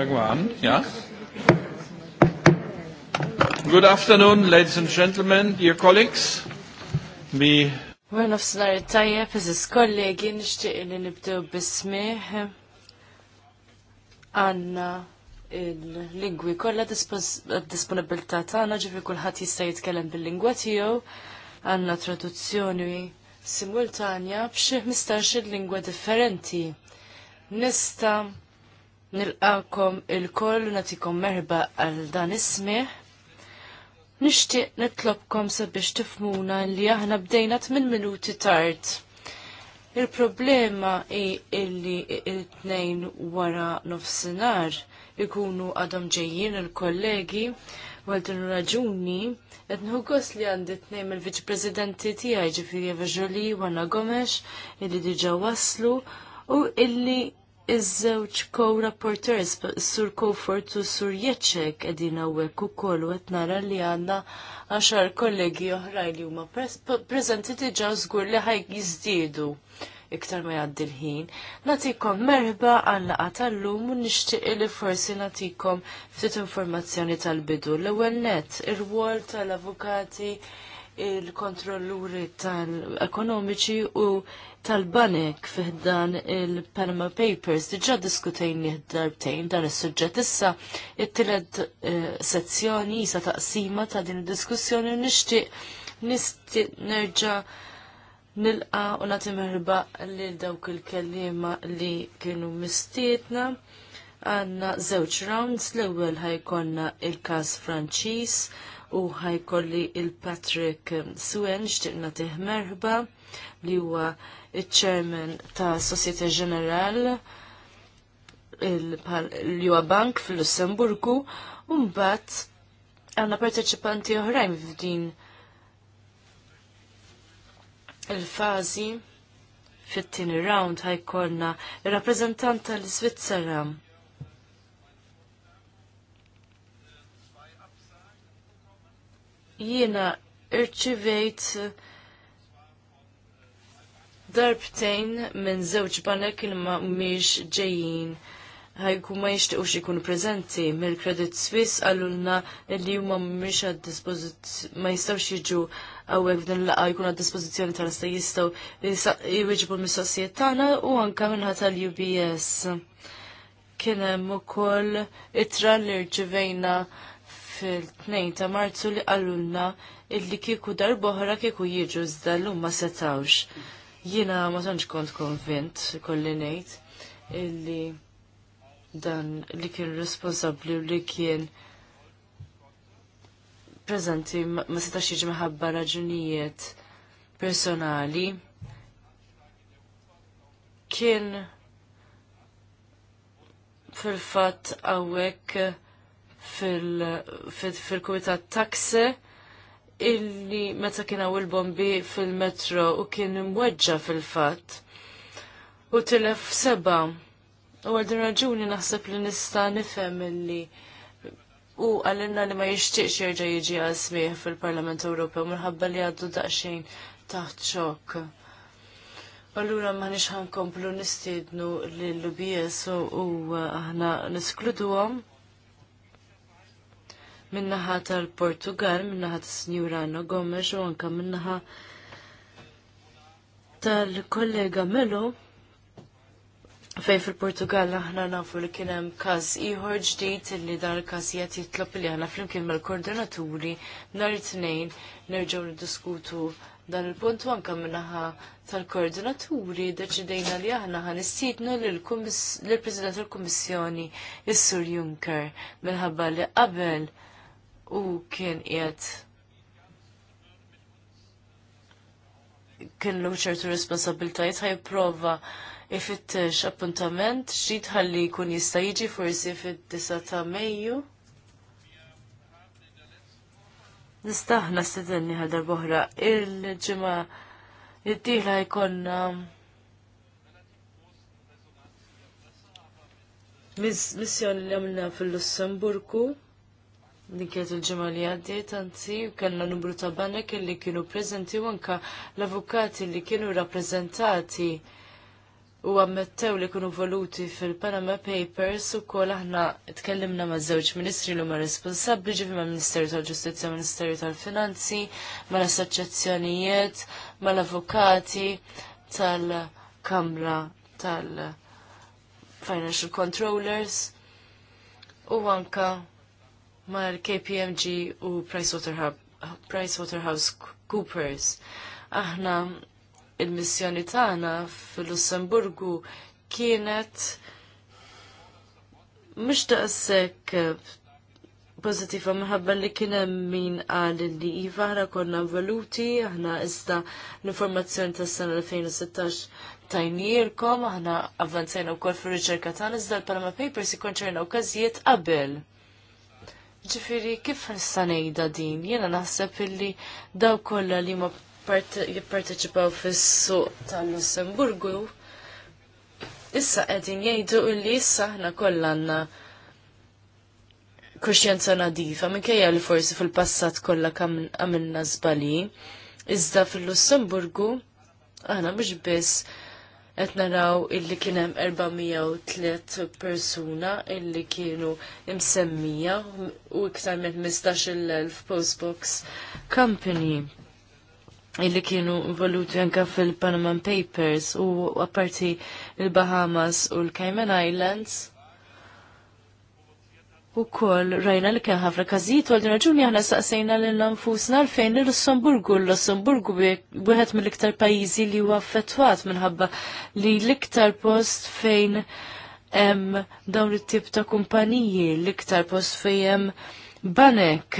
Shagwan, Yeah? Good afternoon, ladies and gentlemen, dear colleagues. We... Għan nofsinar tajjeb, eżis kollegi, nishtiq li nibdew bismiħ għanna il-lingwi kollha disponibilità tagħna ġifi kulħadd jista' jitkellem bil-lingwa tiegħu għandna traduzzjoni simultanja b'xi 15-il lingwa differenti. Nista' nilqakom il-koll natikom merba għal dan ismiħ. Nishtiq nitlobkom sabiex tifmuna li aħna bdejna 8 minuti tard. Il-problema i illi il-tnejn wara nofsinar ikunu għadhom ġejjin il-kollegi għal din raġuni qed nħuggos li għandi tnejn il-viċ-presidenti tiegħi ġifieri Virġoli u Gomex illi diġà waslu u illi iż-żewġ co rapporters sur Kofort u sur Jeċek edin għawek u kollu nara li għanna għaxar kollegi oħrajn li huma prezenti diġa żgur li ħaj jiżdiedu iktar ma jgħaddi l-ħin. Natikom merħba għallaqa tal-lum u nixtieq li forsi natikom ftit informazzjoni tal-bidu. L-ewwel net, ir wol tal-avukati il-kontrolluri tal-ekonomiċi u tal-banek fiħdan il-Panama Papers diġa diskutajn darbtejn dan is-suġġett issa it-tielet eh, sezzjoni sa taqsima ta' din id-diskussjoni nixtieq nistiq nerġa' nilqa u nagħti merba lil dawk il-kellima li kienu mistietna. Għanna żewġ rounds l-ewwel ħajkonna il-każ Franċiż u ħajkolli il-Patrick Suen xtiqna tih merħba li huwa il-Chairman ta' Societe General li huwa bank fil-Lussemburgu u mbagħad għandna parteċipanti oħrajn f'din il-fażi fit-tieni round ħajkolna il rappreżentant tal svizzera jiena irċivejt darbtejn minn żewġ banek il ma miex ġejjin ħajku ma jishtiqux ikun prezenti mill-Credit Suisse għallulna li huma mhumiex ma jistgħux jiġu għawek din laqa jkun għad dispożizzjoni tal sta jistgħu jwieġbu mis-sossijiet tagħna u anke minħata tal-UBS. Kien hemm ukoll itra li rċivejna fil-2 ta' marzu li għallulna illi kieku darboħra kieku jiġu iżda ma setawx. Jina ma tanġ kont konvint kolli nejt illi dan li kien responsabli u li kien prezenti ma setax jiġi maħabba raġunijiet personali kien fil-fat għawek fil-Kumitat taksi illi meta kien hawn il-bombi fil-metro u kien imweġġa fil-fatt u tilef seba. U għal din raġuni naħseb li nista' nifhem illi u għallinna li ma jixtieqx jerġa' jiġi għal fil-Parlament Ewropew minħabba li għaddu daqsxejn taħt xokk. Allura ma nixħan komplu nistidnu l-UBS u aħna niskludu għom minnaħa tal-Portugal, minnaħa tas-Sinjura Anna Gomes u anka minnaħa tal-kollega Melo fejn fil-Portugal aħna nafu li kien hemm każ ieħor ġdid li dan il-każ qed jitlob li aħna flimkien mal-koordinaturi nhar it-tnejn nerġgħu niddiskutu dan il-punt anka minnaħa tal-koordinaturi deċidejna li aħna ħan istidnu l-President tal-Kummissjoni, is-Sur Juncker, minħabba li qabel u kien qiegħed kien lu ċertu responsabiltajiet prova ifittex appuntament xi tħalli jkun jista' jiġi forsi fid-9 ta' Mejju. Nistaħna stedenni għal boħra. il ġima id jkonna missjoni li għamilna fil-Lussemburgu Din kienet il-ġimgħa li għaddiet anzi kellna numru ta' Bannek li kienu preżenti u anke l-avukati li kienu rappreżentati u ammettew li kienu voluti fil-Panama Papers u kol aħna tkellimna ma' żewġ ministri l-umma responsabli ġifi ma' Ministeru tal ġustizja Ministeru tal-Finanzi, ma' l-assoċjazzjonijiet, ma' l-avukati tal-Kamra tal-Financial Controllers u anka mal-KPMG u Coopers. Aħna il-missjoni tagħna fil-Lussemburgu kienet mhux daqshekk pozittiva minħabba li kien hemm min qal li iva konna valuti, aħna iżda l-informazzjoni tas-sena 2016 tajnielkom, aħna avvanzajna wkoll fir-riċerka tagħna iżda l-Panama Papers ikkonċernaw każijiet qabel Ġifiri, kif nista' ngħidha din? Jiena naħseb illi daw kollha li ma jipparteċipaw fis-suq tal-Lussemburgu issa qegħdin jgħidu illi issa aħna kollha għandna kuxjenza nadifa, minkejja li forsi fil-passat kollha għamilna żbalji, iżda fil-Lussemburgu aħna mhux biss qed naraw illi kien hemm 403 persuna illi kienu imsemmija u iktar minn 15,000 postbox company illi kienu involuti anka fil-Panama Papers u apparti il-Bahamas u l-Cayman Islands U koll rajna li kien ħafna każijiet u għaldin raġuni aħna saqsejna lil nfusna fejn il lussemburgu l-Lussemburgu wieħed mill-iktar pajjiżi li huwa affettwat minħabba li l-iktar post fejn hemm dawn it-tip ta' kumpaniji, l-iktar post fejn hemm banek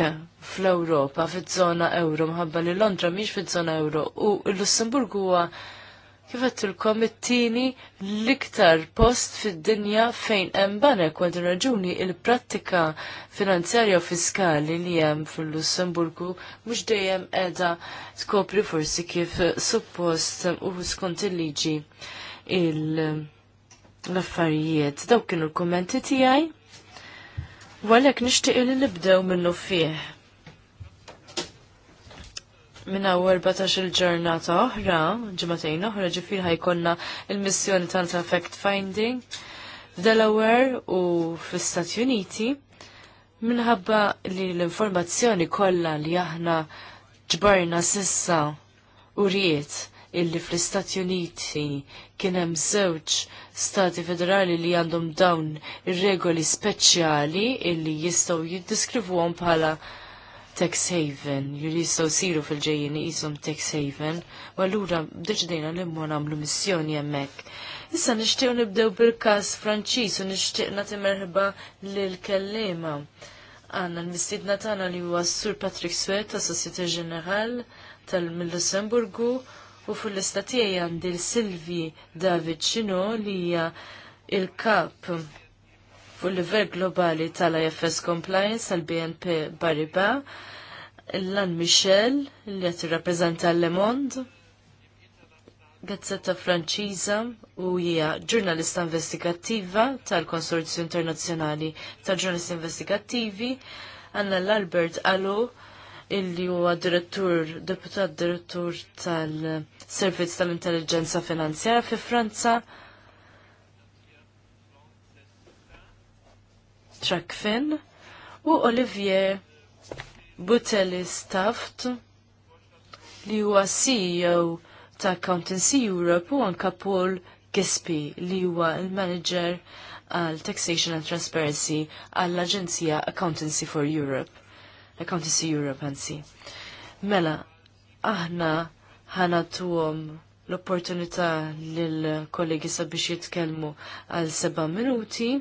fl-Ewropa fiż-żona euro minħabba li Londra mhix fiż-żona euro u l-Lussemburgu huwa Kif għattilkom it-tini l-iktar post fid-dinja fejn hemm banek għad raġuni il-prattika finanzjarja u fiskali li hemm fil-Lussemburgu mhux dejjem qiegħda tkopri forsi kif suppost u skont il-liġi l-affarijiet. Dawk kienu l-kummenti tiegħi. Walek nixtieq li nibdew minnu fih minna 14 il-ġurnata oħra, ġimatejn oħra ġifir ħajkonna il-missjoni tal fact finding f'Delaware u fl-Stati Uniti minħabba li l-informazzjoni kollha li aħna ġbarna sissa u riet illi fl-Istati Uniti kien hemm żewġ stati federali li għandhom dawn ir-regoli speċjali illi jistgħu jiddiskrivuhom bħala tax haven, juri jistaw siru fil-ġejjin jisum tax haven, u għallura deċdejna li mmur namlu missjoni jemmek. Issa nishtiq nibdew bil-kas Franċiż u nishtiq natimerħba l lill-kellima. Għanna l-mistidna tagħna li huwa Sur Patrick Swet ta' Societe General tal-Lussemburgu u fil istatija tiegħi għandi silvi David Xino li hija il-kap fuq livell globali tal-IFS Compliance għal-BNP Bariba, lan Michel li għat rappresenta Le Monde, gazzetta franċiża u hija ġurnalista investigattiva tal-Konsorzju Internazzjonali ta' ġurnalisti Investigattivi, għanna l-Albert Alu, illi huwa direttur, deputat direttur tal-Servizz tal-Intelligenza Finanzjara fi Franza, Trakfin u Olivier Butelli Staft li huwa CEO ta' Accountancy Europe u anka Paul Gispi li huwa il-manager għal Taxation and Transparency għall aġenzija Accountancy for Europe. Accountancy Europe anzi. Mela, aħna ħanatuhom l-opportunità lil kollegi sabiex jitkellmu għal seba' minuti.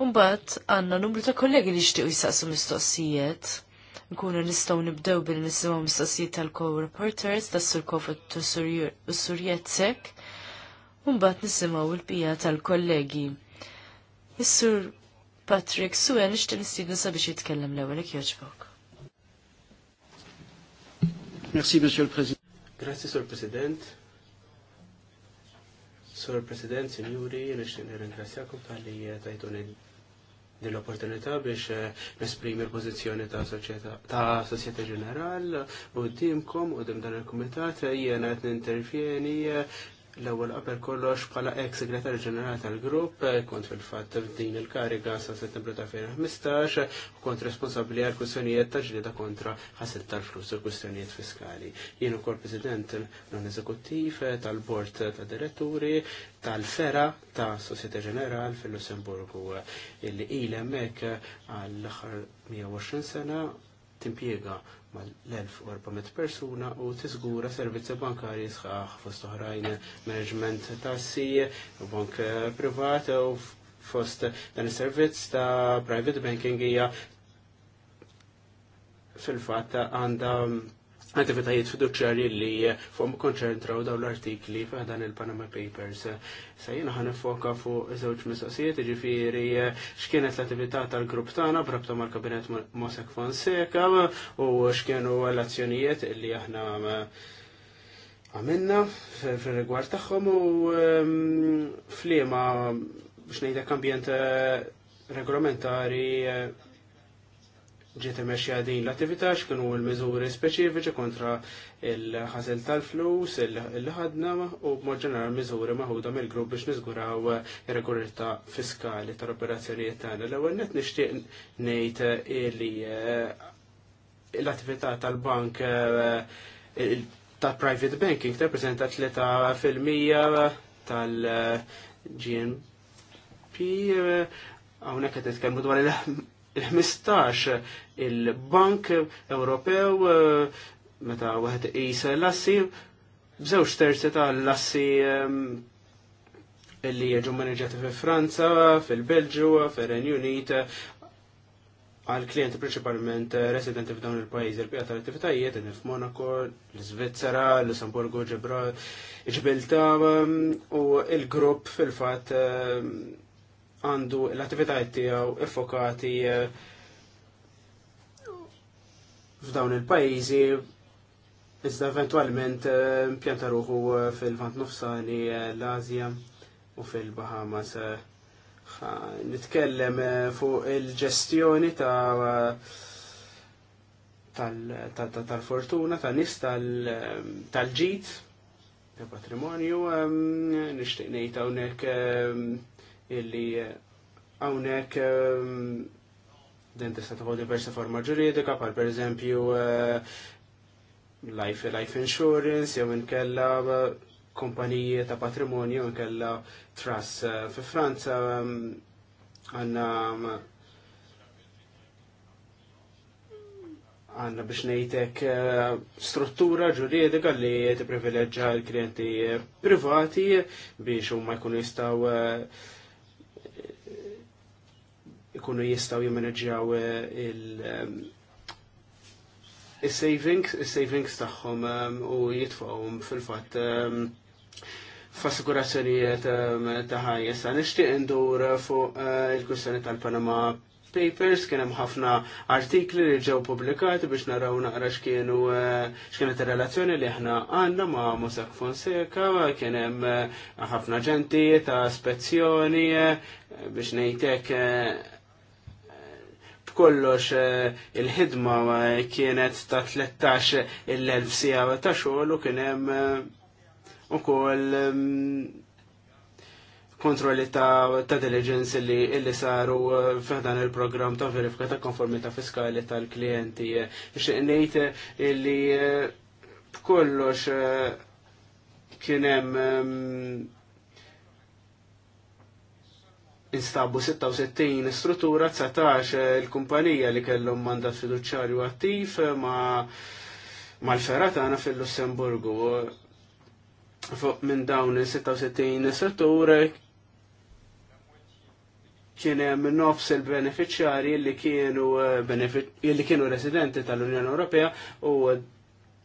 Umbat, għanna numru ta' kollegi li xtiqu jisaqsu mistoqsijiet. Nkunu nistaw nibdew bil nisimaw mistoqsijiet tal-co-reporters, tas sur kofet u sur jetzek. Umbat nisimaw il-bija tal-kollegi. Is-sur Patrick Suen ixtiq nistidna sabiex jitkellem l-ewwel joġbok. Merci, Monsieur le Président. Grazie, Sur President. Sur President, Signori, nixtieq nirringrazzjakom tal-li tajtun din l-opportunità biex eh, nesprimi l-pozizjoni ta' Societa ta' soċjetà ġeneral u dimkom u dim dan il-kumitat eh, jiena qed intervjeni eh, L-ewwel qabel kollox bħala ex Segretar ġenerali tal-grupp kont fil-fatt f'din il-kariga sa' Settembru ta' 2015 u kont responsabbli għal kwistjonijiet ta' ġlieda kontra ħasset tal-flus u kwistjonijiet fiskali. Jien ukoll President non-eżekuttiv tal-Bord ta' Diretturi tal sera ta' Sosjetà Ġeneral fil-Lussemburgu illi hekk għall-aħħar 120 sena timpiega mal-1400 persuna u tiżgura servizzi bankari sħaħ fost oħrajn management u bank eh, privat u fost dan is-servizz ta' private banking hija fil-fatt għandha attivitajiet fiduċjarji li eh, fuq konċentraw daw l-artikli f'dan il-Panama Papers. Sa ħan foka fuq żewġ mistoqsijiet, ġifiri eh, x'kienet l-attività tal-grupp tagħna brabta mal-Kabinet Mosek Fonseca u x'kienu l-azzjonijiet li aħna eh, għamilna fil-rigward tagħhom u ehm, fliema biex ngħidlek ambjent regolamentari ġiet imexxija din l-attività x'kienu l-miżuri speċifiċi kontra il-ħasil tal-flus, il-ħadna u b'mod ġenerali miżuri maħuda mill-grupp biex niżguraw ir-regolarità fiskali tal-operazzjonijiet tagħna. L-ewwel net nixtieq ngħid li eh, l-attività tal-bank eh, tal-private banking tappreżenta 3% tal-GNP eh, hawnhekk qed nitkellmu dwar 15 il-Bank Ewropew eh, meta wieħed qisa l-assi b'żewġ terzi tal-assi illi eh, jiġu maneġati fi Franza, fil-Belġu, fil-Renju Unit, għal klienti principalment residenti f'dawn il-pajjiż il-bqija tal-attivitajiet in f'Monaco, l-Svizzera, Lussemburgu, Ġibraltar, eh, u il-grupp fil-fatt għandu l-attivitajiet tiegħu effokati eh, f'dawn il-pajjiżi iżda eventwalment eh, pjanta ruħu eh, fil-vant nofsani l-Azja u fil-Bahamas. Nitkellem fuq il-ġestjoni ta' tal-fortuna, ta' nis tal-ġit, ta' patrimonju, nishtiq nejta unek illi għawnek eh, ehm, din tista' tħu diversa forma ġuridika, par per eżempju eh, life, life insurance, jew inkella eh, kumpaniji ta' patrimonju, inkella trust fi Franza ehm, għanna ehm, għanna biex nejtek struttura ġuridika li t-privileġġa l-klienti privati biex u ma jkun jistaw uh, ikunu jistaw jimmanagġaw eh, il- ehm, savings il-savings tagħhom ehm, u jitfawum fil-fatt ehm, f'assigurazzjonijiet ta' ħajja. Sa nixtieq indur fuq eh, il-kwistjoni tal-Panama Papers kien hemm ħafna artikli li ġew pubblikati biex naraw naqra x'kienu eh, x'kienet ir-relazzjoni li aħna għandna ma' Mossack Fonseca, kien hemm ħafna ġenti ta' spezzjoni biex ngħidlek b'kollox eh, il-ħidma eh, kienet ta' 13 il-1000 sija ta' xogħol u kien hemm eh, ukoll mm, kontrolli ta', ta diligence li, illi saru f'dan il-programm ta' verifika ta' konformità fiskali tal-klijenti. Xeqnejt illi b'kollox kien hemm mm, instabu 66 struttura, 19 eh, il-kumpanija li kellhom mandat fiduċjarju attiv eh, ma mal ferratana fil-Lussemburgu. Fuq minn dawn il-66 struttura kien hemm nofs il beneficjari li kienu eh, li kienu residenti tal-Unjoni Ewropea u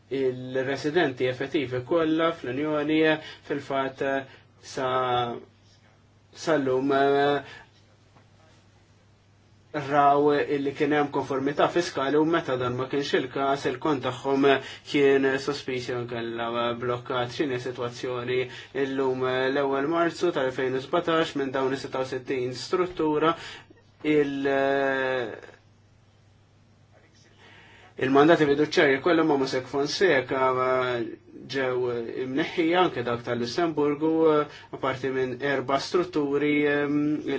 il-residenti effettivi kollha fl-Unjoni fil-fatt sa' sallum eh, raw illi kien hemm konformità fiskali u meta dan ma kienx il-każ il-kont tagħhom kien sospiċi kellha blokkat x'inhi sitwazzjoni illum l-ewwel Marzu tal-2017 minn dawn is-66 struttura il- il-mandati fiduċjarji kollha ma' sekk Fonseca ġew imneħi anke dak tal-Lussemburgu apparti minn erba' strutturi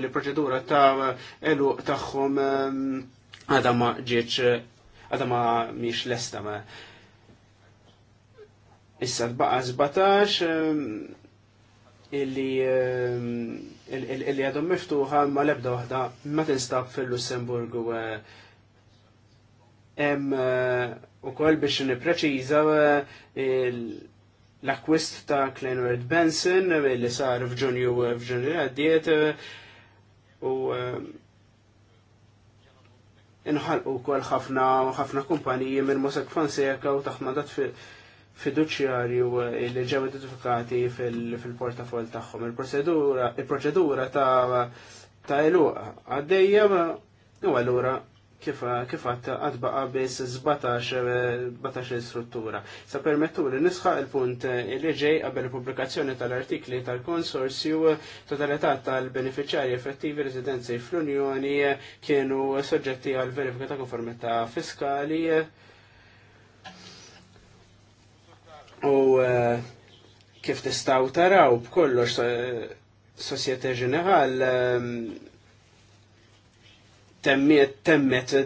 li proċedura ta' elu tagħhom għadha ma ġietx għadha ma miex lesta ma. Issa tbaqa' żbatax illi illi għadhom miftuħa ma lebda waħda ma tinstab fil-Lussemburgu eh, hemm uh, ukoll biex nippreċiża uh, l-akwist ta' Clenward Benson uh, li sar f'Ġunju f'Ġunju għaddiet u inħalqu wkoll ħafna ħafna kumpaniji minn Mossack Fonseca u taħmadat fiduċjarju li ġew identifikati fil-portafol tagħhom. Il-proċedura ta' ta' eluqa għaddejja u allura kif għat għadbaqa bis 17 eh, struttura. Sa permettu li nisħa il-punt eh, li ġej għabel pubblikazzjoni tal-artikli tal-konsorsju totalità tal-beneficjari effettivi residenzi fl-Unjoni eh, kienu soġġetti għal verifika ta' konformità fiskali. U kif tistaw taraw b'kollox Societe Ġeneral temmet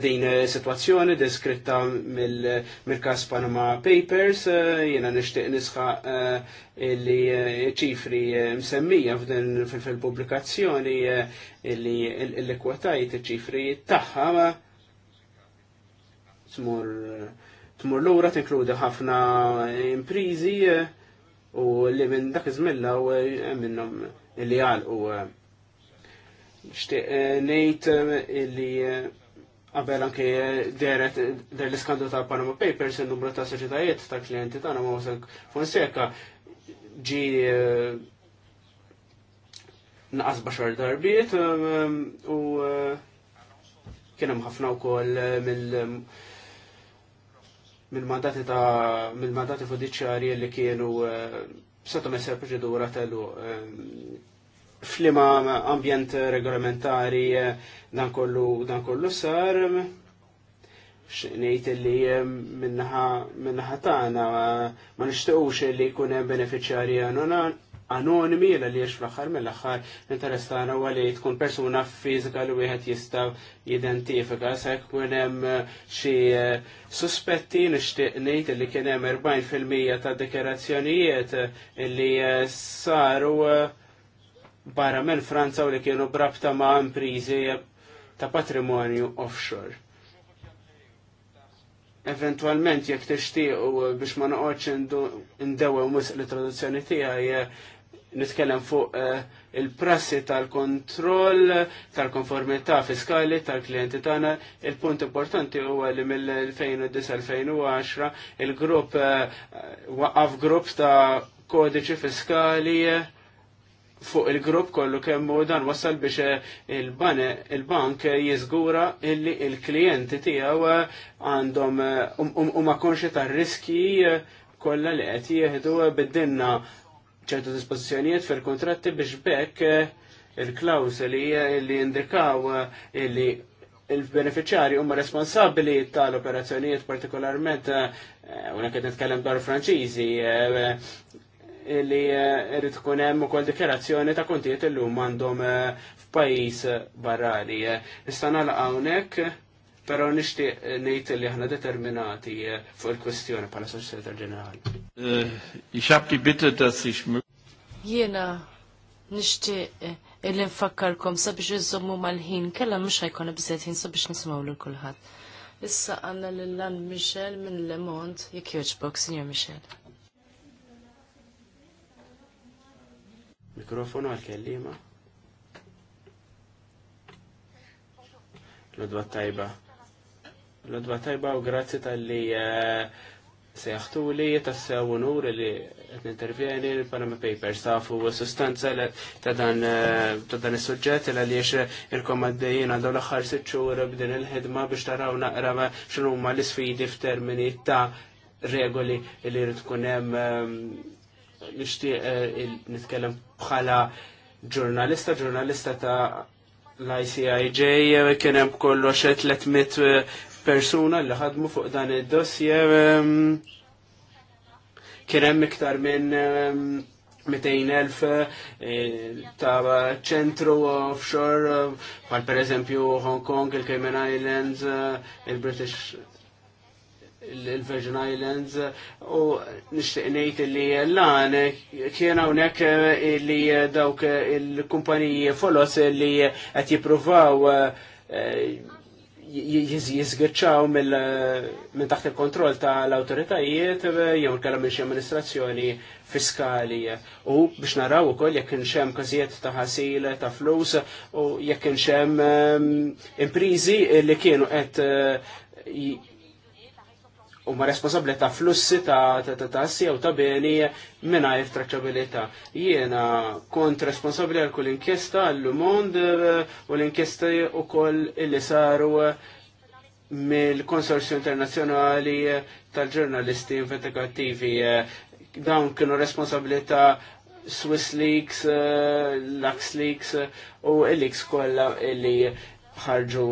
din eh, situazzjoni deskritta mill-kas Panama Papers, eh, jena nishtiq nisħa eh, li ċifri msemmija f'din fil-pubblikazzjoni li l-ekwatajt ċifri taħħa tmur tmur l-ura tinkludi ħafna imprizi u li minn dak iżmilla u minnhom li u Xtieq eh, ngħid eh, illi eh, qabel anke deret der l-iskandlu ta' Panama Papers il-numru ta' soċjetajiet ta' klijenti tagħna ma' wasal Fonseca ġi naqas baxar darbiet u kien hemm ħafna wkoll mill mill-mandati ta' mill-mandati fudiċjarji li kienu sottom essa proċedura tal flima ambjent regolamentari eh, dan kollu dan kollu sar xnejt li eh, minnaħa minnaħa tagħna eh, ma nixtiequx li jkun hemm benefiċjarji anonimi l li fl-aħħar mill-aħħar l-interess tagħna huwa li tkun persuna fiżika li wieħed jista' jidentifika se jkun hemm xi suspetti nixtieq ngħid li kien hemm 40% ta' dikjerazzjonijiet li saru barra minn Franza u li kienu brabta ma' imprizi ta' patrimonju offshore. Eventualment jekk tixtiequ uh, biex ma noqgħodx indewew mus li traduzzjoni tiegħi uh, nitkellem fuq uh, il-prassi tal-kontroll, tal-konformità fiskali, tal-klienti tagħna. Il-punt importanti huwa li mill-2009-2010 il-grupp waqaf grupp ta' kodiċi fiskali fuq il-grupp kollu kemmu dan wasal biex eh, il-bank jizgura illi il-klijenti tijaw eh, għandhom eh, u um, um, ma konxi ta' riski kolla li għet jihdu bid-dinna ċertu dispozizjonijiet fil-kontratti biex bekk il-klawsoli li indikaw illi il-beneficjari huma responsabili tal-operazzjonijiet partikolarment unek qed nitkellem dwar Franċiżi li eh, rrit kunem hemm ukoll dikjarazzjoni ta' l illum għandhom eh, f'pajis barrali. Nista' l hawnhekk, però nixtieq ngħid li aħna determinati eh, fuq il-kwestjoni bħala Soċjetà Ġenerali. Ixabti bitte dass ich Jiena nixtieq illi nfakkarkom sabiex jizzommu mal-ħin, kella mux ħajkon bżiet ħin sabiex nisimgħu l kulħadd. Issa għanna l-Lan Michel minn Lemont. jek joċbok, Signor Michel. Mikrofonu għal-kellima. Ludwa tajba. Ludwa tajba u grazzi tal-li eh, seħtu li tassew unur li għet intervjeni l panama Papers tafu sustanza ta' dan eh, il-sujġet li għaliex il-komaddejjien għandaw l-axħar sitxur b'din il-ħidma biex taraw naqra ma xnumma l-sfidi f'termini ta' regoli li rritkunem hemm ehm, nixtieq eh, nitkellem bħala ġurnalista, ġurnalista ta' l-ICIJ, eh, kien hemm kollox 300 eh, persuna li ħadmu fuq dan id-dossier. Ehm, kien hemm iktar minn 200.000 ehm, ta' ċentru offshore, bħal pereżempju Hong Kong, il-Cayman Islands, il-British l-Virgin Islands u nixtieq ngħid li lan kien hawnhekk li dawk il-kumpaniji folos li qed jippruvaw eh, jizgħiċċaw minn taħt il-kontroll tal-autoritajiet jew kellha minn xi amministrazzjoni fiskali. U biex naraw ukoll jekk xem każijiet ta' ħasil ta' flus u jekk xem ehm, imprizi li kienu qed eh, u ma responsabli ta' flussi ta' ta' ta' u ta' beni minna jiftraċabilita. Jiena kont responsabli għal kull inkjesta għall mond eh, u l-inkjesta u koll illi saru eh, mill-Konsorzju Internazzjonali eh, tal-ġurnalisti investigativi. Dawn kienu responsabilita Swiss Leaks, Lux Leaks u l x kolla illi ħarġu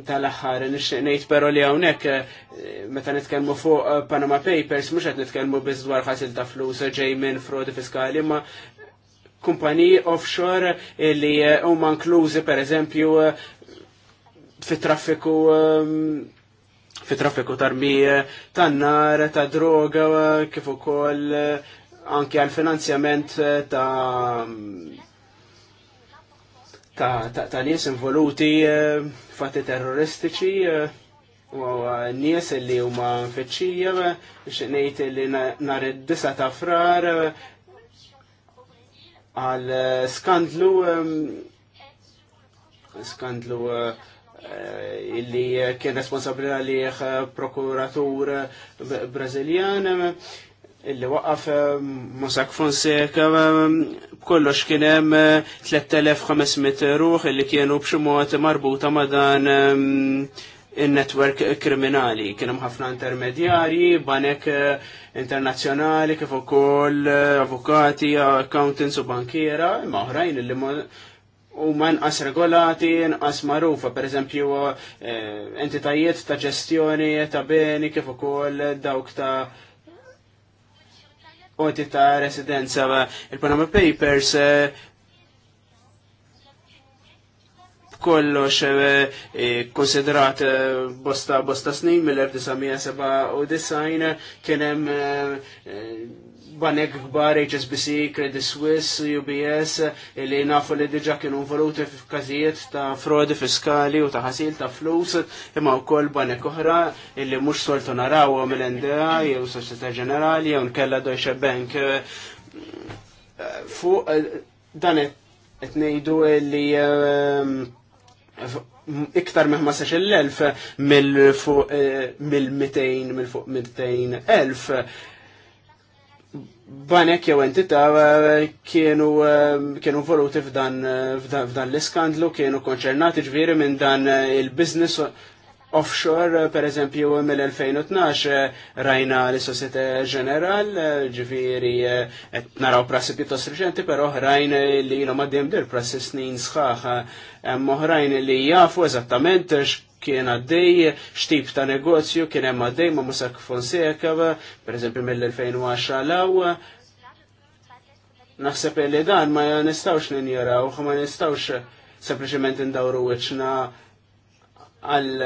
tal-axħar, nixnejt pero li għawnek, eh, meta nitkelmu fuq eh, Panama Papers, mux għet nitkelmu bizdwar ħasil ta' flus eh, ġej minn frodi fiskali, ma kumpaniji offshore li huma inklużi per eżempju fit-traffiku fit-traffiku tarbija, tan-nar, ta' droga, kif ukoll anke għal finanzjament ta' ta', ta, ta nies involuti eh, fatti terroristiċi eh, u eh, nies li huma mfittxija biex ngħid li nhar id-disa ta' frar għal skandlu skandlu illi kien responsabli għalih prokuratur Braziljan illi waqaf ehm, Mossack Fonseca ehm, kollox kien hemm 3500 eh, ruħ illi kienu b'xi mod marbuta ma' dan ehm, in-netwerk kriminali. Kien hemm ħafna intermedjarji, banek eh, internazzjonali kif ukoll eh, avukati, accountants u bankiera, imma oħrajn illi u ma nqas regolati, nqas marufa, per eżempju, entitajiet ta' ġestjoni ta' beni kif ukoll dawk ta' oti ta' residenza eh, il-Panama Papers eh, kollox eh, konsiderat bosta bosta snin mill-1997 kienem hemm banek gbar HSBC, Credit Suisse, UBS, li nafu li diġa kienu voluti f'kazijiet ta' frodi fiskali u ta' ħasil ta' flus, imma u koll banek uħra li mux soltu naraw mill-NDA, jew Soċjetà Generali, jew nkella Deutsche Bank. Fuq dan qed ngħidu li ehm, iktar meħma sex l-elf mill-fuq eh, mill mitejn mill-fuq mitejn elf banek jew entita eh, kienu eh, kienu voluti eh, f'dan f'dan l-iskandlu, kienu konċernati ġviri minn dan il-business offshore, per eżempju, mill-2012 rajna l societe ġeneral, ġviri, et naraw prassi pjuttost reġenti pero oħrajn li jina maddim dir prassi snin sħaħ, oħrajn li jafu eżattament kien għaddej, xtip ta' negozju kien hemm għaddej ma' Mossack Fonseca, per eżempju mill-2010 law. Naħseb li dan ma nistawx ninjaraw, ma nistawx sempliciment indawru wiċċna għal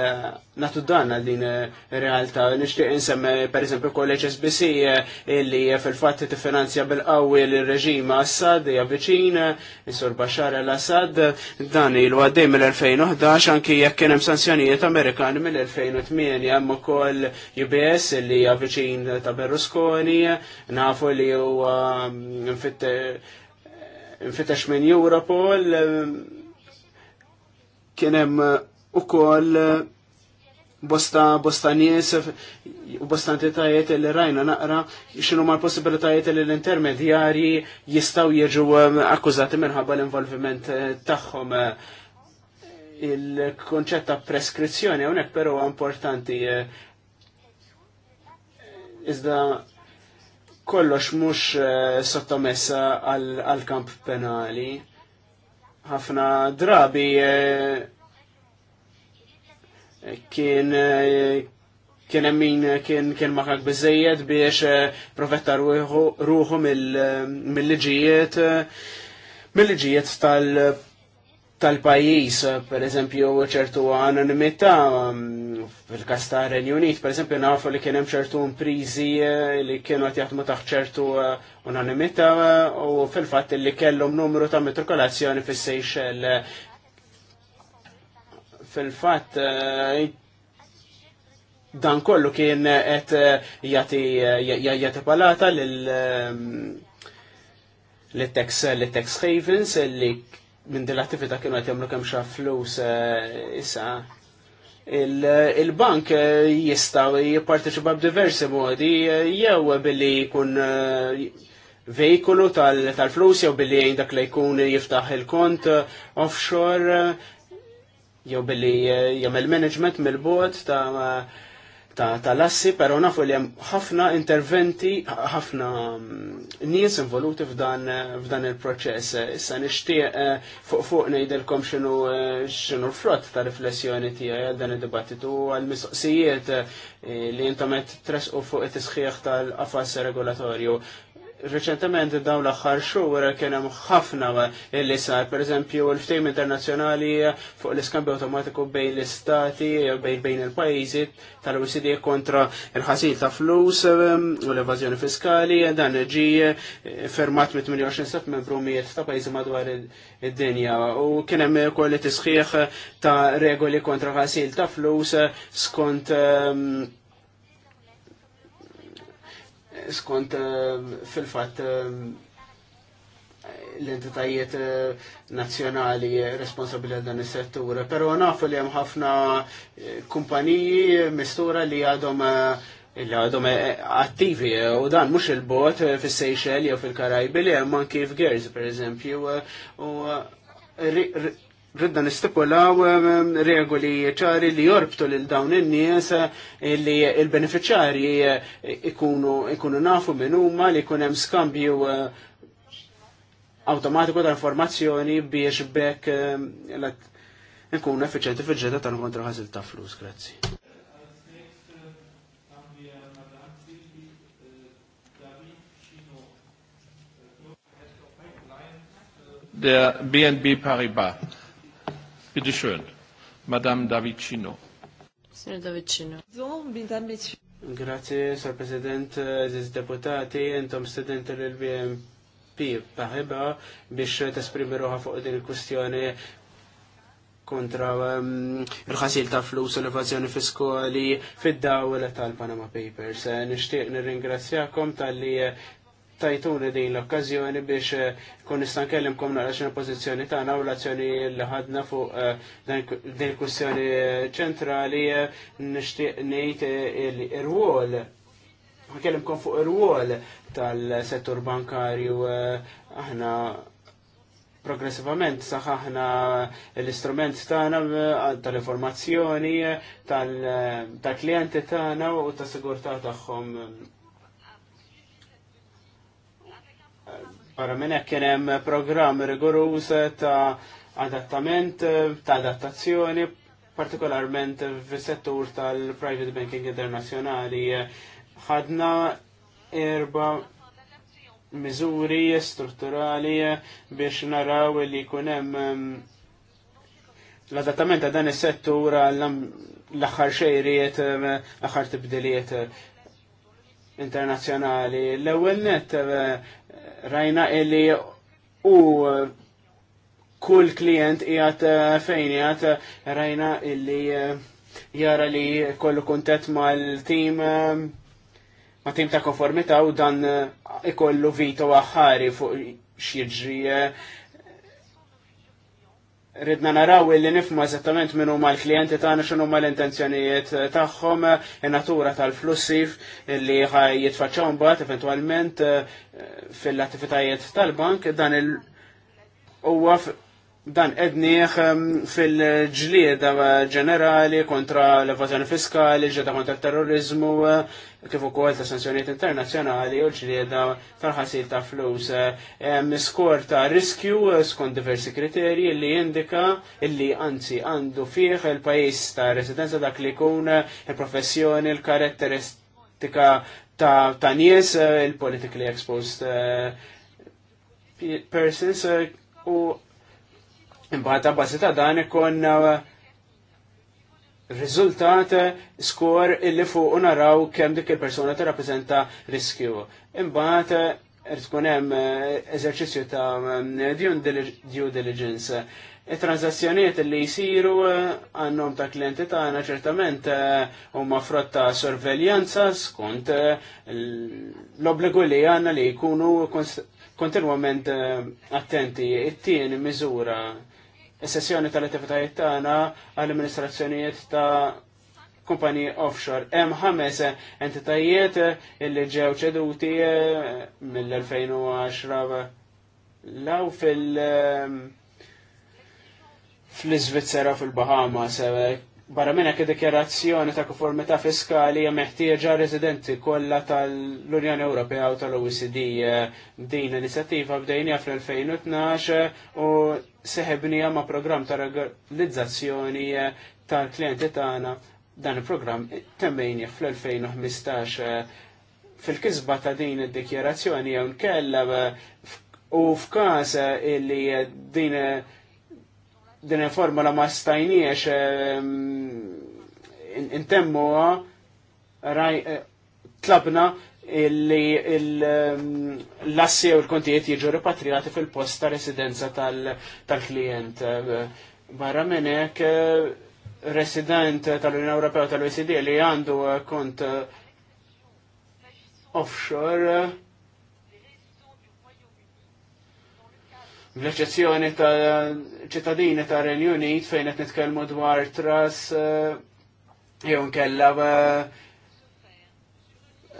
natu dan għal din eh, realtà. Nishtiq insem, per eżempju kolleġ SBC eh, illi eh, fil t-finanzja bil-qawwi l-reġim Assad hija viċin, is-sur Bashar al-Assad, dan il għaddej mill-2011 anki jekk kien hemm sanzjonijiet Amerikani mill-2008 hemm ukoll UBS illi hija ta' Berlusconi, nafu li huwa mm, nfittex minn Europol kien hemm u koll bosta bosta nies u bosta entitajiet li rajna naqra xinu ma l-possibilitajiet li l-intermedjari jistaw jirġu eh, akkużati minħabba l-involviment eh, tagħhom eh, il konċetta ta' preskrizzjoni hawnhekk però importanti iżda kollox mhux sottomessa għal-kamp penali ħafna drabi kien eh, kien min kien kien maħak bizzejed biex eh, profetta ruħu eh, mill-liġijiet mill-liġijiet tal tal-pajis, per eżempju, ċertu anonimità, mm, fil kasta ta' Renju Unit, per eżempju, nafu li kienem ċertu n-prizi li kienu għat jaħdmu taħt ċertu unanimità u fil-fat li kellhom numru ta' metrokolazzjoni fis sejxel fil-fatt eh, dan kollu kien eh, qed eh, jagħti jagħti palata lil ehm, l-tax l havens li minn din l-attività kienu qed jamlu kemm flus issa il-bank jistaw jipparteċipa b'diversi modi jew billi jkun vejkulu tal-flus jew billi jgħin dak li jkun jiftaħ il-kont offshore jew billi eh, jagħmel management mill-bord ta' ta' tal-assi, però nafu li hemm ħafna interventi, ħafna mm, nies involuti eh, f'dan, il-proċess. Issa nixtieq eh, fuq fuq ngħidilkom x'inhu x'inhu l-frott ta' riflessjoni tiegħi għal dan id-dibattitu għal mistoqsijiet li intom qed tresqu fuq it-tisħiħ tal-qafas regolatorju reċentement dawn l-aħħar xhur kien hemm ħafna li sar, pereżempju l-ftehim internazzjonali fuq l-iskambju awtomatiku bejn l-istati bejn bejn il-pajjiżi tal-OECD kontra il-ħasil ta' flus um, u l-evażjoni fiskali dan ġi fermat mit 28 stat membru miet ta' pajjiżi madwar id-dinja u kien hemm ukoll tisħiħ ta' regoli kontra ħasil ta' flus skont um, skont eh, fil-fat eh, l-entitajiet eh, nazjonali responsabili għal dan is-settur. Però nafu li hemm ħafna kumpaniji mistura li għadhom li għadhom attivi u dan mhux il-bot fis-Sejxel jew fil-Karajbi li hemm anki f'Gers pereżempju u ridda nistipulaw ehm, regoli ċari li jorbtu lil dawn in-nies eh, li il beneficjarji eh, ikunu nafu minn huma li jkun hemm skambju eh, automatiku ta' informazzjoni biex bekk nkunu effiċenti fil-ġedda tal-kontra ħażil ta' flus, grazzi. der BNB Paribas. Bitte schön, Madame Davicino. Signor Davicino. Grazie, Sir President, Ziz Deputati, entom studenti l-BMP paħiba biex tesprimi ruħa fuq din il-kwestjoni kontra um, il-ħasil ta' flus u l-evazjoni fiskali fid-dawla tal-Panama Papers. Nishtiq nirringrazzjakom tal-li tajtuni din l-okkazjoni biex eh, kun nistan kellimkom naqra xina pozizjoni tagħna u l-azzjoni li ħadna fuq eh, din il-kwistjoni ċentrali eh, nixtieq ngħid ir-wol kellimkom fuq ir-wol tal-settur bankarju aħna progressivament saħaħna l-istrument tagħna tal-informazzjoni tal-klijenti tagħna u tas-sigurtà tagħhom Para minn hekk kien hemm programm ta' adattament, ta' adattazzjoni, partikolarment fis-settur tal-private banking internazzjonali. Ħadna erba miżuri strutturali biex naraw li jkun hemm l-adattament ta' dan is-settur l-aħħar xejriet, l-aħħar tibdiliet internazzjonali. l ewel net rajna illi u kull klient jgħat eh, fejn jgħat eh, rajna illi eh, jara li kollu kuntet mal-tim ma' tim ta' konformita u dan ikollu vito aħħari fuq xieġri ridna naraw illi nifmu eżattament minn huma l-klijenti tagħna x'inhu huma l-intenzjonijiet tagħhom, eh, in-natura tal-flussi li jitfaċċaw mbagħad eventwalment eh, fil-attivitajiet tal-bank dan il huwa dan edniħ ehm, fil-ġlieda ġenerali kontra l-evazjoni fiskali, ġeda kontra terrorizmu, eh, kif ukoll ta' sanzjonijiet internazzjonali u ġlieda tal-ħasil ta' flus. Miskor ehm, ta' riskju skont diversi kriterji li jindika illi anzi għandu fih il-pajis ta' residenza dak li jkun il-professjoni, il-karatteristika ta' ta' nies, eh, il-politically exposed eh, persons u Imbagħad ta' bażi ta' dan ikun uh, riżultat uh, skor illi fuq naraw kemm dik il-persuna tirrappreżenta riskju. Imbagħad tkun uh, hemm eżerċizzju ta' um, due diligence. Il-transazzjoniet li jisiru għannom ta' klienti tagħna ċertament huma mafrot ta' sorveljanza skont l-obbligu li għandna li jkunu kontinuament attenti. It-tieni miżura sessjoni tal-attivitajiet tagħna għall-amministrazzjonijiet ta' kumpaniji offshore. Hemm ħames entitajiet illi ġew ċeduti eh, mill-2010 law fil- eh, fl-Iżvizzera fil-Bahama eh, Barra minna ke dikjerazzjoni ta' konformità fiskali hija meħtieġa residenti kollha tal-Unjoni Ewropea u tal-OECD din l-inizjattiva bdejnija fl-2012 u seħebnija ma' programm ta' regolizzazzjoni tal-klijenti tagħna dan il-programm temmejnija fl-2015 fil-kisba ta' din id-dikjerazzjoni jew kellha eh, u f'każ illi din din il-formula ma stajniex ehm, intemmuha eh, eh, tlabna li ehm, l-assi u l-kontijiet jiġu repatriati fil-post ta' residenza tal-klient. Eh, barra minnek, resident tal-Unjoni Ewropea tal-OECD li għandu kont offshore l-eċezzjoni ta' ċittadini ta' Renju Unit fejn qed nitkellmu dwar tras eh, jew nkella eh,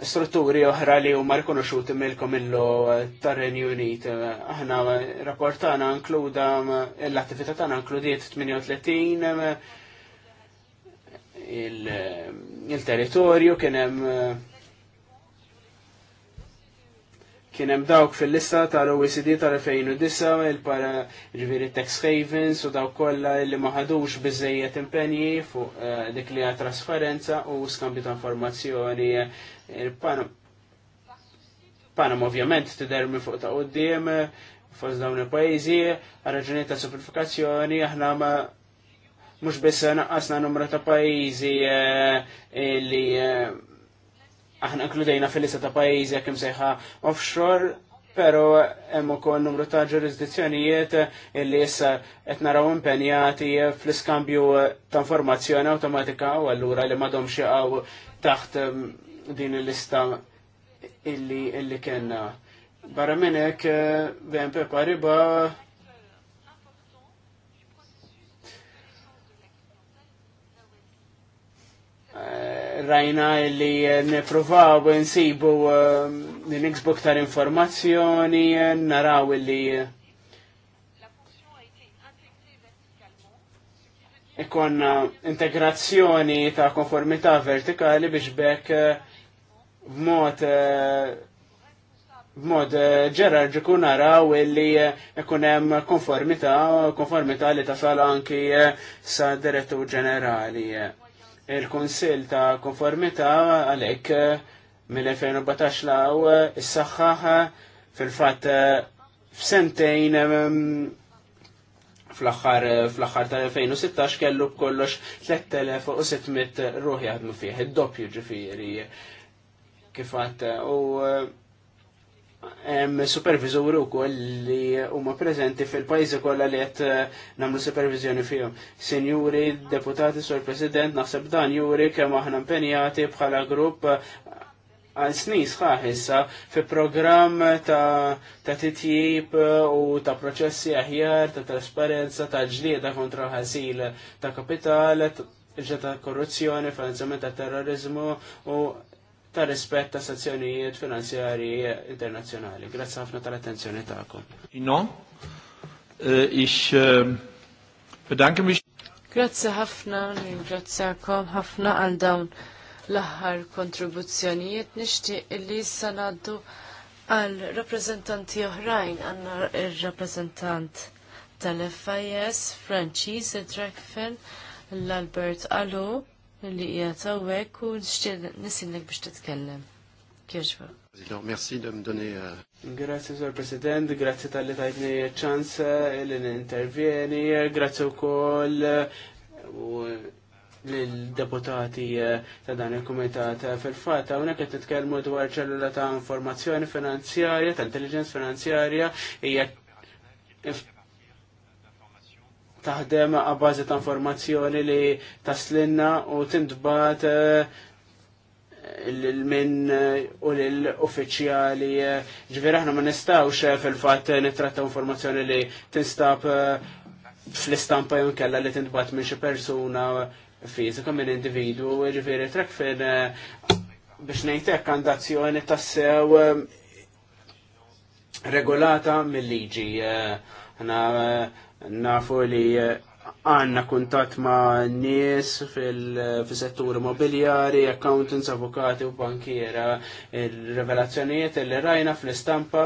strutturi oħra li huma rikonoxuti milkom illo eh, tar Renju Unit. Aħna rapport tagħna inkluda l-attività tagħna inkludiet 38 il-territorju kien hemm Kien hemm dawk fil-lista tal-OECD tal-2009 il-para ġviri tax havens u dawk kollha li ma ħadux biżejjed impenji fuq eh, dik li trasparenza u skambju ta' informazzjoni. Eh, Panam ovvjament tidermi fuq ta' qudiem eh, fost dawn il-pajjiżi, raġunijiet ta' simplifikazzjoni aħna ma mhux biss naqqasna numru ta' pajjiżi li aħna inkludejna fil-lista ta' pajjiżi jekk sejħa offshore, pero hemm ukoll numru ta' ġurisdizzjonijiet illi issa qed naraw impenjati fl-iskambju ta' informazzjoni awtomatika u allura li m'għadhomx jaqgħu taħt ehm, din il-lista illi illi kellna. Barra minn hekk BNP eh, Paribas rajna li niprofaw nsibu eh, niksbu ktar informazzjoni, naraw li Ikon integrazzjoni ta' konformità vertikali biex bekk eh, b'mod eh, b'mod ġerarġiku naraw illi ikun hemm konformità, konformità li tasal anki sa' direttur ġenerali il-Konsil ta' Konformità għalek eh, mill-2014 law eh, is saxħaħ eh, fil-fatt sentejn mm, fl-axħar fl-axħar tal-2016 kellu b'kollox 3600 ruħi għadmu fih, id-doppju ġifieri kif u supervizur u koll li huma prezenti fil-pajzi kollha li qed eh, nagħmlu supervizjoni fihom. Sinjuri, deputati, sur president, naħseb dan juri kemm aħna impenjati bħala grupp eh, għal snin sħaħ issa fi programm ta', ta titjib eh, u ta' proċessi aħjar, ta' trasparenza, ta' ġlieda kontra ħasil ta' kapital, ġeta korruzzjoni, finanzjament ta' terrorizmu u ta' rispett ta' sezzjonijiet finanzjarji internazzjonali. Grazzi ħafna tal-attenzjoni ta'kom. Ino, eh, ix eh, bedanke mich. Grazzi ħafna, ringrazzakom ħafna għal dawn l-aħħar kontribuzzjonijiet nixtieq illi sanaddu ngħaddu għal rappreżentanti oħrajn għanna ir-rappreżentant tal-FIS Franċis Drekfen l-Albert Alu li qiegħed u nixtieq nisimlek biex titkellem. Kirġba. Merci de me donner. Euh, grazie, Sor President, grazie tal-li tajtni ċans eh, li n-intervjeni, grazie u koll eh, eh, l-deputati ta' dan il-komitat fil-fatta. Unek t titkellmu dwar ċellula ta' informazzjoni finanzjarja, ta' intelligence finanzjarja, hija taħdem għabbażi ta' informazzjoni li taslinna u tintbat eh, min eh, u l-uffiċjali. Eh, ġviri aħna ma nistawx fil-fat nittratta informazzjoni li tinstab fl-istampa jew kella li tindbat minn xi persuna fizika minn individu, ġviri trek fin biex nejtek għandazzjoni tassew regolata mill-liġi. Għana Nafu li eh, għanna kuntat ma' nies fil-settur eh, immobiljari, accountants, avukati u bankiera. Il-revelazzjonijiet li rajna fl-istampa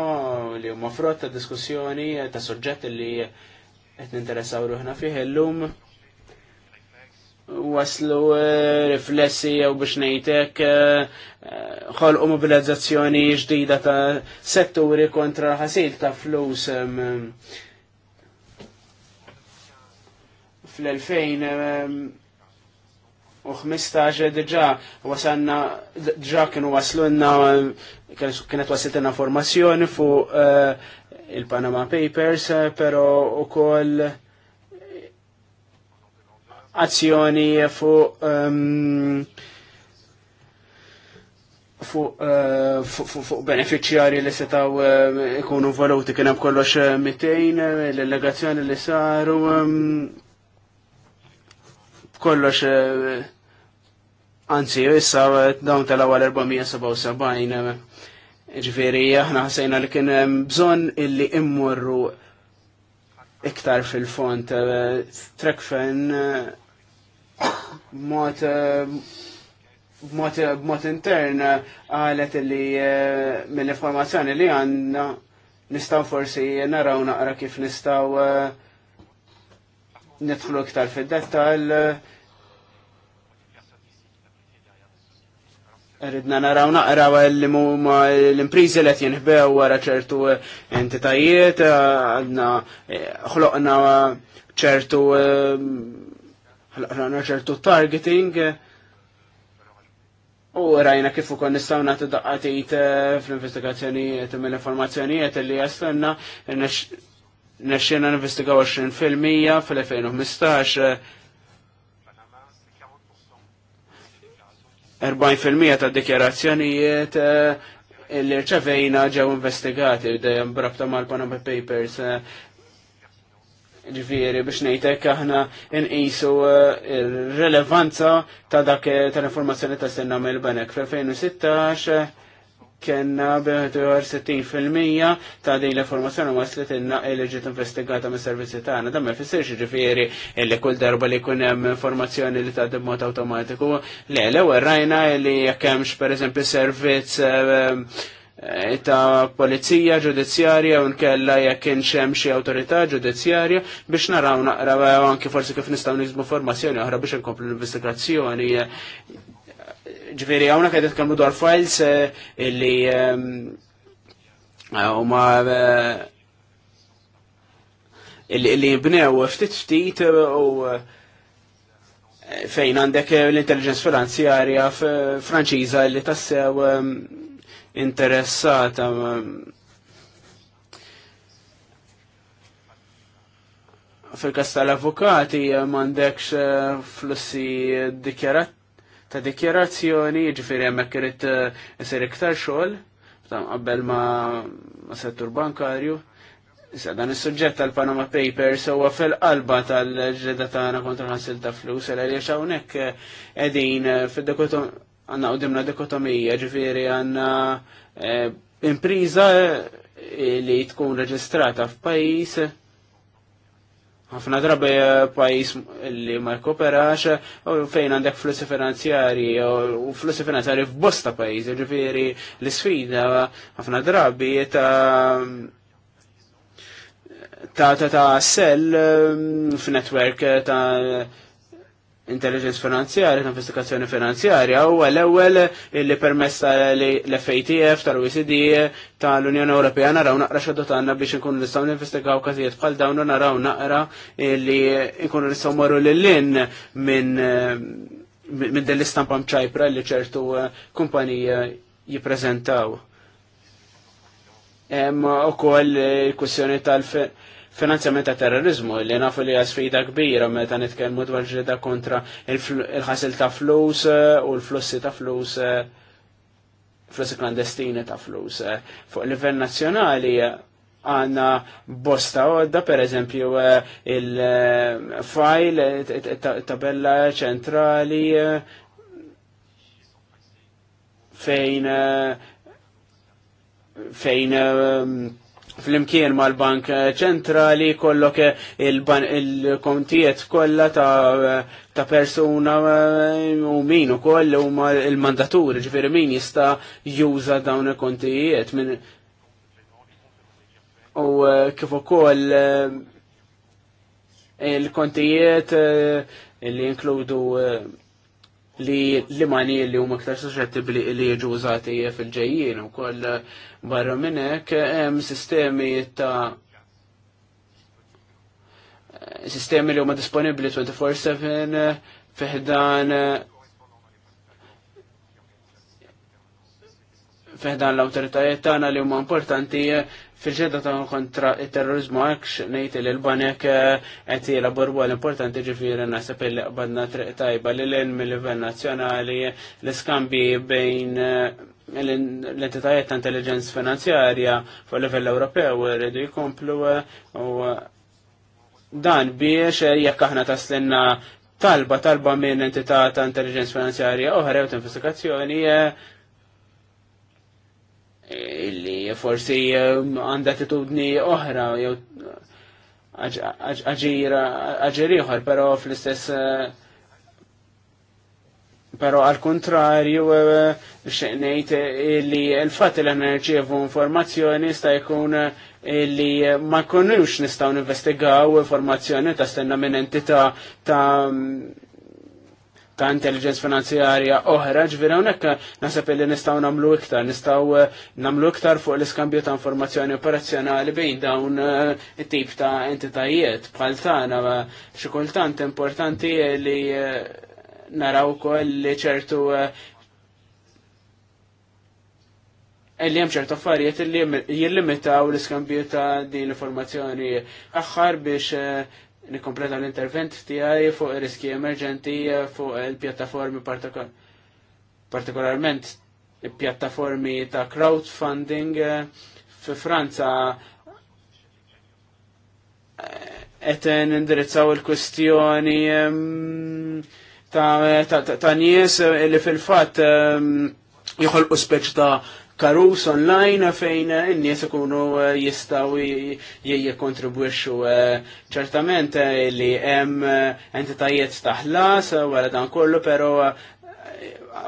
li huma frott ta' diskussjoni eh, ta' soġġetti li qed ninteressaw ruħna fih illum waslu riflessi jew biex ngħidlek ħolqu mobilizzazzjoni ġdida ta' setturi kontra ħasil ta' flus fl-2015 diġa wasanna diġa kienu waslunna kienet wasiltina formazzjoni fu eh, il-Panama Papers, pero u koll azzjoni fu ehm, fu eh, fu, fu beneficjari li setaw eh, ikunu valuti kienem kollox 200 l legazzjoni li saru ehm, kollox eh, anzi, issa eh, dawn tal-ewwel 477 eh, ġveri, aħna ħsejna li kien bżonn illi immorru iktar fil-font trekfen b b'mod intern għalet li mill-informazzjoni li għandna nistaw forsi naraw naqra kif nistaw uh, nidħlu iktar fid-dettal. Ridna naraw naqraw li huma l-imprizi li jinħbew wara ċertu eh, entitajiet, eh, għadna eh, ħloqna ċertu ħloqna ċertu targeting. U rajna kif ukoll nistgħu nagħtu daqqatit fl-investigazzjonijiet mill-informazzjonijiet li jastanna Nexxina investigaw 20% fil-2015 fil-mija ta' dikjarazzjonijiet eh, li ċavejna ġew investigati dejjem brabta mal-Panama Papers. Eh, ġifieri biex ngħidlek aħna nqisu r-relevanza eh, ta' dak tal-informazzjoni ta' senna mill-banek fil 2016 kena beħdur 60% ta' din l-informazzjoni waslet inna il-ġiet investigata mis servizzi tagħna. Dan ma jfissirx ġifieri illi kull darba li jkun hemm informazzjoni li tgħaddi b'mod awtomatiku. Le le, rajna li jekk hemmx pereżempju servizz eh, eh, ta' polizija ġudizzjarja u nkella jekk kienx hemm xi awtorità ġudizzjarja biex naraw naqraw anke forsi kif nistgħu nisbu formazzjoni oħra biex nkomplu l-investigazzjoni ġveri għawna kħed jitkallmu dwar files eh, illi ehm, eh, u eh, illi jibnew ftit ftit u fejn għandek l-intelligence finanzjarja franċiza li tassew interessata fil-kas tal-avukati mandekx flussi dikjarat ta' dikjarazzjoni, ġifiri hemmhekk irid jessir eh, iktar xogħol, qabel ma, ma settur bankarju. Issa dan is-suġġett tal-Panama Papers huwa fil-qalba tal-ġreda tagħna kontra ħassil ta' flus, għaliex hawnhekk eh, qegħdin eh, fid-dikotom għandna qudimna dikotomija, ġifieri għandna impriża li tkun reġistrata f'pajjiż ħafna drabi eh, pajis li ma jkoperax, eh, u fejn għandek flussi finanzjari, eh, u flussi finanzjari f'bosta pajis, ġifiri l-sfida, ħafna drabi ta' ta' ta' sell f'network ta' intelligence finanzjarja, investigazzjoni finanzjarja, u l-ewel li permessa l-FATF, tal-OECD, tal-Unjoni Ewropea naraw naqra xaddu tanna biex nkunu nistaw investigaw kazijiet bħal dawn u naraw naqra li nkunu nistaw marru l-lin minn min dell l-istampa mċajpra li ċertu eh, kumpanija jiprezentaw. u ukoll il-kwissjoni tal-finanzjarja finanzjament ta' terrorizmu li nafu li sfida kbira meta nitkellmu dwar ġrida kontra il-ħasil ta' flus eh, u l-flussi ta' flus eh, flussi klandestini ta' flus. Eh. Fuq livell nazzjonali għanna bosta għodda, per eżempju, il-fajl, tabella ċentrali, fejn fejn fl-imkien mal-Bank ċentrali kollok il-kontijiet kollha ta', ta persuna eh, u min ukoll huma il-mandaturi, ġifieri min jista' juża dawn il-kontijiet minn u eh, kif ukoll eh, il-kontijiet li jinkludu li l-imani li huma aktar suscettibli li jiġu użati fil ġejjin ukoll barra minn hekk hemm sistemi ta' sistemi li huma disponibbli 24/7 fiħdan fiħdan l awtoritajiet tagħna li huma importanti fil-ġedda ta' kontra il-terrorizmu għakx li l banek eh, la borbu għal-importanti ġifiri nasab il-qbadna triq tajba li l-en mill-livell nazjonali l-skambi bejn eh, l-entitajiet ta' intelligenz finanzjarja fuq livell Ewropew rridu jkomplu eh, u dan biex jekk aħna taslinna talba talba minn entità ta' intelligenz finanzjarja oħra u tinfestikazzjoni illi forsi um, għandha titudni oħra jew aġira aġir ieħor, però fl-istess eh, però għal kontrarju eh, xeqnejt illi l-fatt li nirċievu informazzjoni sta' jkun illi ma konux nistgħu investigaw informazzjoni ta' stenna minn entità ta' ta' intelligence finanzjarja oħra, ġvira unekka nasab li nistaw namlu iktar, nistaw eh, namlu iktar fuq l-iskambju ta' informazzjoni operazzjonali bejn dawn eh, it-tip ta' entitajiet bħal tagħna xikultant importanti li eh, naraw kol li ċertu li hemm ċertu affarijiet li jillimitaw l-iskambju ta' din l-informazzjoni aħħar biex nikkompleta l-intervent tiegħi fuq riski emerġenti fuq il-pjattaformi partikolarment il-pjattaformi ta' crowdfunding eh, fi Franza eh, eten indirizzaw il kustjoni ehm, ta' nies li fil-fat ehm, jħolqu speċ ta' karus online fejn eh, n-nies ikunu eh, jistaw jikontribwixxu eh, ċertament li hemm entitajiet taħlas wara dan kollu pero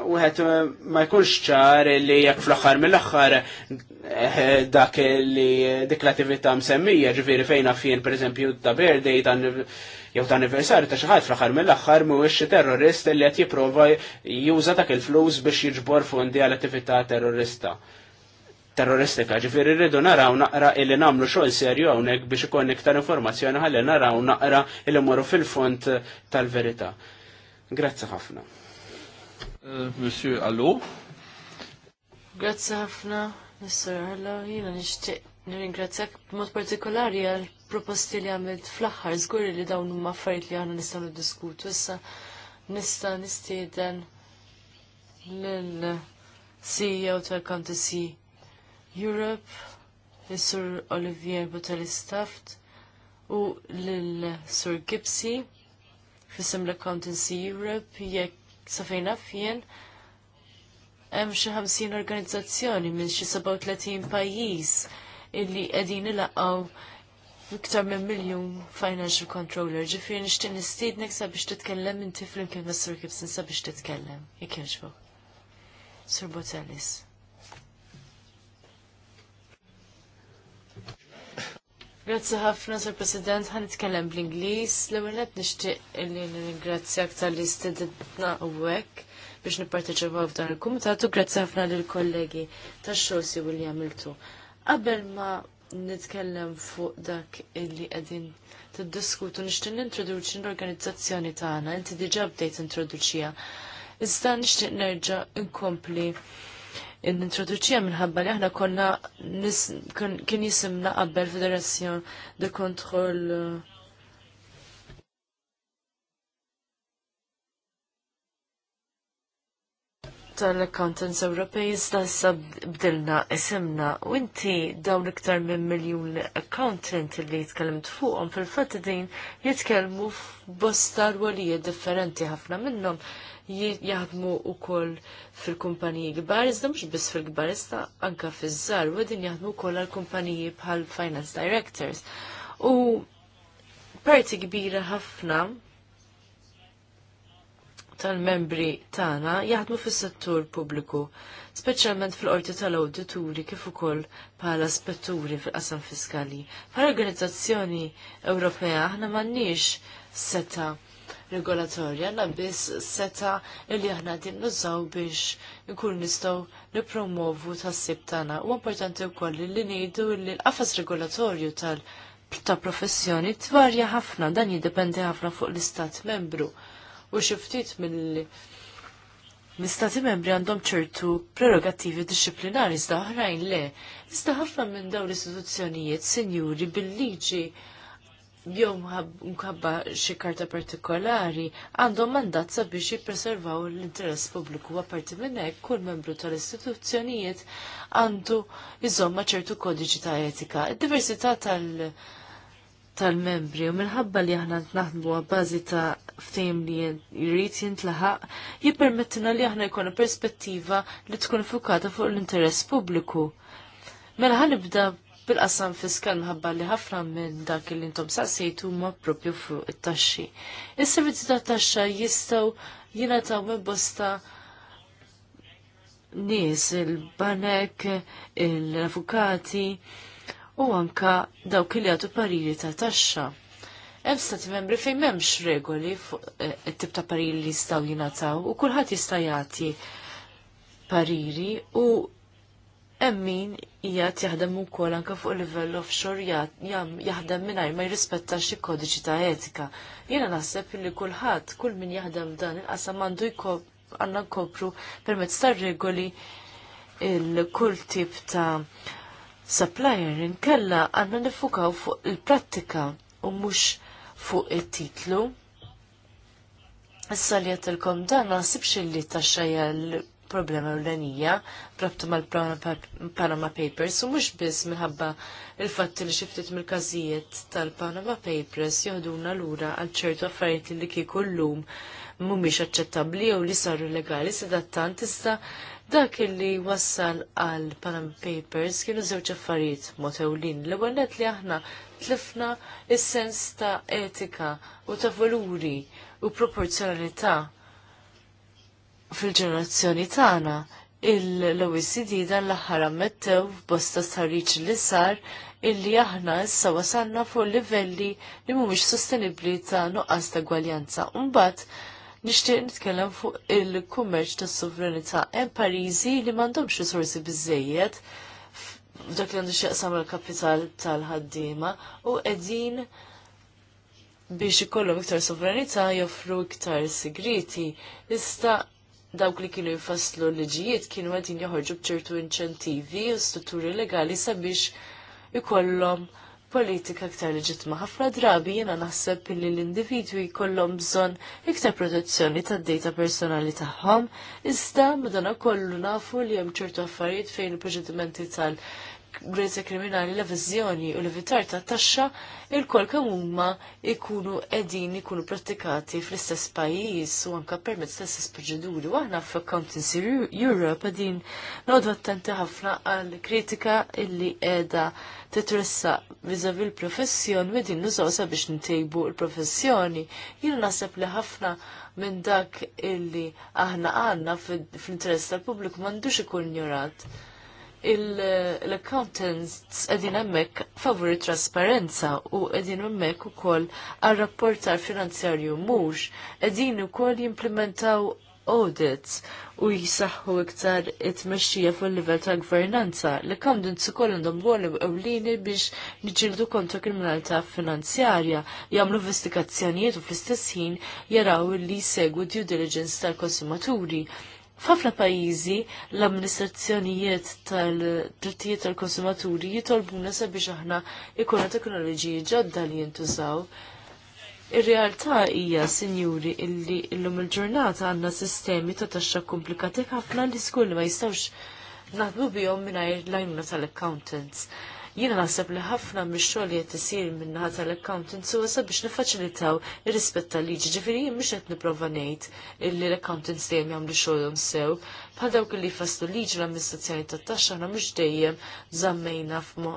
wieħed ma jkunx ċar li jekk fl-aħħar mill-aħħar dak li dik l-attività msemmija ġifieri fejn għafjien pereżempju ta' birthday dan jew ta' anniversari ta' xi ħadd fl axar mill-aħħar mhuwiex terrorist li qed jipprova juża dak il-flus biex jiġbor fondi għal attività terrorista terroristika, ġifiri rridu naraw naqra illi namlu xoħl serju għonek biex ikon iktar informazzjoni għalli naraw naqra illi morru fil-font tal-verita. Grazzi ħafna. Eh, Monsieur Allo. Grazzi ħafna, Mr. Allo, jina nishtiq nirringrazzjak b'mod partikolari għal proposti li għamilt fl-aħħar żgur li dawn huma affarijiet li aħna nistgħu niddiskutu issa nista' nistieden lil CEO tal-County Europe, is-Sur Olivier Butelistaft u lil Sur Gipsy fissem l-Accountancy Europe jekk sa fejn jien hemm xi ħamsin organizzazzjoni minn xi 37 pajjiż illi qegħdin ilaqgħu iktar minn miljon financial controller, ġifiri nixtieq nistiednek sabiex titkellem inti kien ma' Sir Gibson sabiex titkellem. Jekk Sir Botellis. Grazzi ħafna, Sir President, ħan nitkellem bl-Ingliż. L-ewwel nishtiq nixtieq li ingrazzi aktar li stedetna għek biex nipparteċipaw f'dan il kumitatu grazzi ħafna lill kollegi tax-xogħol li għamiltu. Qabel ma' nitkellem fuq dak illi qegħdin tiddiskutu nixtieq nintroduċi l-organizzazzjoni tagħna, inti diġà bdejt introduċija. Iżda nixtieq nerġa' inkompli nintroduċija minħabba li aħna konna kien jisimna qabel Federazzjon de Kontroll tal-accountants Ewropej iżda issa bdilna isimna u inti dawn iktar minn miljun accountant li jitkellimt fuqhom fil-fatt din jitkellmu f'bosta rwolijiet differenti ħafna minnhom jaħdmu ukoll fil-kumpaniji kbar, iżda mhux biss fil-kbar iżda anke fiż-żar u din jaħdmu wkoll għal kumpaniji bħal finance directors. U parti kbira ħafna tal-membri tagħna jaħdmu fis-settur pubbliku, speċjalment fil-qorti tal-awdituri kif ukoll bħala spetturi fil-qasam fiskali. Bħal-Organizzazzjoni Ewropea aħna m'għandniex seta' regolatorja la biss seta li aħna din nużaw biex nkun nistgħu nippromovu tas-sib tagħna. U importanti wkoll li ngħidu li l-qafas regolatorju tal ta' professjoni tvarja ħafna dan jiddependi ħafna fuq l-istat membru u xi ftit mill- li istati membri għandhom ċertu prerogattivi disciplinari iżda oħrajn le. Iżda ħafna minn dawn l-istituzzjonijiet sinjuri bil-liġi jom mkabba xi karta partikolari għandhom mandat sabiex jippreservaw l-interess pubbliku apparti minn hekk kull membru tal-istituzzjonijiet għandu jizomma ċertu kodiċi ta' etika. Id-diversità tal- tal-membri u minħabba li aħna naħdmu għabbażi ta' ftejm li jrid jintlaħaq jippermettina li aħna jkollna perspettiva li tkun fukata fuq l-interess pubbliku. Mela ħanibda bil-qasam fiskal minħabba li ħafna minn dak li intom saqsejtu huma proprju fuq it-taxxi. Is-servizzi ta' taxxa jistgħu jingħataw minn bosta nies il-banek, il-avukati, il banek il avukati u anka dawk li għadu pariri ta' taxxa. Hemm stati membri fejn m'hemmx regoli fuq eh, it-tip ta' pariri li jistgħu jingħataw u kulħadd jista' jagħti pariri u hemm min qiegħed jaħdem ukoll anke fuq livell offshore jaħdem mingħajr ma jrispettax il-kodiċi ta' etika. Jiena naħseb li kulħadd kull min jaħdem dan il-qasam għandu għandna nkopru permezz tar-regoli il-kull tip ta' supplier inkella għanna nifukaw fuq il-prattika u mux fuq il-titlu. Issa li għatilkom dan naħsibx li taxxajja l-problema l-lenija ma mal-Panama Papers u mux biss minħabba il-fatt li xiftit mill-kazijiet tal-Panama Papers joħduna l-ura għal ċertu affarijiet li kieku l-lum mumiex aċċettabli jew li saru legali sedattant issa Dak illi wassal għal Panam Papers kienu żewġ affarijiet motewlin. L-ewwel li aħna tlifna is-sens ta' etika u ta' valuri u proporzjonalità fil-ġenerazzjoni tagħna il-OECD dan l-aħħar ammettew f'bosta starriċ li sar illi aħna issa wasanna fuq livelli li mhumiex sostenibbli ta' nuqqas ta' gwaljanza. mbagħad. Nixtieq nitkellem fuq il-kummerċ tas-sovranità hemm pariżi li m'għandhomx risorsi biżejjed f'dak li għandu xjaqsam il-kapital tal ħaddiema u qegħdin biex ikollhom iktar sovranità joffru iktar sigriti. Issa dawk li kienu jfasslu l-liġijiet kienu għedin joħorġu bċertu inċentivi u strutturi legali sabiex ikollhom politika iktar leġitma. Ħafna drabi jiena naħseb li l-individwi jkollhom bżonn iktar protezzjoni tad-data personali tagħhom, iżda madana kollu nafu li hemm ċertu affarijiet fejn il-proċedimenti tal- il-Grezja kriminali l evizjoni u l-evitar ta' taxxa il-kol kamumma huma jkunu qegħdin ikunu prattikati fl-istess pajjiż u anke permet stess proġeduri. proċeduri. U aħna f'Accountancy Europe għadin nodu attenti ħafna għal kritika illi qiegħda titressa vizavi l-professjoni u qegħdin nużaw sabiex ntejbu l-professjoni. Jina naħseb li ħafna minn dak illi aħna għandna fl-interess tal-pubbliku m'għandux ikun ignorat l-accountants għedin emmek favori trasparenza u għedin emmek u kol għal-rapportar finanzjarju mux għedin u kol jimplementaw audits u jisaxħu iktar it-mexxija fuq il livell ta' gvernanza l kam ukoll għandhom għol ewlieni biex niġildu kontra kriminalità finanzjarja jagħmlu investigazzjonijiet u fl-istess ħin jaraw li jsegwu due diligence tal-konsumaturi. F'ħafna pajjiżi l-amministrazzjonijiet tal-drittijiet tal-konsumaturi jitolbuna sabiex aħna ikuna teknoloġiji ġodda li jintużaw. Ir-realtà hija, sinjuri, illi llum il-ġurnata għandna sistemi ta' taxxa komplikati ħafna li skull ma jistgħux naħdmu bihom mingħajr l-għajnuna tal-accountants. Jiena naħseb li ħafna mix-xogħol li qed isir tal-accountants huwa sabiex niffaċilitaw ir-rispett tal-liġi. Ġifieri jien mhux qed nipprova ngħid illi l-accountants dejjem jagħmlu xogħolhom sew. Bħal dawk li jfasslu liġi l-amministrazzjoni tat-taxxa aħna mhux dejjem żammejna f'mo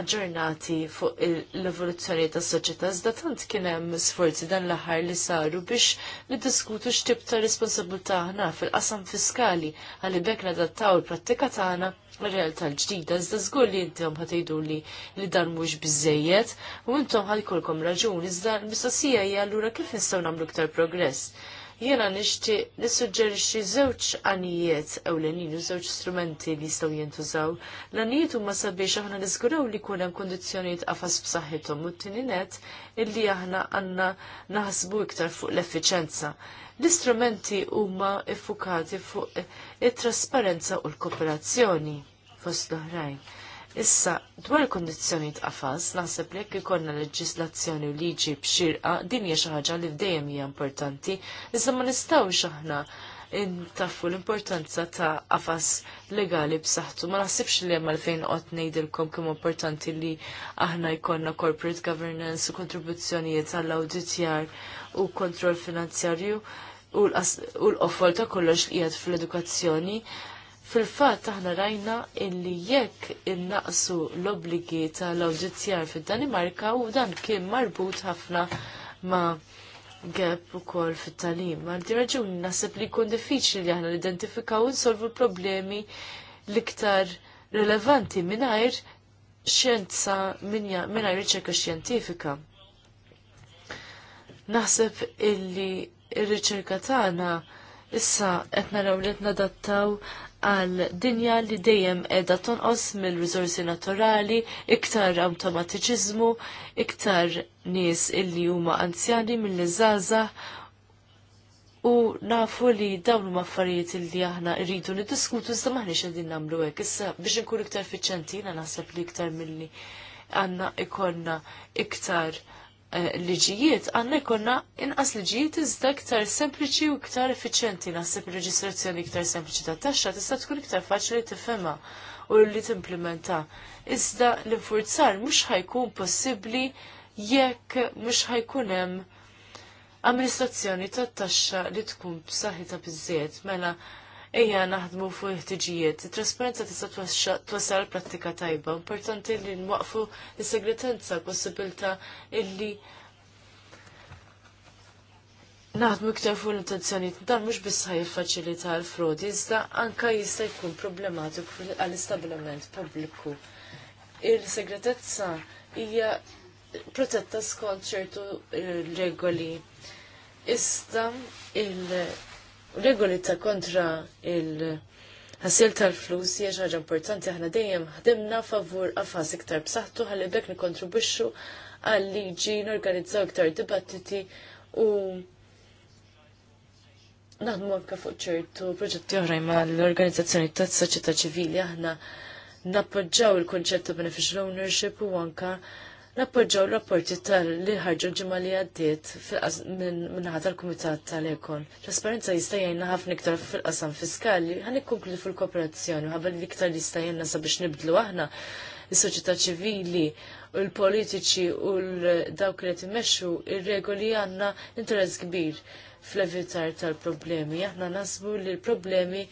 aġġornati fuq l-evoluzzjoni tas soċjetà iżda tant kien hemm sforzi dan l-aħħar li saru biex niddiskutu x'tib ta' responsabilità aħna fil-qasam fiskali għalli bekk nadattaw il-prattika tagħna realtà ġdida iżda żgur li intom ħatejdu li li dan mhux biżejjed, u intom ħalkolkom raġun, iżda l-mistoqsija hija allura kif nistgħu nagħmlu iktar progress. Jiena nixtieq nissuġġerixxi żewġ għanijiet ewlenin u żewġ strumenti li jistgħu jintużaw. L-għanijiet huma sabiex aħna niżguraw li jkun hemm kondizzjonijiet qafas b'saħħithom u t tieni net illi aħna għandna naħsbu iktar fuq l-effiċenza. L-istrumenti huma iffukati fuq it-trasparenza u l-kooperazzjoni fost l-oħrajn. Issa, dwar il-kondizjoni tqafas, naħseb li jekk ikollna leġislazzjoni u liġi bxirqa, din hija xi ħaġa li dejjem hija importanti, iżda ma nistgħux aħna intaffu l-importanza ta' qafas legali b'saħħtu. Ma naħsibx li hemm għalfejn qod ngħidilkom kemm importanti li aħna jkollna corporate governance u kontribuzzjonijiet għall-awditjar u kontroll finanzjarju u l-qofol ta' kollox li qiegħed fl-edukazzjoni Fil-fatt aħna rajna illi jekk innaqsu l-obligi tal-awġizzjar fil danimarka u dan kien marbut ħafna ma' gap u kol fit-talim. Għaldi raġuni nasib li jkun diffiċli li aħna l-identifikaw insolvu problemi l-iktar relevanti minnajr xjenza minnajr riċerka xjentifika. Naħseb illi il riċerka tagħna issa qed naraw li nadattaw għal dinja li dejjem edha tonqos mill-rizorsi naturali, iktar automatiċizmu, iktar nies illi huma anzjani mill żaza u nafu li dawn huma affarijiet illi aħna rridu niddiskutu iżda maħniex qegħdin nagħmlu hekk. Issa biex inkun iktar fiċċentina naħseb li iktar milli għandna ikonna iktar Eh, liġijiet għanna konna inqas liġijiet iżda iktar sempliċi u iktar effiċenti. Naħseb il-reġistrazzjoni iktar sempliċi ta' taxxa tista' tkun iktar faċli tifhimha u li timplementa. Iżda l-infurzar mhux ħajkun possibbli jekk mhux ħajkun hemm amministrazzjoni ta' taxxa li tkun b'saħħitha biżżejjed mela ejja naħdmu fuq il-ħtiġijiet. Trasparenza tista' twassal prattika tajba. Importanti li nwaqfu l-segretenza, possibilta illi Naħdmu iktar fuq l-intenzjoniet dan mhux biss ħajfaċilita l-frodi, iżda anka jista' jkun problematiku għall-istabilament pubbliku. Il-segretezza hija protetta skont ċertu eh, regoli. Iżda il- regoli ta' kontra il- Ħassil tal-flus hija ħaġa importanti aħna dejjem ħdimna favur għafas iktar b'saħħtu ħalli bekk nikkontribwixxu għal liġi norganizzaw iktar dibattiti u naħdmu anke fuq ċertu proġetti oħrajn l organizzazzjoni tas-soċjetà ċivili aħna nappoġġaw il-konċett ta' beneficial ownership u anka nappoġġaw rapporti tal li ħarġu ġimma li għaddiet minnaħat tal-Kumitat tal-Ekon. Trasparenza jista' jgħinna ħafna iktar fil-qasam fiskali, għan ikkompli fil-kooperazzjoni, ħabel iktar li jista' sabiex nibdlu aħna il soċjetà ċivili u l-politiċi u l-dawk li timmexxu ir-regoli għandna interess kbir fl-evitar tal-problemi. Aħna nasbu li l-problemi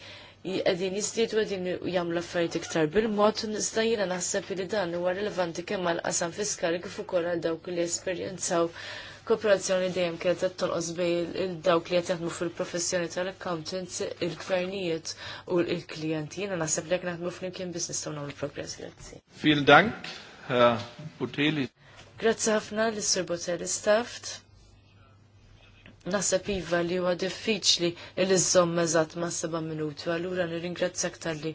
qegħdin jiżdiedu qegħdin jagħmlu affarijiet iktar bil-mod nista' jiena naħseb li dan huwa rilevanti kemm għall qasam fiskali kif ukoll għal dawk li esperjenzaw kooperazzjoni dejjem kienet qed tonqos bejn dawk li qed jaħdmu fil-professjoni tal-accountants, il-gvernijiet u l-klijenti. Jiena naħseb li jekk naħdmu flimkien biss nistgħu nagħmlu progress. Grazzi. Vielen Dank, Grazzi ħafna lis-Sur Botelli Staft. Nasab iva li huwa diffiċli li żżomm eżatt ma' seba' minuti, allura nirringrazzjak tal-li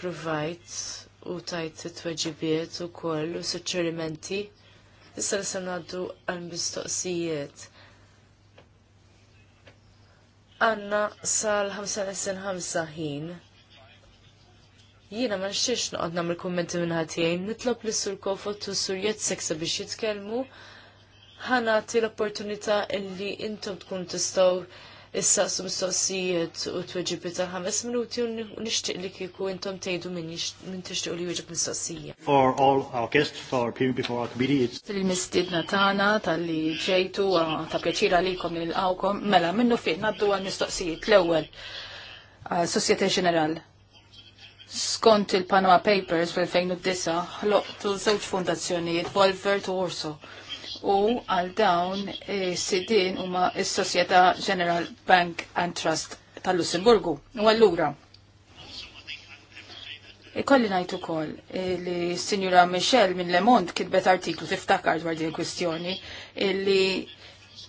provajt u tajt it-tweġibiet u koll u suċċerimenti. Issa li se ngħaddu għal-mistoqsijiet għanna sal-5 ħin. Jiena ma nxiex noqgħod nagħmel kummenti minn ħatijin, nitlob li sur kofot u sur seksa biex jitkellmu ħanati l-opportunità illi intom tkun tistaw issaqsu mistoqsijiet u t-weġibi ta' ħames minuti u nishtiq li kiku intom tejdu minn tixtiq li weġib mistoqsija. For all our guests, for people before our committee, it's... Il-mistidna tana tal-li ġejtu ta' pjaċira li kom il-għawkom, mela minnu fin naddu għal mistoqsijiet l-ewel. Societe General, skont il-Panama Papers fil-2009 ħloqtu żewġ fundazzjonijiet Volvert u Orso u għal dawn e, sidin huma s-Soċjetà General Bank and Trust tal-Lussemburgu. U allura. Ikolli ngħid ukoll e, li Sinjura Michel minn Le Monde kitbet artiklu tiftakar dwar din il-kwistjoni illi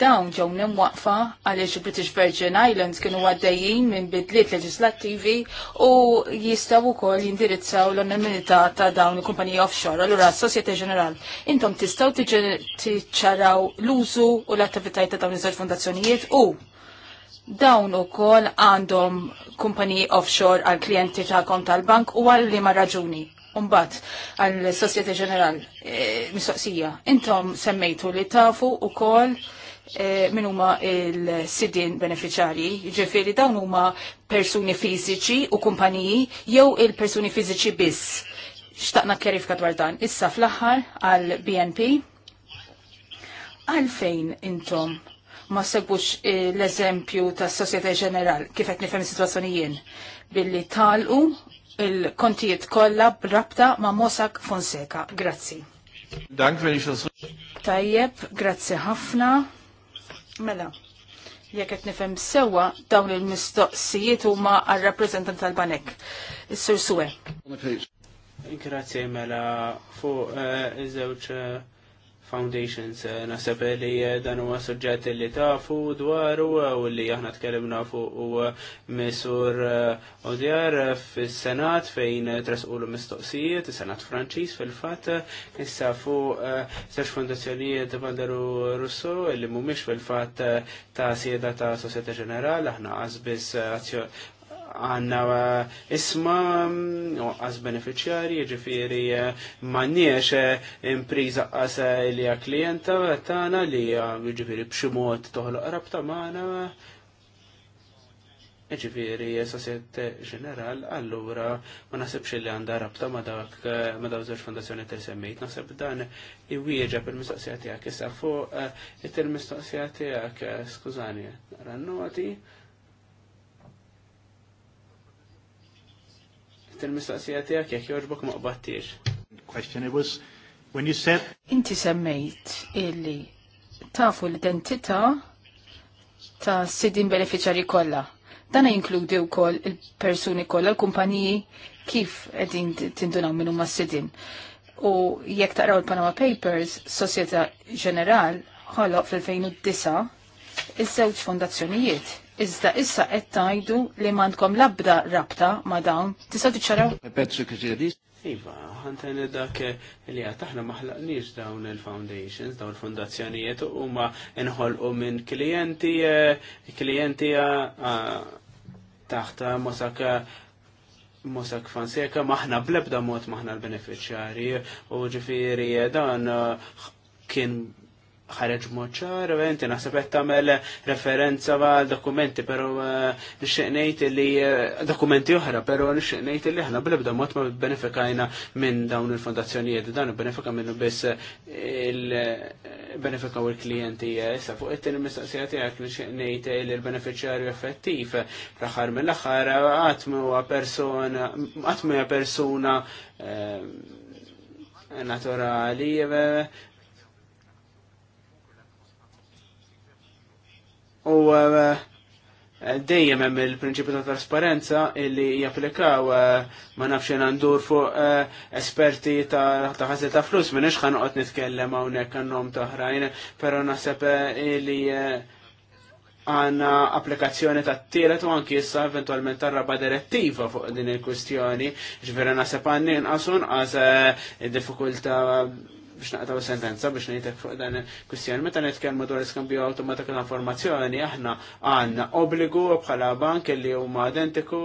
dawn ġew nimwaqfa għaliex British Virgin Islands kienu għaddejjin minn bidliet leġislattivi u jistgħu wkoll jindirizzaw l-anonimità ta' dawn il-kumpaniji offshore. Allura s-Sosjetà Ġenerali, intom tistgħu tiċċaraw l-użu u l-attivitajiet ta' dawn iż-żewġ fondazzjonijiet u dawn u kol għandhom kumpaniji offshore għal klienti kont tal-bank u għal li ma raġuni. Umbat, għal Societe Ġeneral, e, eh, mistoqsija, intom semmejtu li tafu u kol Eh, min huma il-sidin beneficjarji, ġifiri dawn huma persuni fiżiċi u kumpaniji jew il-persuni fiżiċi biss. Xtaqna kjerifika dwar dan. Issa fl-aħħar għal BNP. Għalfejn intom ma segwux l-eżempju ta' Societe Ġeneral kif qed nifhem situazzjoni jien billi talqu il-kontijiet kollha b'rabta ma' Mosak Fonseca. Grazzi. Dank, Tajjeb, grazzi ħafna. Mela, jekk qed nifhem sewwa dawn il-mistoqsijiet huma għar-rappreżentant tal-Banek, is-Sur Suwe. Grazie mela fuq eh, iż-żewġ eh, foundations. Eh, Nasab li eh, dan huwa suġġett li tafu dwaru eh, u li aħna tkellimna fuq u misur Odjar fis-Senat fejn trasqulu mistoqsijiet, is-Senat Franċiż fil-fatt issa fuq sex fondazzjonijiet Vandaru Russo li mhumiex fil-fatt ta' sieda ta' Sosjetà Ġenerali aħna qasbis għanna eh, isma għas mm, beneficjari, ġifiri eh, manniex eh, impriza għas li għak klienta tana li ġifiri bximot toħloq rabta maħna ġifiri sosiet ġeneral, allura ma nasibx li għanda rabta ma dak ma daw zoċ fondazzjoni t semmejt nasib dan wieġa per mistoqsijat tiegħek issa fuq it-mistoqsijat tiegħek, skużani, rannoti. noti il-mistaqsija tiegħek jekk jogħġbok ma Question it was when you said Inti semmejt illi tafu l-identità ta' sidin beneficiari kollha. Dan jinkludi wkoll il-persuni kollha l-kumpaniji kif qegħdin tindunaw minn huma sidin. U jekk taqraw il-Panama Papers, Societa Ġeneral ħoloq fil-2009 iż-żewġ fondazzjonijiet Iżda issa qed tgħidu li m'għandkom labda rabta ma' dawn. Tista' tiċċaraw? Petru Kġiris. Iva, ħantajn dak li aħna maħlaqniex dawn il-foundations, dawn il-fondazzjonijiet huma nħolqu minn klijenti eh, klijenti eh, eh, taħta mosaka Mosak Fonseca maħna blebda mod maħna l-beneficjari u ġifiri dan kien ħareġ moċar, inti naħseb qed tagħmel referenza għal dokumenti, pero eh, nixtieq li eh, dokumenti oħra, però nixtieq ngħid li aħna bil ebda mod ma benefikajna minn dawn il-fondazzjonijiet, dan benefika minnu biss il-benefika u l-klijenti eh, issa fuq it-tieni mistaqsija għak nixtieq ngħid li l beneficjarju effettiv raħar aħħar mill-aħħar għatmu huwa għatmu qatt persuna naturali U eh, dejjem hemm il-prinċipju ta' trasparenza illi japplikaw eh, ma nafx għandur fuq eh, esperti ta' ħasil ta' flus minn ixħan qed nitkellem hawnhekk għandhom toħrajn, però naħseb illi għanna applikazzjoni ta' t tiret u anki jissa eventualment ta' raba direttiva fuq din il-kustjoni, ġvera nasib għanni nqasun għaz diffikulta biex naqtaw sentenza biex ngħidlek fuq dan il-kwistjoni. Meta nitkellmu dwar iskambju automatika ta' informazzjoni, aħna għandna obbligu bħala bank li huma identiku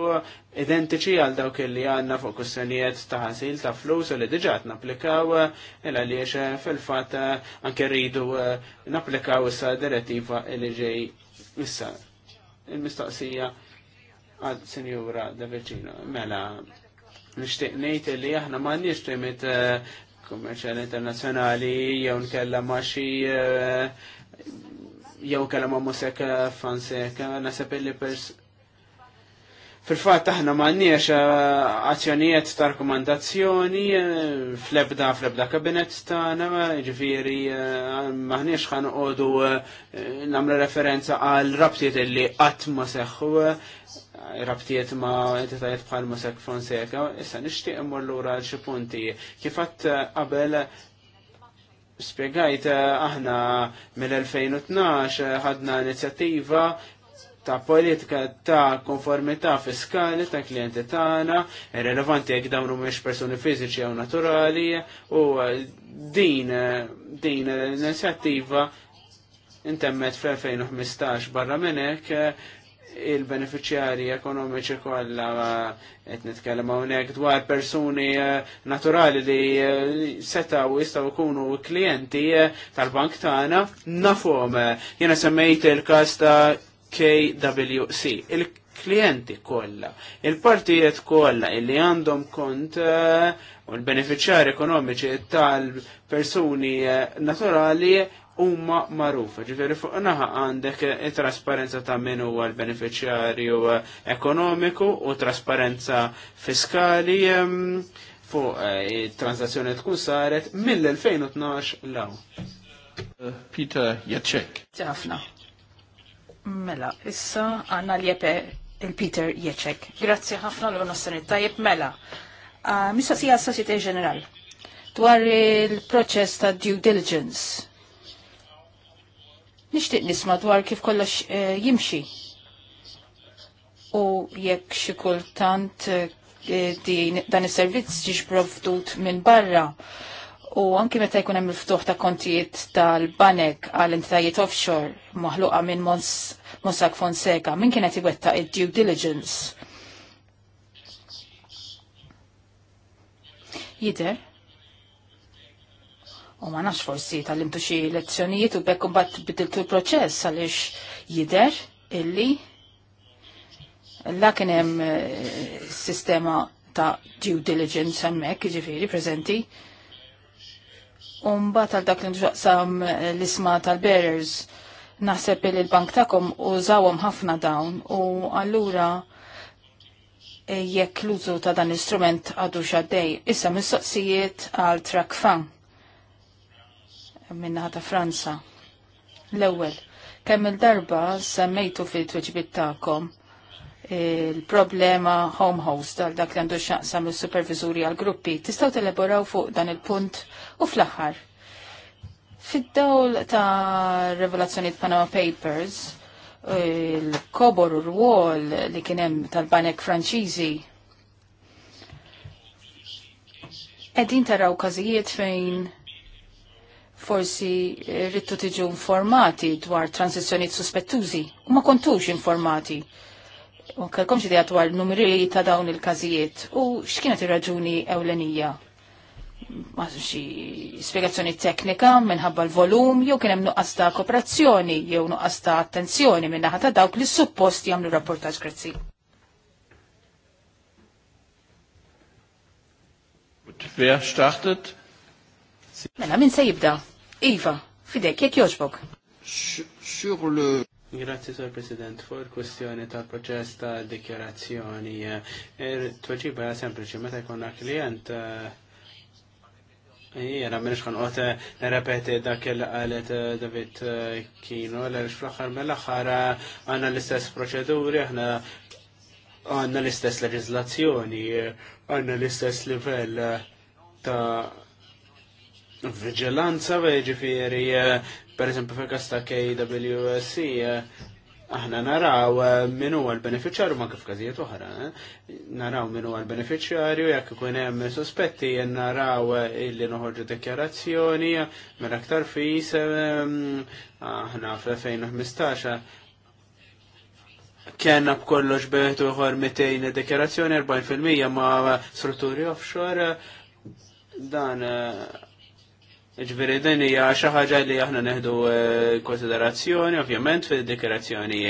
identiċi għal dawk li għandna fuq kwistjonijiet ta' ħasil ta' flus li diġà napplikaw il għaliex fil-fatt anke rridu eh, napplikaw issa direttiva li ġej issa il-mistoqsija għad senjura da Virgino. Mela, nishtiq nejt li aħna ma nix kummerċjali internazzjonali jew nkella ma' xi eh, jew kellha ma' Moseka fanseka, naseb illi pers Fil-fatt aħna m'għandniex eh, azzjonijiet ta' rakkomandazzjoni eh, fl-ebda fl-ebda kabinet tagħna, ġifieri m'aħniex ħanqogħdu nagħmlu referenza għal rabtiet illi qatt ma seħħu rabtiet ma entitajiet bħal Mosek Fonseca, issa nixtieq immur lura xi punti. Kif qatt eh, qabel spiegajt eh, aħna mill-2012 eh, ħadna inizjattiva ta' politika ta' konformità fiskali ta' klienti tagħna, irrelevanti jekk dawn mhumiex persuni fiżiċi jew naturali, u din din l-inizjattiva intemmet fl-2015 barra minn hekk il-beneficjari ekonomiċi kollha qed nitkellem hawnhekk dwar persuni eh, naturali li eh, setaw jistgħu jkunu klijenti eh, tal-bank tagħna nafhom. Jiena semmejt il-każ ta' KWC. Il-klijenti kollha, il-partijiet kollha illi għandhom kont u l-beneficjari ekonomiċi tal-persuni naturali huma marufa. Ġifieri fuq naħa għandek it-trasparenza ta' min huwa l-beneficjarju ekonomiku u trasparenza fiskali fuq eh, it-transazzjoni tkun saret mill-2012 law. Eh, Peter Jacek. Ġafna. Mela, issa għanna l il-Peter Jacek. Grazzi ħafna l-għonossani tajib mela. Ah, Missa sija Societe General dwar il-proċess ta' due diligence Nixtieq nisma dwar kif kollox eh, jimxi. U jekk xi kultant eh, dan is-servizz ġiex provdut minn barra. U anki meta jkun hemm il-ftuħ ta' kontijiet tal-banek għal entitajiet offshore maħluqa minn Mossack Fonseca, min kienet iwetta id-due diligence? Jider U ma nafx forsi tal-imtu xi lezzjonijiet u bekk imbagħad bidiltu l-proċess għaliex jidher illi la kien hemm eh, sistema ta' due diligence hemmhekk jiġifieri preżenti. U mbagħad għal dak li eh, l-isma tal-bearers naħseb li l-bank tagħkom użawhom ħafna dawn u allura eh, jekk l-użu ta' dan l-istrument għadu xaddej. Issa mistoqsijiet għal track fan minnaħa ta' Franza. L-ewwel, kemm il-darba semmejtu fil-tweġbit tagħkom il-problema home host għal dak li għandu xaqsam il-supervizuri għal gruppi. Tistaw teleboraw fuq dan il-punt u fl-aħħar. Fid-dawl ta' revelazzjoni Panama Papers, il-kobor u rwol li kienem tal-banek franċiżi Eddin taraw kazijiet fejn forsi rittu tiġu informati dwar transizjoniet suspettużi u ma kontux informati. U kelkom xidija dwar numri ta' dawn il-kazijiet u x'kienet ir-raġuni ewlenija? Ma xie spjegazzjoni teknika minħabba l-volum jew kien hemm nuqqas ta' kooperazzjoni jew nuqqas ta' attenzjoni minn naħa ta' dawk li suppost jagħmlu rapportaġ grazzi. Wer startet? Mela, min se jibda? Iva, fidek, jek joġbok. Xurlu. Grazie, Sor President. For kwestjoni tal-proċess tal-dikjerazzjoni, dikjarazzjoni er, tweġiba sempliċi, meta jkunna klient eh, Jena, minix kan għote eh, nerepeti dakil għalet eh, David Kino, l-għalix fl-axar mill-axar għanna l-istess proċeduri, għanna għanna l-istess leġizlazzjoni, għanna l-istess livell ta' vigilanza ġifiri, eh, per esempio fil ta' KWSC eh, aħna naraw eh, min huwa l-beneficjarju ma kif każijiet oħra. Naraw min huwa l-beneficjarju jekk ikun hemm sospetti naraw illi noħorġu dekjarazzjoni minn aktar fis mm, aħna fl-2015 Kenna b'kollox beħtu uħor 200 dekjarazzjoni 40% ma' strutturi offshore dan Ġveri din hija xi ħaġa li aħna neħdu eh, konsiderazzjoni, ovvjament fid-dikerazzjoni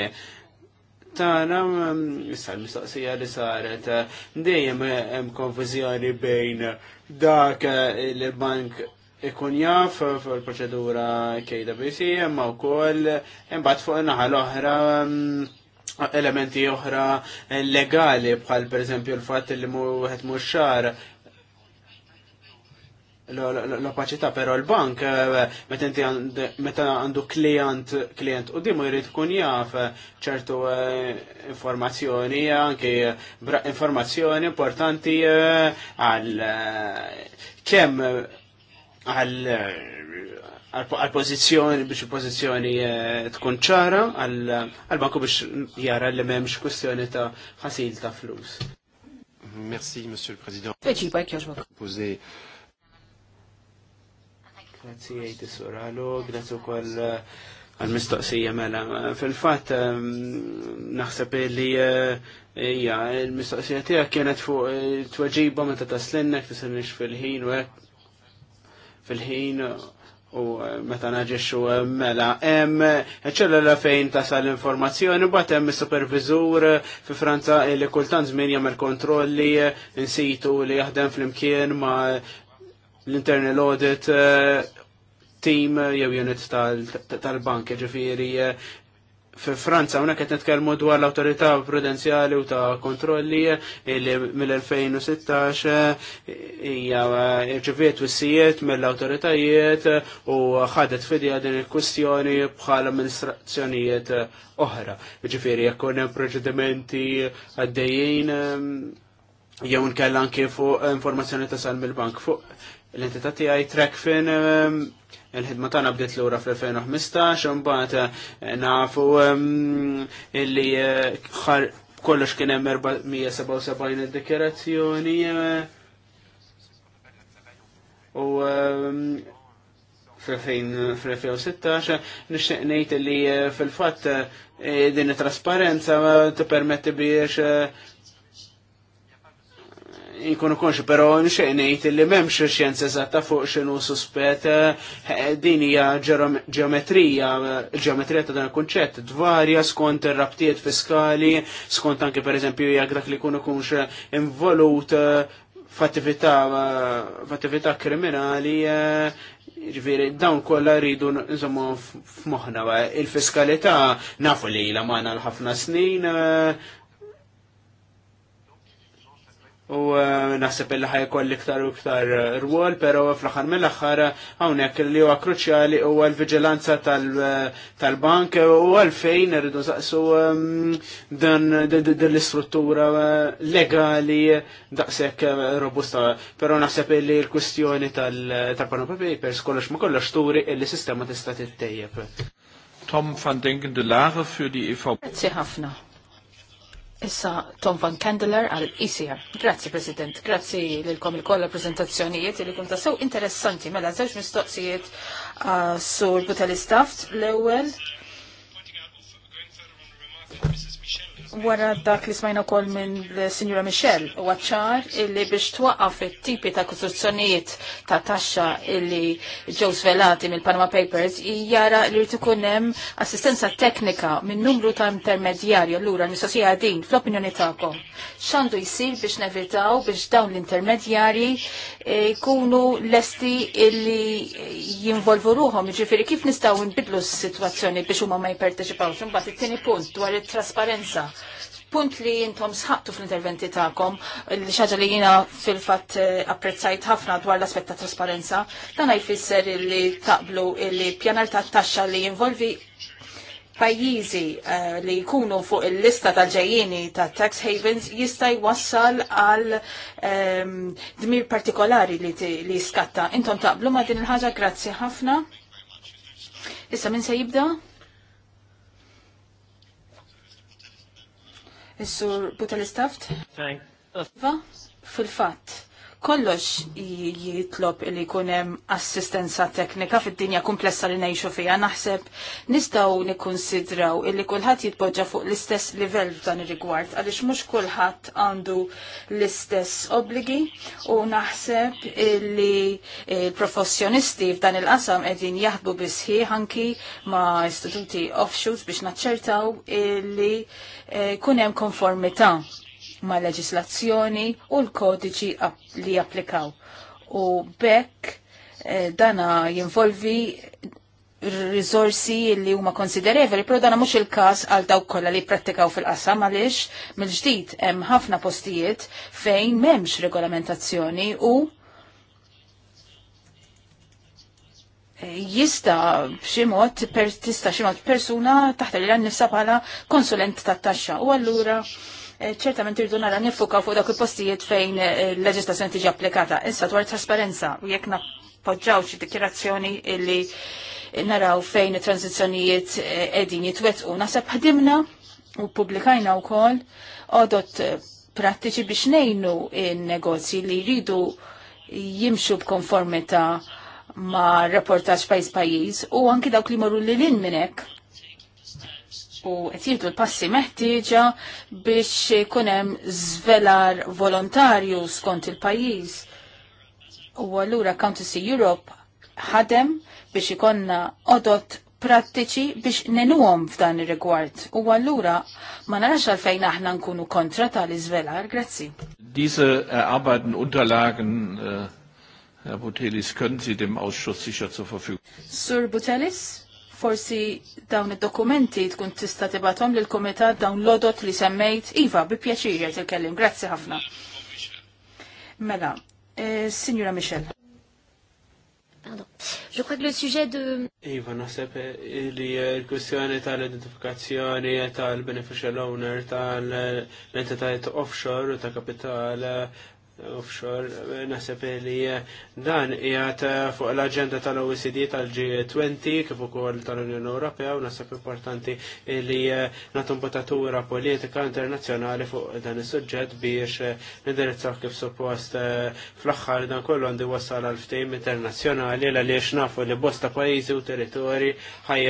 tagħna mm, issa l-mistoqsija li saret eh, dejjem hemm konfużjoni bejn dak eh, li bank ikun jaf fuq il-proċedura KWC imma wkoll imbagħad fuq naħa l-oħra mm, elementi oħra legali bħal pereżempju l-fatt li wieħed mhux xar l-opacità, pero l-bank, eh, meta għandu klient, klient u dimu jrid kun jaf eh, ċertu eh, informazzjoni, anki informazzjoni importanti għal kem għal għal pozizjoni biex pozizjoni tkun ċara għal banku biex jara li memx kwestjoni ta' ħasil ta' flus. Merci, Monsieur le Président. Poser Grazzi għajti grazie grazzi u koll uh, għal-mistoqsija mela. Fil-fat, um, naħseb li uh, hija l-mistoqsija tiegħek kienet fuq uh, tweġiba meta taslinnek t-sennix fil-ħin u hekk fil-ħin u meta naġixxu mela hemm la fejn tasal l-informazzjoni mbagħad hemm is-supervizur fi Franza li kultant żmien jagħmel kontrolli insitu li jaħdem flimkien ma' l-internal audit eh, team eh, jew unit tal-bank, ġifiri eh, fi Franza, unna qed nitkellmu dwar l autorita prudenzjali u ta' kontrolli li mill-2016 hija rċeviet wissijiet mill-awtoritajiet u ħadet fidja din il-kwistjoni bħala amministrazzjonijiet oħra. Ġifieri jekk hemm proċedimenti għaddejjin jew nkella anke fuq informazzjoni tasal mill-bank fuq l-entità tiegħi Trekfin ehm, il-ħidma tagħna bdiet lura fl-2015 u mbagħad eh, nafu ehm, illi eh, kollox kien hemm 477 id dikjarazzjoni u ehm, fl-2016 nixtieq ngħid li eh, fil-fatt din it-trasparenza tippermetti biex Inkunu konxu, pero nejt li memx xjenza eżatta fuq xinu suspet eh, din hija ġeometrija, ġeometrija ta' dan il-kunċett dvarja skont ir-rabtiet fiskali, skont anke pereżempju jgħak dak li jkunu kunx involut eh, eh, f'attività kriminali ġviri, dawn kolla rridu nżommu f'moħna, il-fiskalità nafu li la maħna l-ħafna snin, u eh, naħseb illi koll iktar u iktar eh, rwol, pero fl-aħħar mill-aħħar eh, hawnhekk li huwa kruċjali huwa l vigilanza tal-bank u għalfejn irridu saqsu ehm, dan l-istruttura legali daqshekk robusta. Però naħseb illi l kustjoni tal panopa Papers kollox ma kollox turi illi sistema tista' tejjeb Tom van Denken de Lare für die EVP. Grazie ħafna. Issa Tom Van Kandler għal ICR. E Grazzi, President. Grazzi lilkom il-kolla prezentazzjonijiet li kunta sew interessanti. Mela, zewġ mistoqsijiet uh, sur Butelistaft l-ewel. Wara dak li smajna kol minn Signora Michel, u għacċar illi biex twaqqaf it-tipi ta' kostruzzjonijiet ta' taxxa illi ġew svelati mill panama Papers, jara li rrit hemm assistenza teknika minn numru ta' intermedjarju l-ura mistoqsija din fl-opinjoni tagħkom. Xandu jisir biex nevitaw biex dawn l-intermedjarji eh, jkunu lesti illi jinvolvu ruhom. ġifiri kif nistaw nbidlu s-situazzjoni biex huma ma jparteċipawx. imbagħad it-tieni punt dwar it-trasparenza punt li jintom sħabtu fl-interventi ta'kom, li xaġa li jina fil-fat eh, apprezzajt ħafna dwar l aspetta ta' trasparenza, dan jfisser li taqblu li pjanar ta' taxxa li jinvolvi pajjiżi eh, li jkunu fuq il-lista tal-ġejjini ta' tax havens jista' jwassal għal ehm, dmir partikolari li, li skatta. Intom taqblu ma' din il-ħaġa, grazzi ħafna. Issa min se jibda? Is-sur Buta l-istaft? Iva, fil-fatt, kollox jitlob li kunem assistenza teknika fid-dinja komplessa li nejxu fija naħseb nistaw nikkonsidraw illi kulħadd jitpoġġa fuq l-istess livell f'dan ir-rigward għaliex mhux kulħadd għandu l-istess obligi u naħseb li il-professjonisti f'dan il-qasam edin jaħdmu bisħi anki ma' istituti offshoots biex naċċertaw li eh, kunem konformità ma' leġislazzjoni u l-kodiċi li japplikaw. U bekk eh, dana jinvolvi risorsi li huma konsiderevoli, pero dana mhux il-każ għal daw kollha li pprattikaw fil-qasam għaliex mill-ġdid hemm ħafna postijiet fejn m'hemmx regolamentazzjoni u eh, jista b'ximot tista' mod persuna taħt li nifsa bħala konsulent tat-taxxa u allura Eh, ċertament irdu nara nifuka fuq dak il-postijiet fejn eh, l-leġislazzjoni tiġi applikata. Issa dwar trasparenza u jekk nappoġġaw xi dikjerazzjoni li naraw fejn it-tranzizzjonijiet eh, qegħdin jitwettqu. Naħseb ħadimna u pubblikajna wkoll għodot prattiċi biex ngħinu in-negozji li jridu jimxu b'konformità ma' rapportaġ pajjiż pajjiż u anki dawk li morru lil hinn hekk u qed l-passi meħtieġa biex jkun hemm żvelar volontarju skont il-pajjiż. U allura Countessy Europe ħadem biex ikonna odot prattiċi biex nenuhom f'dan ir-rigward. U allura ma narax għalfejn aħna nkunu kontra tal izvelar grazzi. Diese erarbeiten Unterlagen, äh, Herr Butelis, können Sie dem Ausschuss sicher zur Verfügung. Sur Butelis? forsi dawn id-dokumenti tkun tista' tibatom lil komitat dawn lodot li semmejt. Iva, bi pjaċir jgħid il-kellim, grazzi ħafna. Mela, eh, Signora Michel. Pardon. Je crois que le sujet de... Iva, naħseb li l-kwestjoni tal-identifikazzjoni tal-beneficial owner tal-entitajiet offshore u ta' kapital offshore naħseb li dan qiegħed fuq l-aġenda tal-OECD tal-G20 kif ukoll tal-Unjoni Ewropea u naħseb importanti li nagħtu mbutatura politika internazzjonali fuq dan is-suġġett biex nindirizzaw kif suppost fl-aħħar dan kollu għandi wassal għal ftehim internazzjonali għaliex nafu li bosta pajjiżi u territorji ħaj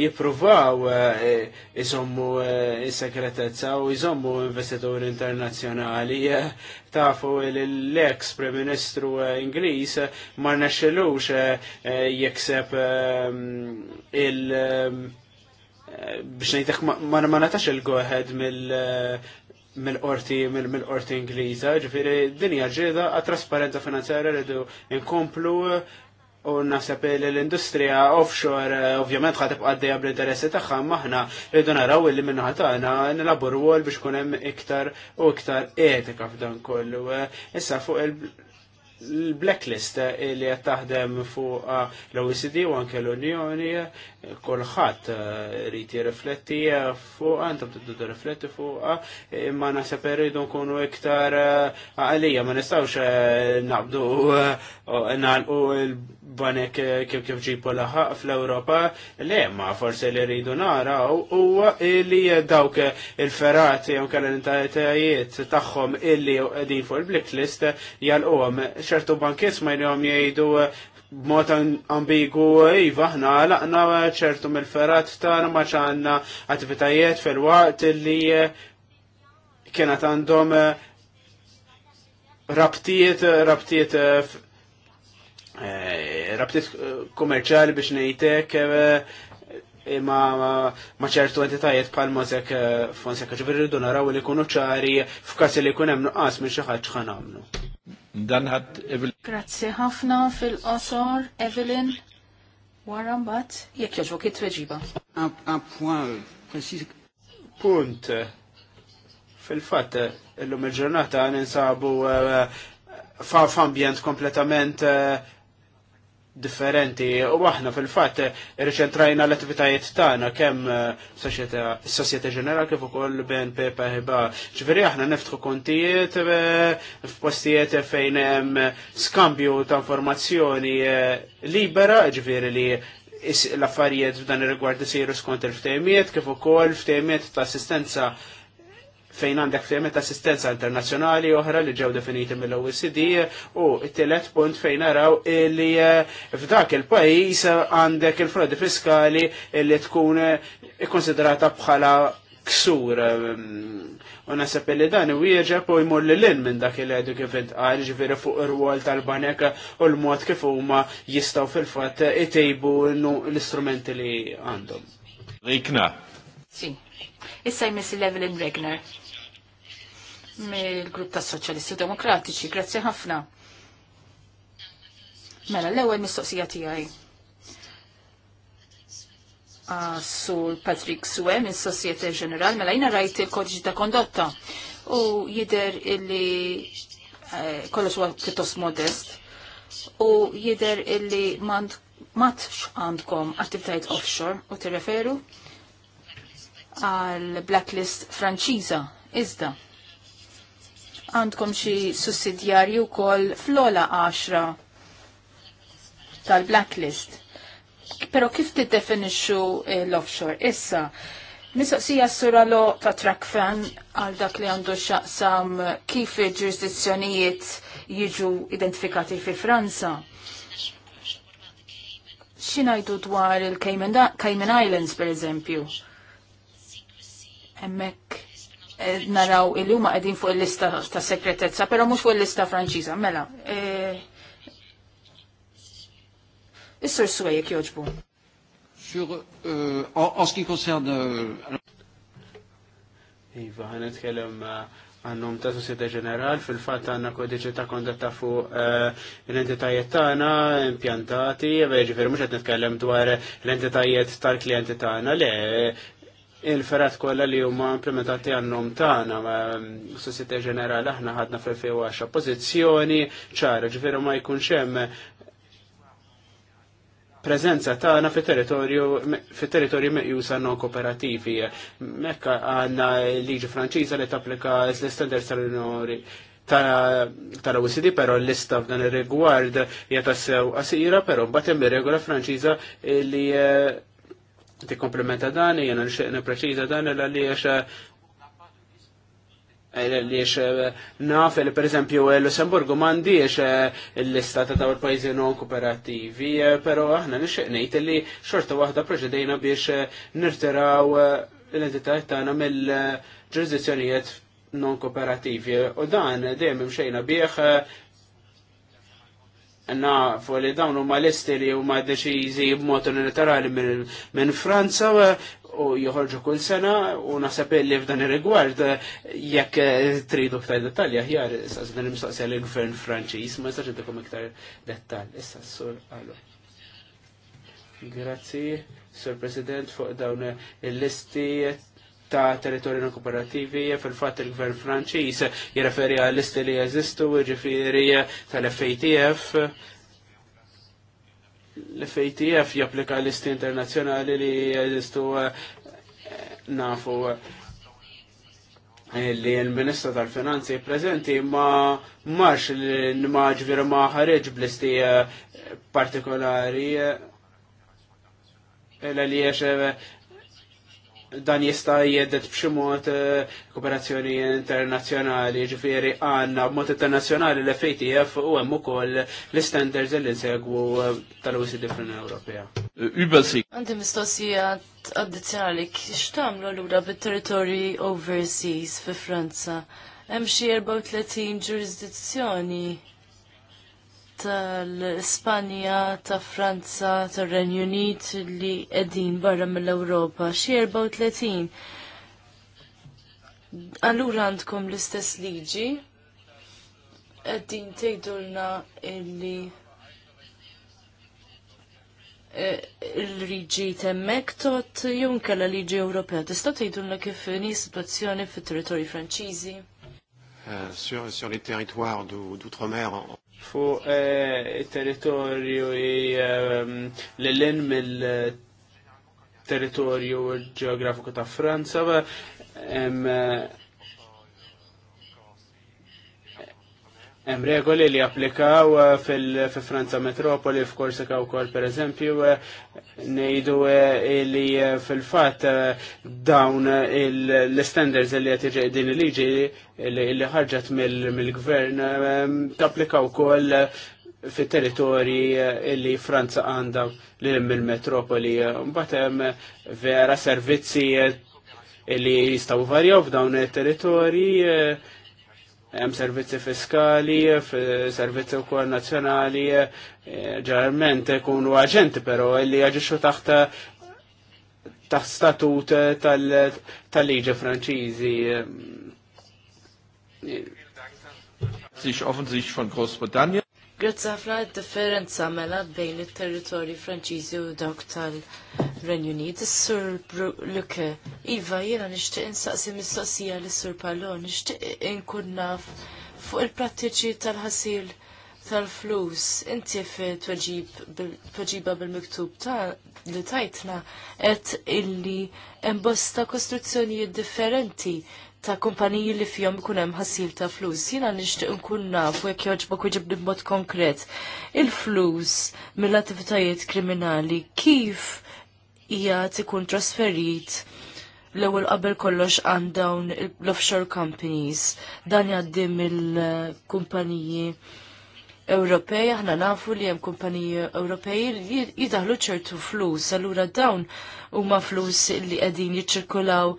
jippruvaw eh, isommu eh, is-segretezza u jżommu investituri internazzjonali tafu l-ex preministru ministru eh, Ingliż ma nexxelux eh, eh, jekseb ehm, il- ehm, biex nejtek ma natax il-goħed mill mill-qorti mill-qorti Ingliża, ġifieri dinja ġieda għat trasparenza finanzjarja rridu nkomplu U nasab l-industrija offshore eh, ovvjament ħatib għaddeja bl-interessi tagħha maħna rridu naraw illi minnaħa tagħna nilabur għol biex kun hemm iktar u iktar etika f'dan kollu. Eh, issa fuq il-blacklist li qed taħdem fuq eh, l-OECD u anke l-Unjoni kulħadd rrid jirrifletti fuq t-tuddu rifletti fuq imma naħseb rridu nkunu iktar għalija ma nistgħux naqbdu nagħlqu banek eh, kif kif ġipu laħaq fl-Europa, le ma forse li rridu naraw u li dawk il-ferati jew kalla l tagħhom illi qegħdin fuq il-blacklist jalqhom ċertu bankis ma jrihom jgħidu eh, b'mod ambigu iva ħna laqna ċertu mill-ferat tagħna ma ċanna attivitajiet fil-waqt li eh, kienet għandhom rabtiet rabtiet Eh, rabtiet eh, kummerċali biex nejtek imma eh, ma ċertu entitajiet bħal Mosek Fonseca ġifiri rridu naraw li kunu ċari f'każ li jkun hemm nuqqas minn xi ħadd x'ħan għamlu. Grazzi ħafna fil-qosor Evelyn wara mbagħad jekk jogħġbok it-tweġiba. Punt fil-fatt illum il-ġurnata ninsabu f'ambjent kompletament differenti u aħna fil-fatt irċentrajna l-attivitajiet tagħna kemm s-Sosjetà eh, Ġenerali kif ukoll Pepa Paribas. Ġifieri aħna neftħu kontijiet eh, f'postijiet fejn hemm skambju ta' informazzjoni eh, libera, ġifieri li l-affarijiet f'dan ir-rigward isiru skont il ftejmiet kif ukoll f'tejmiet ta' assistenza fejn għandek fejmet assistenza internazzjonali oħra li ġew definiti mill-OECD u t-tielet punt fejn naraw li eh, f'dak il-pajis għandek il-frodi fiskali li tkun eh, ikkonsiderata bħala ksur. Eh, u nasab li dan u jieġa u jmur li l-in minn dak il-għedu kif intqal ġviri fuq ir-wol tal-banek u l-mod kif huma jistaw fil-fat itejbu l-istrumenti li għandhom. Rikna. Si. Issa jmiss Evelyn Regner mill-Grupp tas Soċjalisti Demokratiċi. Grazzi ħafna. Mela, l-ewwel mistoqsija tiegħi. Ah, Sur Patrick Sue minn Societe General, mela jina rajt il-kodġi ta' kondotta u jider illi eh, kollox huwa pjuttost modest u jider illi matx għandkom attivitajiet offshore u tirreferu għal blacklist franċiża iżda għandkom xi sussidjarji wkoll fl-ola 10 tal-blacklist. Pero kif tiddefinixxu l-offshore? Issa, mistoqsija s-sura lo ta' trakfan għal dak li għandu xaqsam kif il-ġurisdizzjonijiet jiġu identifikati fi Franza. Xinajdu dwar il-Cayman Islands, per eżempju? Emmek Eh, naraw il huma qegħdin fuq il-lista ta' segretezza, però mhux fuq il-lista Franċiża, mela. Eh, Is-sur jogħġbu. Sur, eh, en ce qui concerne... Euh, iva, nitkellem għannum ta' Societa Ġeneral, fil-fat għanna kodiċi ta' kondetta fuq l-entitajiet tagħna impjantati, e ġifieri mhux qed nitkellem dwar l-entitajiet tal klienti tagħna, le il-ferat kolla li huma implementati għannum tagħna s-Sosjetà mm, Ġenerali aħna ħadna fil-2010 pożizzjoni ċara ġveru ma jkunx hemm prezenza tagħna fit-territorju meqjusa non kooperativi. Mekka għandna liġi Franċiża li tapplika l standard tal-Unjoni tal-OECD, pero l-lista f'dan ir-rigward hija tassew qasira, però mbagħad hemm ir-regola Franċiża li eh, ti komplementa dan, jena nxeqna preċiza dan, l-għaliex għaliex naf li per eżempju Lussemburgu mandiex l-lista ta' l pajzi non kooperativi, pero aħna nixxeqnejt li xorta waħda proċedejna biex nirtiraw l-entitajiet tagħna mill-ġurisdizzjonijiet non kooperativi. U dan dejjem imxejna bieħ Na li dawn huma l-esteri huma deċiżi b'mod unilaterali minn Franza u joħorġu kull sena u naħseb li f'dan ir-rigward jekk eh, tridu ktar dettalji aħjar issa din mistoqsija lill gvern Franċiż ma jistax iddikom iktar dettal. issa sur għalu. Grazzi, Sur President, fuq dawn il-listi ta' territorju non kooperativi fil-fatt il-gvern Franċiż jirreferi għal listi li jeżistu ġifieri tal-FATF l-FATF japplika listi internazzjonali li jeżistu nafu li l-Ministru tal-Finanzi prezenti ma marx l ma ġvira ma ħareġ blisti eh, partikolari eh, l-għaliex eh, dan jista' jedet b'xi mod eh, kooperazzjoni internazzjonali, ġifieri għandna b'mod internazzjonali l-FATF u hemm ukoll l-istandards li nsegwu eh, tal-OECD fl-Unjoni Ewropea. Għandi mistoqsija addizzjonali x'tagħmlu lura bit-territorji overseas fi Franza? Hemm xi 34 ġurisdizzjoni tal ispanja ta' Franza, tar renju Unit li qegħdin barra mill-Ewropa, xi 34. Allura għandkom l-istess liġi, qegħdin tgħidulna illi eh, il-riġi temmek tot la liġi Ewropea. Tista' tgħidulna kif ni situazzjoni fit-territorju Franċiżi? Eh, sur, sur les territoires d'outre-mer, fuq eh, territorju li ehm, l in mill-territorju ġeografiku ta' Franza, ehm, Hemm regoli li applikaw eh, fil-Franza Metropoli f'Korsika wkoll pereżempju eh, ngħidu eh, li fil-fatt dawn l-standards li qed jiġi din il-liġi li ħarġet mill-gvern tapplika wkoll fit territorji li Franza għandha li mill-metropoli. Mbagħad hemm vera servizzi li jistgħu varjaw f'dawn it-territorji hemm servizzi fiskali, servizzi u kol nazjonali, e, ġarment ikunu aġenti però li jaġixxu taħt taħt statut tal-liġi Franċiżi. E, e. Sich offensichtlich von Großbritannien. Grazzi ħafna differenza mela bejn it-territorji Franċiżi u dawk tal-Renju Unit. Is-Sur Luke, Iva, jiena nixtieq insaqsi mistoqsija lis sur Pallon, nixtieq inkun naf fuq il-prattiċi tal-ħasil tal-flus. Inti fi tweġiba bil-miktub ta' li tajtna qed illi hemm bosta kostruzzjonijiet differenti ta' kumpaniji li fihom ikun hemm ħassil ta' flus. Jina nixtieq nkun naf u jekk jogħġbok iġib b'mod konkret il-flus mill-attivitajiet kriminali kif hija tikun trasferit l-ewwel qabel kollox għand dawn l-offshore companies. Dan jgħaddi mill-kumpaniji Ewropej, aħna nafu li hemm kumpaniji Ewropej li jidaħlu ċertu flus, allura dawn huma flus li qegħdin jiċċirkulaw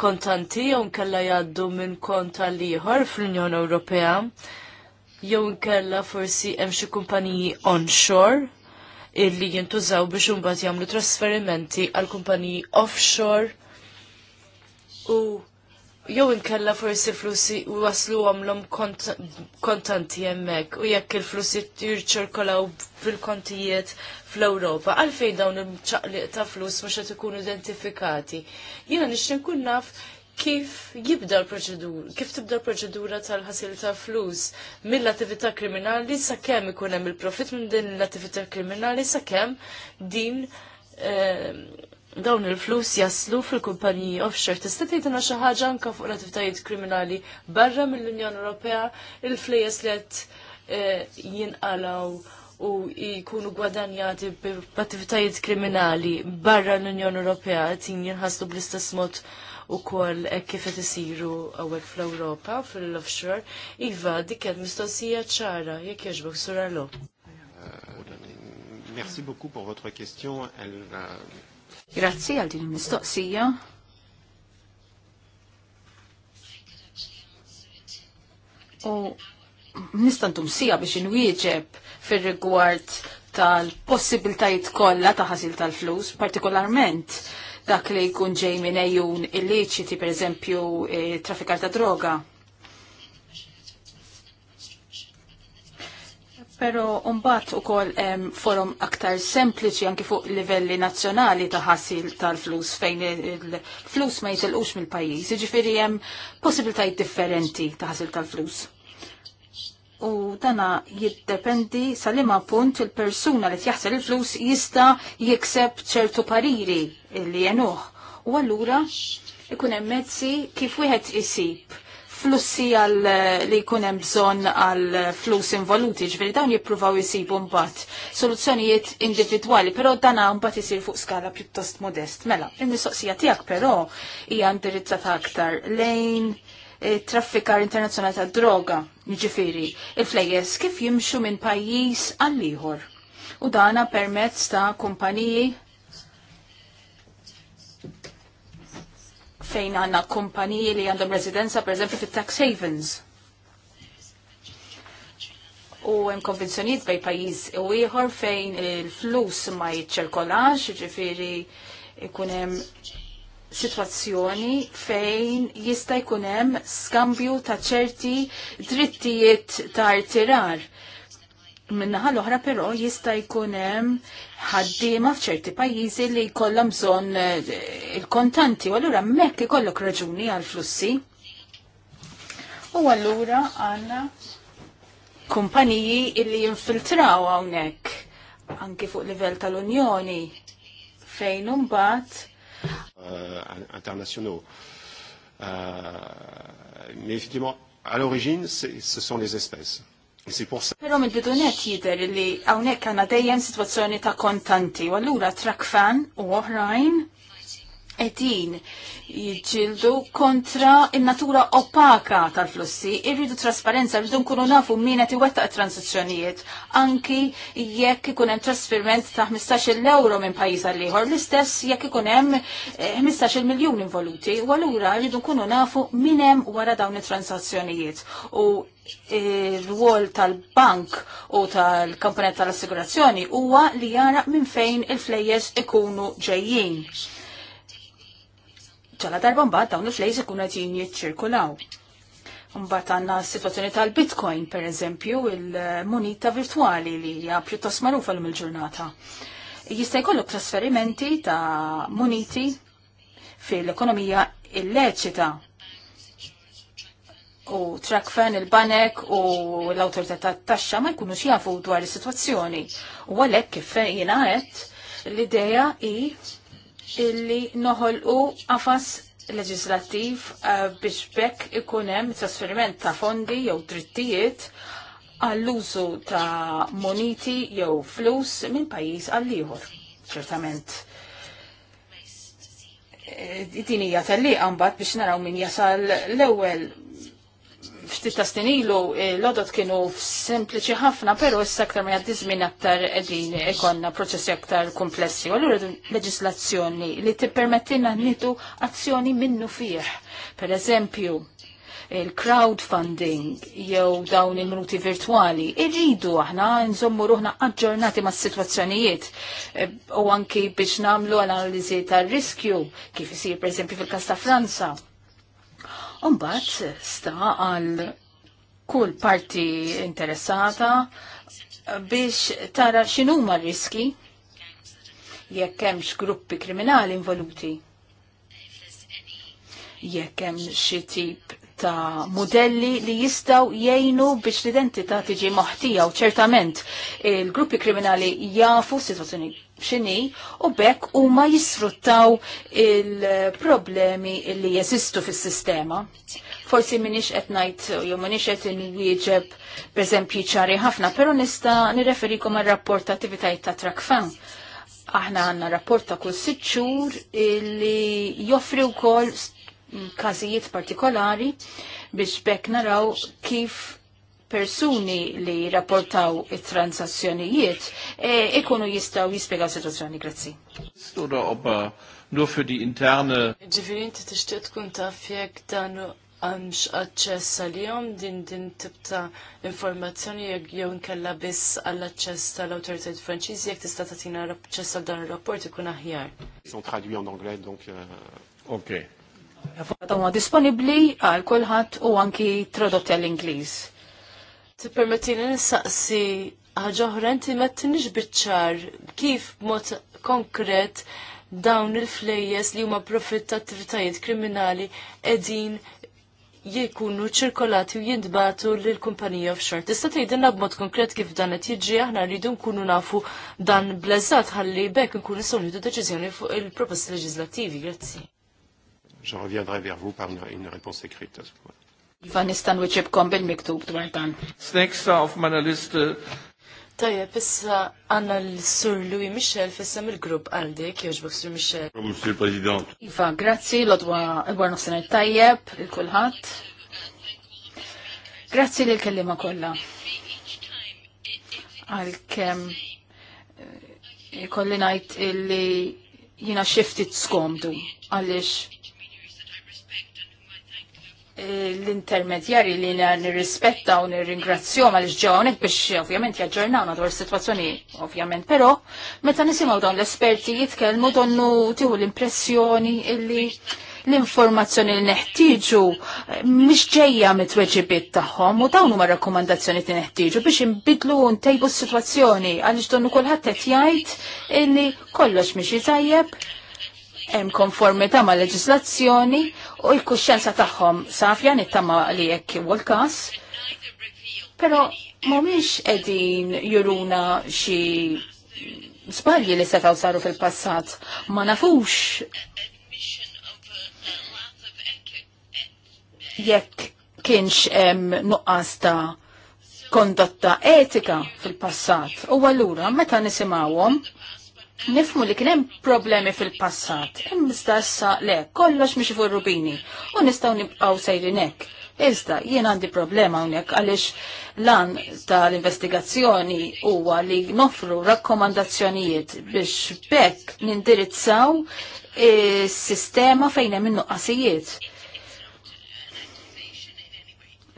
kontanti jew nkella jgħaddu minn kont għal ieħor fl-Unjoni Ewropea jew nkella forsi hemm xi kumpaniji onshore illi jintużaw biex imbagħad jagħmlu trasferimenti għal kumpaniji offshore u jew inkella forsi flussi waslu għamlom kontanti jemmek u jekk il-flussi jirċirkolaw fil-kontijiet fl-Europa. Għalfejn dawn il-ċaqliq ta' flus mux qed ikunu identifikati. Jena nixtieq kun naf kif jibda l proċedur kif tibda l-proċedura tal-ħasil ta' flus mill-attività kriminali sa' kem ikun hemm il-profit minn din l-attività kriminali sa' kem din eh, dawn il-flus jaslu fil-kumpaniji offshore. Tista' tgħidilna xi ħaġa anke fuq l-attivitajiet kriminali barra mill-Unjoni Ewropea il-flejes li qed eh, jinqalaw u jkunu gwadanjati b'attivitajiet kriminali barra l-Unjoni Ewropea tin jinħaslu bl-istess mod u koll kif qed isiru hawnhekk fl-Ewropa fil-offshore. Iva, dik mistoqsija ċara, jekk jogħġbok surarlu. Euh, merci beaucoup pour votre question. Elle euh... Grazzi għal din il-mistoqsija. U nistantum sija biex inwieġeb fil-rigward tal-possibiltajiet kollha ta' ħasil tal-flus, partikolarment dak li jkun ġej minn ejjun illiċiti, per eżempju, eh, traffikar ta' droga. Pero umbat u kol um, forum aktar sempliċi anki fuq livelli nazzjonali ta' ħasil tal-flus fejn il-flus ma ux mill-pajis. Ġifiri jem possibilitajiet differenti ta' ħasil tal-flus. U dana jiddependi salima punt il-persuna li tjaħsel il-flus jista jikseb ċertu pariri li jenuħ. U għallura ikun hemm mezzi kif wieħed isib flussi għal li jkun hemm bżonn għal flus involuti, ġifieri dawn jippruvaw jisibu mbagħad soluzzjonijiet individwali, però dan mbagħad isir fuq skala pjuttost modest. Mela, il-mistoqsija tiegħek però hija indirizzata aktar lejn eh, traffikar internazzjonali ta' droga, jiġifieri, il flejes kif jimxu minn pajjiż għal ieħor. U dana permezz ta' kumpaniji fejn għanna kumpaniji li għandhom residenza per eżempju fit-tax havens. U hemm konvenzjoniet bej pajjiż u ieħor fejn il-flus ma jiċċirkolax, ġifieri ikun hemm situazzjoni fejn jista' jkun hemm skambju ta' ċerti drittijiet ta' irtirar Minnaħal oħra però jista' jkun hemm ħaddiema f'ċerti pajjiżi li jkollhom bżonn eh, il-kontanti, u allura mekk ikollok raġuni għal flussi. U allura għandna kumpaniji illi jinfiltraw hawnhekk anki fuq livell tal-Unjoni fejn imbagħad euh, internationaux. Euh, mais effectivement, à l'origine, ce sont les espèces. Però mill-bidunet jider li hawnhekk għandna dejjem sitwazzjoni ta' kontanti, u allura trakfan u oħrajn etin jiġildu kontra in-natura opaka tal-flussi, irridu trasparenza, rridu nkunu nafu min qed iwettaq transizzjonijiet, anki jekk ikun hemm trasferment ta' 15 euro minn pajjiż għal l-istess jekk ikun hemm 15 eh, miljun involuti, u allura rridu nkunu nafu min hemm wara dawn it-transazzjonijiet. U il eh, wol tal-bank u tal komponent tal-assigurazzjoni huwa li jara minn fejn il-flejjes ikunu ġejjin ċala darba mbagħad dawn il-flejs ikun qed jiċċirkulaw. Mbagħad għandna s-sitwazzjoni tal-Bitcoin pereżempju, il-munita virtwali li hija pjuttost magħrufa l il-ġurnata. Jista' jkollok trasferimenti ta' muniti fil-ekonomija illeċita u trakfen il-banek u l-autorità tat-taxxa ma jkunux jafu dwar is-sitwazzjoni. U għalhekk kif jiena qed l-idea hi illi noħolqu għafas leġislattiv eh, biex bekk ikun hemm trasferiment ta' fondi jew drittijiet għall-użu ta' moniti jew flus minn pajjiż għal ieħor. Ċertament. Eh, din hija tal-liqa biex naraw min jasal l-ewwel ftit ta' stenilu eh, l-odot kienu sempliċi ħafna, pero issa aktar ma jgħaddi żmien aktar qegħdin ikonna proċessi aktar komplessi. Allura leġislazzjoni li tippermettilna nitu azzjoni minnu fih. Per eżempju, il-crowdfunding jew dawn il-minuti virtuali, irridu aħna nżommu ruħna aġġornati ma' situazzjonijiet eh, u anki biex namlu analiżi tar-riskju kif isir per eżempju fil-kas ta' Franza Umbat sta għal kull parti interessata biex tara x'inhuma riski jekk hemmx gruppi kriminali involuti. Jekk hemm xi tip ta' modelli li jistaw jgħinu biex l-identità tiġi moħtija u ċertament il-gruppi kriminali jafu situazzjoni xini u bekk u ma jisfruttaw il-problemi li jesistu fis sistema Forsi minix qed ngħid jew minix qed inwieġeb pereżempju ċari ħafna, però nista' nirreferikom għar-rapport ta' attivitajiet ta' Trakfan aħna għanna rapport ta' kull xhur li joffri u kol każijiet partikolari biex bekk naraw kif persuni li rapportaw it-transazzjonijiet eh, ikunu e, jistaw jispiegaw situazzjoni. Grazzi. Stura obba nur interne. Ġifiri inti tixtieq tkun taf jekk dan għamx aċċess għal-jom din din tibta informazzjoni jekk jew nkella biss għall-aċċess tal-awtoritajiet Franċiżi jekk tista' tagħtina aċċess għal dan ir-rapport ikun aħjar. sont en anglais donc euh, OK huma disponibbli għal kulħadd u anki tradotti għall-Ingliż. Tippermettini nistaqsi ħaġa oħra inti mettinix biċ-ċar kif b'mod konkret dawn il-flejjes li huma profitt ta' attivitajiet kriminali qegħdin jikunu ċirkolati u jindbatu l-kumpanija offshore. Tista' tgħidilna b'mod konkret kif dan qed jiġri aħna rridu nkunu nafu dan blezzat ħalli bekk nkunu nistgħu deċiżjoni fuq il-proposti leġislattivi. Grazzi je reviendrai vers vous par une, une réponse écrite à ce point. Iva nistan wieċibkom bil-miktub dwar dan. Sneksa of mana liste. Uh, Tajja, issa għanna l-Sur Louis Michel fissam il-grupp għaldi, kjoġbuk Sur Michel. Monsieur President. Iva, grazzi, l-odwa għedwar nofsenar tajjeb, il-kulħat. Grazzi li l-kellima kolla. Għal-kem eh, kolli najt illi jina xiftit skomdu, għalix l-intermedjari li nirrispetta u l-ġġaw nek biex ovvjament jaġġornawna dwar situazzjoni ovvjament, pero meta nisimaw dawn l-esperti jitkellmu donnu tiħu l-impressjoni illi l-informazzjoni li neħtieġu eh, mhix ġejja mit-tweġibiet tagħhom u dawn huma rakkomandazzjoni li neħtieġu biex inbidlu ntejbu s-sitwazzjoni għaliex donnu kulħadd qed jgħid illi kollox mhix tajjeb hemm konformità ma' leġislazzjoni u l-kuxjenza tagħhom safja nittama li jekk huwa l-każ. Però mhumiex qegħdin juruna xi sbalji li setgħu saru fil-passat. Ma nafux jekk kienx hemm nuqqas ta' kondotta etika fil-passat. U allura meta nisimgħuhom nifmu li kienem problemi fil-passat, nista' issa le, kollox miex fuq rubini, u nistaw nibqaw sejrinek. Iżda, jien għandi problema unjek għalix lan tal-investigazzjoni huwa li nofru rakkomandazzjonijiet biex bekk nindirizzaw sistema fejn hemm in-nuqqasijiet.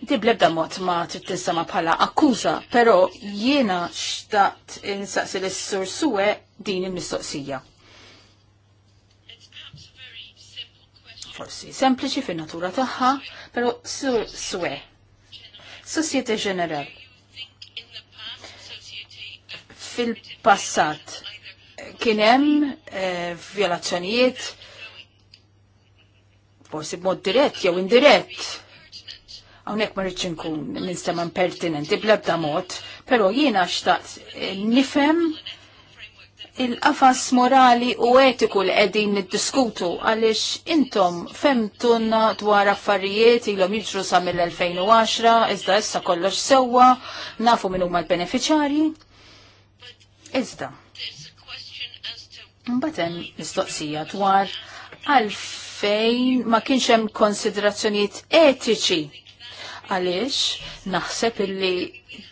Di blebda mod ma trittinsama bħala akkuża, però jiena xtaqt insaqsi l-sur suwe din il-mistoqsija. Forsi sempliċi fin natura tagħha, pero s swe. Societe General. Fil-passat kien hemm eh, violazzjonijiet forsi b'mod dirett jew indirett għonek marriċ nkun pertinenti impertinenti ebda mod, pero jiena xtaqt nifem il-qafas morali u etiku li qegħdin niddiskutu għaliex intom femtunna dwar affarijiet ilhom jiġru sa mill-2010 iżda issa kollox sewwa nafu minn huma l beneficjari Iżda. Mbagħad hemm mistoqsija dwar għalfejn ma kienx hemm konsiderazzjonijiet etiċi għaliex naħseb illi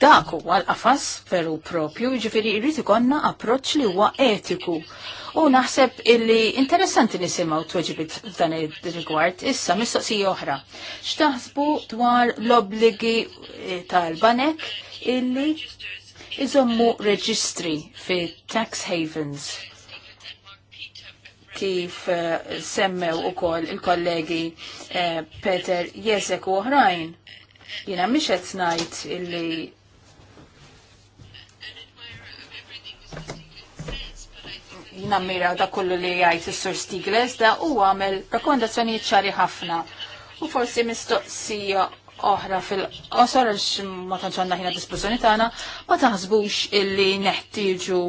dak huwa l-qafas veru propju, ġifiri jrid ikonna approċċ li huwa etiku. U naħseb illi interessanti nisimgħu tweġibit f'dan ir-rigward issa mistoqsija oħra. X'taħsbu dwar l-obbligi eh, tal-banek illi iżommu reġistri fi tax havens kif eh, semmew koll il-kollegi eh, Peter Jezek u oħrajn jina mhix qed ngħid illi jina mira da kollu li jgħid is-Sur Stiglitz da u għamel rakkomandazzjonijiet ċari ħafna. U forsi mistoqsija oħra fil-qosor għax ma tantx ħina diskussjoni tagħna, ma taħsbux illi neħtieġu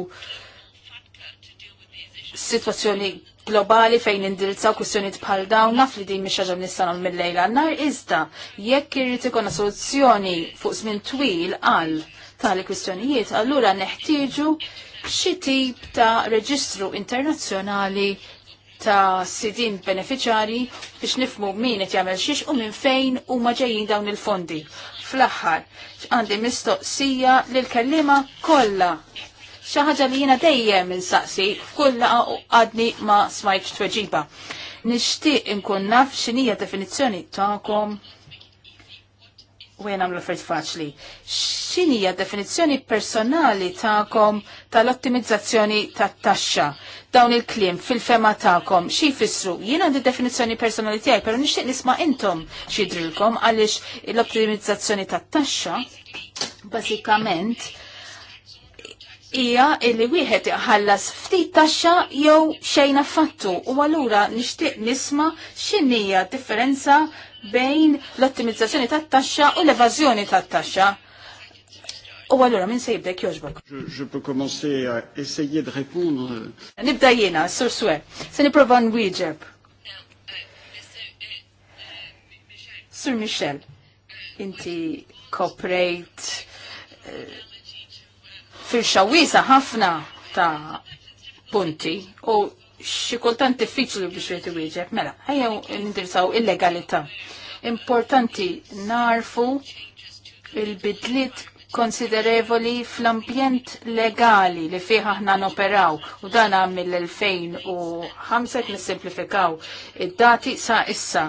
sitwazzjoni globali fejn indirizzaw kwistjoniet bħal dawn naf li din mixaġa ħaġa mill-lejla nar iżda jekk irrid ikun soluzzjoni fuq żmien twil għal tali kwistjonijiet, allura neħtieġu xi tip ta' reġistru internazzjonali ta' sidin beneficjari biex nifmu min qed jagħmel xiex u minn fejn huma ġejjin dawn il-fondi. Fl-aħħar għandi mistoqsija lil kellima kollha xaħġa ħaġa li jiena dejjem insaqsi f'kull għadni ma smajtx tweġiba. Nixtieq inkun naf x'inhija definizzjoni tagħkom u jena għamlu fred faċli. Xinija definizjoni personali ta'kom tal-ottimizzazzjoni ta' taxxa dawn il-klim fil-fema ta'kom xi jfissru? Jien għandi definizzjoni personali tiegħi, però nixtieq nisma' intom xi drilkom għaliex l-ottimizzazzjoni ta' taxxa bażikament hija illi wieħed iħallas ftit taxxa jew xejn affattu u allura nixtieq nisma' x'inhija differenza bejn l-ottimizzazzjoni tat-taxxa u l-evażjoni tat-taxxa. U allura min se jibdek jogħġbok? Je peux commencer à essayer de répondre. Nibda jiena, sur swe. Se nipprova nwieġeb. Sur Michel, inti koprejt fil wiesa ħafna ta' punti u xi kultant diffiċli biex wieħed iwieġeb. Mela, ħejjew il-legalità. Importanti narfu il bidlit konsiderevoli fl-ambjent legali li fih aħna noperaw u dan mill-2005 nissimplifikaw id-dati sa issa.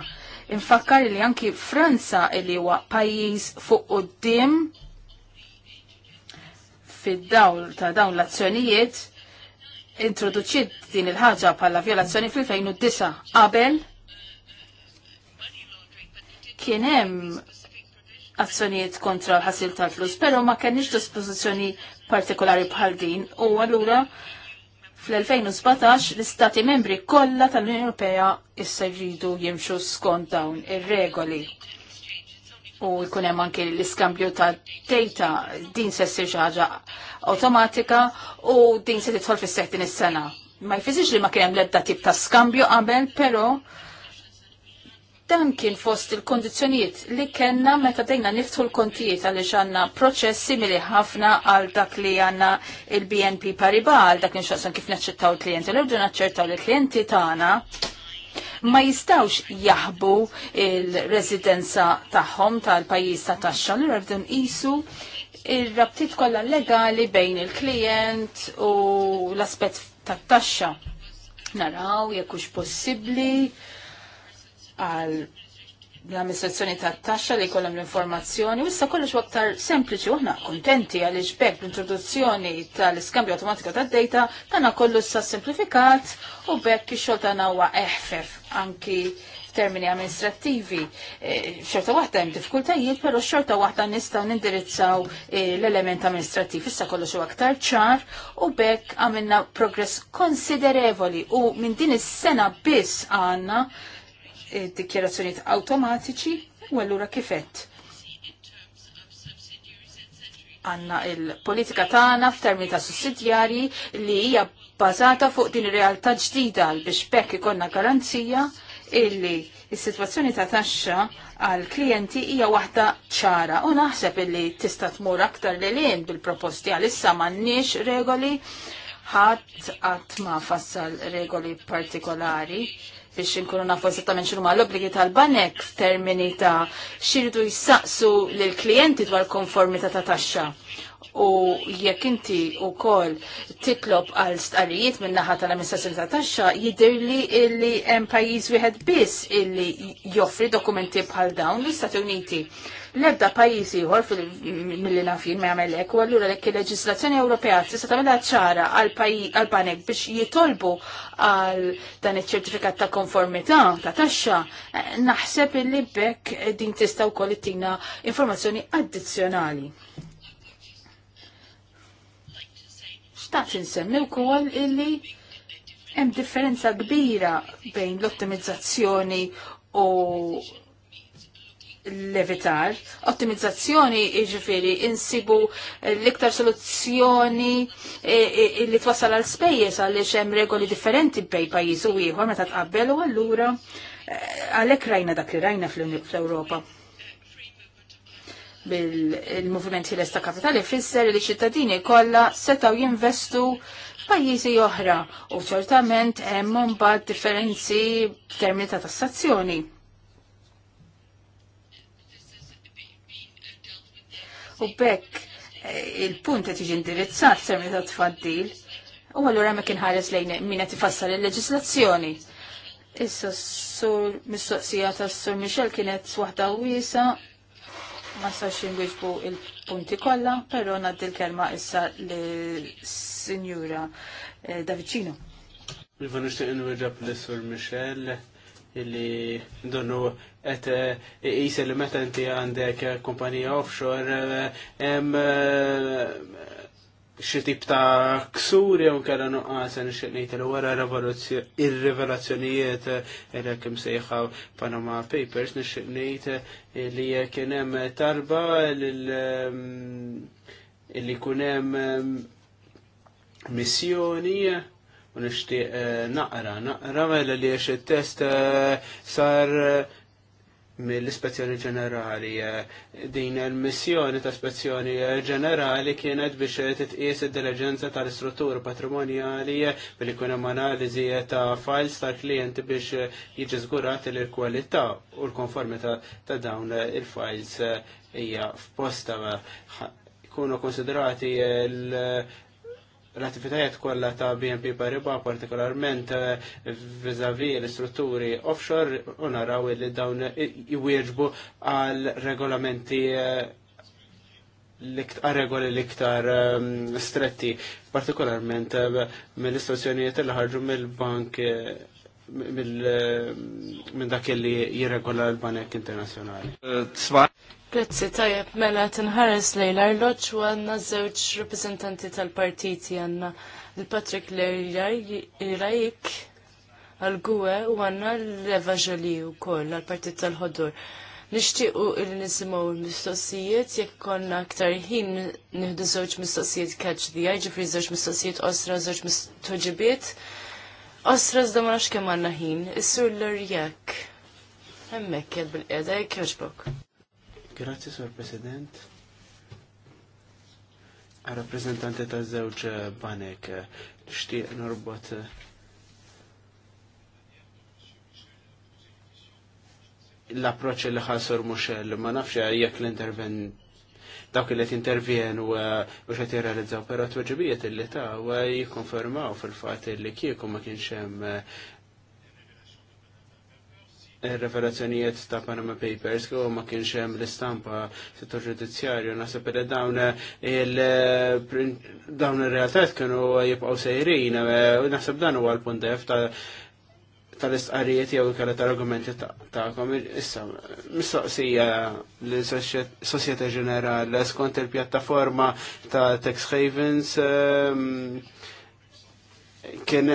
Infakkar li anki Franza li huwa pajjiż fuq qudiem fil dawl ta' dawn l-azzjonijiet introduċiet din il-ħaġa bħala violazzjoni fil-2009 qabel kien hemm azzjonijiet kontra l-ħasil tal-flus, però ma kenniex dispożizzjoni partikolari bħal din u allura fl-2017 l-istati membri kollha tal-Unjoni Ewropea issa jridu jimxu skont dawn ir-regoli u jkun hemm anke l-iskambju ta' data din se ssir xi ħaġa awtomatika u din se tidħol fis-seħħ din is-sena. Ma jfisix li ma kien hemm l-ebda tip ta' skambju qabel, però dan kien fost il-kondizjonijiet li kellna meta dejna niftħu l-kontijiet għaliex għandna proċess simili ħafna għal dak li għandna il-BNP Paribas għal dak li nxaqsan kif naċċettaw il-klienti. L-ordu naċċertaw il-klienti tagħna ma jistawx jaħbu il-residenza tagħhom tal-pajjiż ta' taxxa l rridu nqisu ir-rabtiet kollha legali bejn il-klient u l-aspett tat-taxxa. Naraw jekk hux possibbli għal l-amministrazzjoni ta' taxxa li kollhom l-informazzjoni, issa kollox aktar sempliċi u aħna kontenti għaliex bekk l-introduzzjoni tal-iskambju automatika tad data tagħna kollu sa simplifikat u bekk ix-xogħol tagħna huwa eħfef anki f'termini amministrattivi. E, xorta waħda hemm diffikultajiet, però xorta waħda nistgħu nindirizzaw e, l-element amministrattiv. Issa kollox huwa aktar ċar u bekk għamilna progress konsiderevoli u minn din is-sena biss għandna dikjerazzjoniet automatiċi u allura kifett. Għanna il-politika tagħna f'termini ta' sussidjarji li hija bbażata fuq din ir-realtà ġdida biex bekk ikonna garanzija illi is-sitwazzjoni ta' taxxa għal klijenti hija waħda ċara u naħseb illi tista' tmur aktar lejn bil-proposti għalissa m'għandniex regoli ħadd qatt ma fassal regoli partikolari biex inkunu nafu esattament xinu ma l-obbligi tal-banek f'termini ta' xirdu jissaqsu l-klienti dwar konformita ta' taxxa u jekk inti u kol titlob għal stqarijiet minn naħa tal-amministrazzjoni ta' taxxa jidir li illi hemm pajjiż wieħed biss illi joffri dokumenti bħal dawn l-Istati Uniti. L-ebda pajjiż ieħor mill-li nafin ma jagħmel hekk u allura lekk il-leġislazzjoni Ewropea tista' tagħmilha ċara għal banek biex jitolbu għal dan iċ-ċertifikat ta' konformità ta' taxxa, naħseb illi bekk din tista' wkoll ittina informazzjoni addizzjonali. xtaqt insemmi wkoll illi hemm differenza kbira bejn l-ottimizzazzjoni u l levitar. Ottimizzazzjoni iġifiri insibu l-iktar soluzzjoni e, e, e, li twassal għal spejjeż għaliex hemm regoli differenti bej pajjiż u ieħor meta tqabbel u allura għalhekk rajna dak li rajna fl-Ewropa bil-movement ħiles ta' kapitali fisser li ċittadini kollha setaw jinvestu pajjiżi oħra u ċertament hemm mbagħad differenzi f'termini ta' tassazzjoni. U bekk eh, il-punt qed jiġi indirizzat termini ta' tfaddil u allura hemmhekk ħares lejn min qed ifassal il-leġislazzjoni. Issa s-sur mistoqsija tas-sur Michel kienet waħda wiesa' ma sax jingwiġbu il-punti kolla, pero naddi l-kelma issa li Sinjura eh, Davicino. Iva nixtieq inweġab li Sur Michel illi donnu et jisa eh, li meta inti għandek kompanija offshore hemm eh, xi tip ta' ksuri u kera nuqqasen xinejt li wara ir-revelazzjonijiet li kemm sejħa Panama Papers nixnejt li kienem tarba li kun missjoni u nixtieq eh, naqra naqra mela li x test eh, sar mill-ispezzjoni ġenerali. Eh, din il-missjoni ta' spezzjoni eh, ġenerali kienet biex eh, titqies id-diligenza tal-istruttur patrimonjali billi kun hemm analiżi ta' files tal-klient biex jiġi żgurat il-kwalità u l-konformità ta' dawn il-files hija f'posta kunu konsiderati l-attivitajiet kollha ta' BNP Paribas partikolarment eh, vizavi l-istrutturi offshore u naraw li dawn jwieġbu għal regolamenti eh, għal regoli l-iktar ehm, stretti, partikolarment eh, mill-istruzzjonijiet li ħarġu mill-bank minn dak li jirregola l-banek internazjonali. Grazzi tajjeb, mela tinħares lejn l-arloġġ u għandna żewġ rappreżentanti tal-partiti għandna l-Patrick Lejrajk għal-Gwe u għandna l-Eva Ġoli wkoll għall-Partit tal-Ħodur. Nixtiequ il nisimgħu l-mistoqsijiet jekk konna aktar ħin nieħdu żewġ mistoqsijiet catch the eye, żewġ mistoqsijiet osra, żewġ mistoġibiet. Osra żda ma nafx kemm għandna ħin, is-sur l-Rjak. Hemmhekk jgħid bil-qiegħda jekk jogħġbok. Grazzi, Sor President. rappresentante ta' zewġ eh, banek, eh, xtieq norbot eh, l-approċċ li ħasor Muxell, ma nafx jekk l-intervent dawk li t intervjen u xa t-realizzaw, pero t-wġibijiet li ta' u jikonfermaw fil-fat li kieku ma kienx hemm referazzjonijiet ta' Panama Papers u ma kienx hemm l-istampa settur ġudizzjarju naħseb li dawn il dawn ir-realtajt kienu jibqgħu sejrin e, u naħseb dan huwa l-puntef ta' tal-istqarijiet jew inkella tal-argumenti tagħkom. Issa, mistoqsija l soċjetà ġenerali skont il-pjattaforma ta' tax havens ehm, kien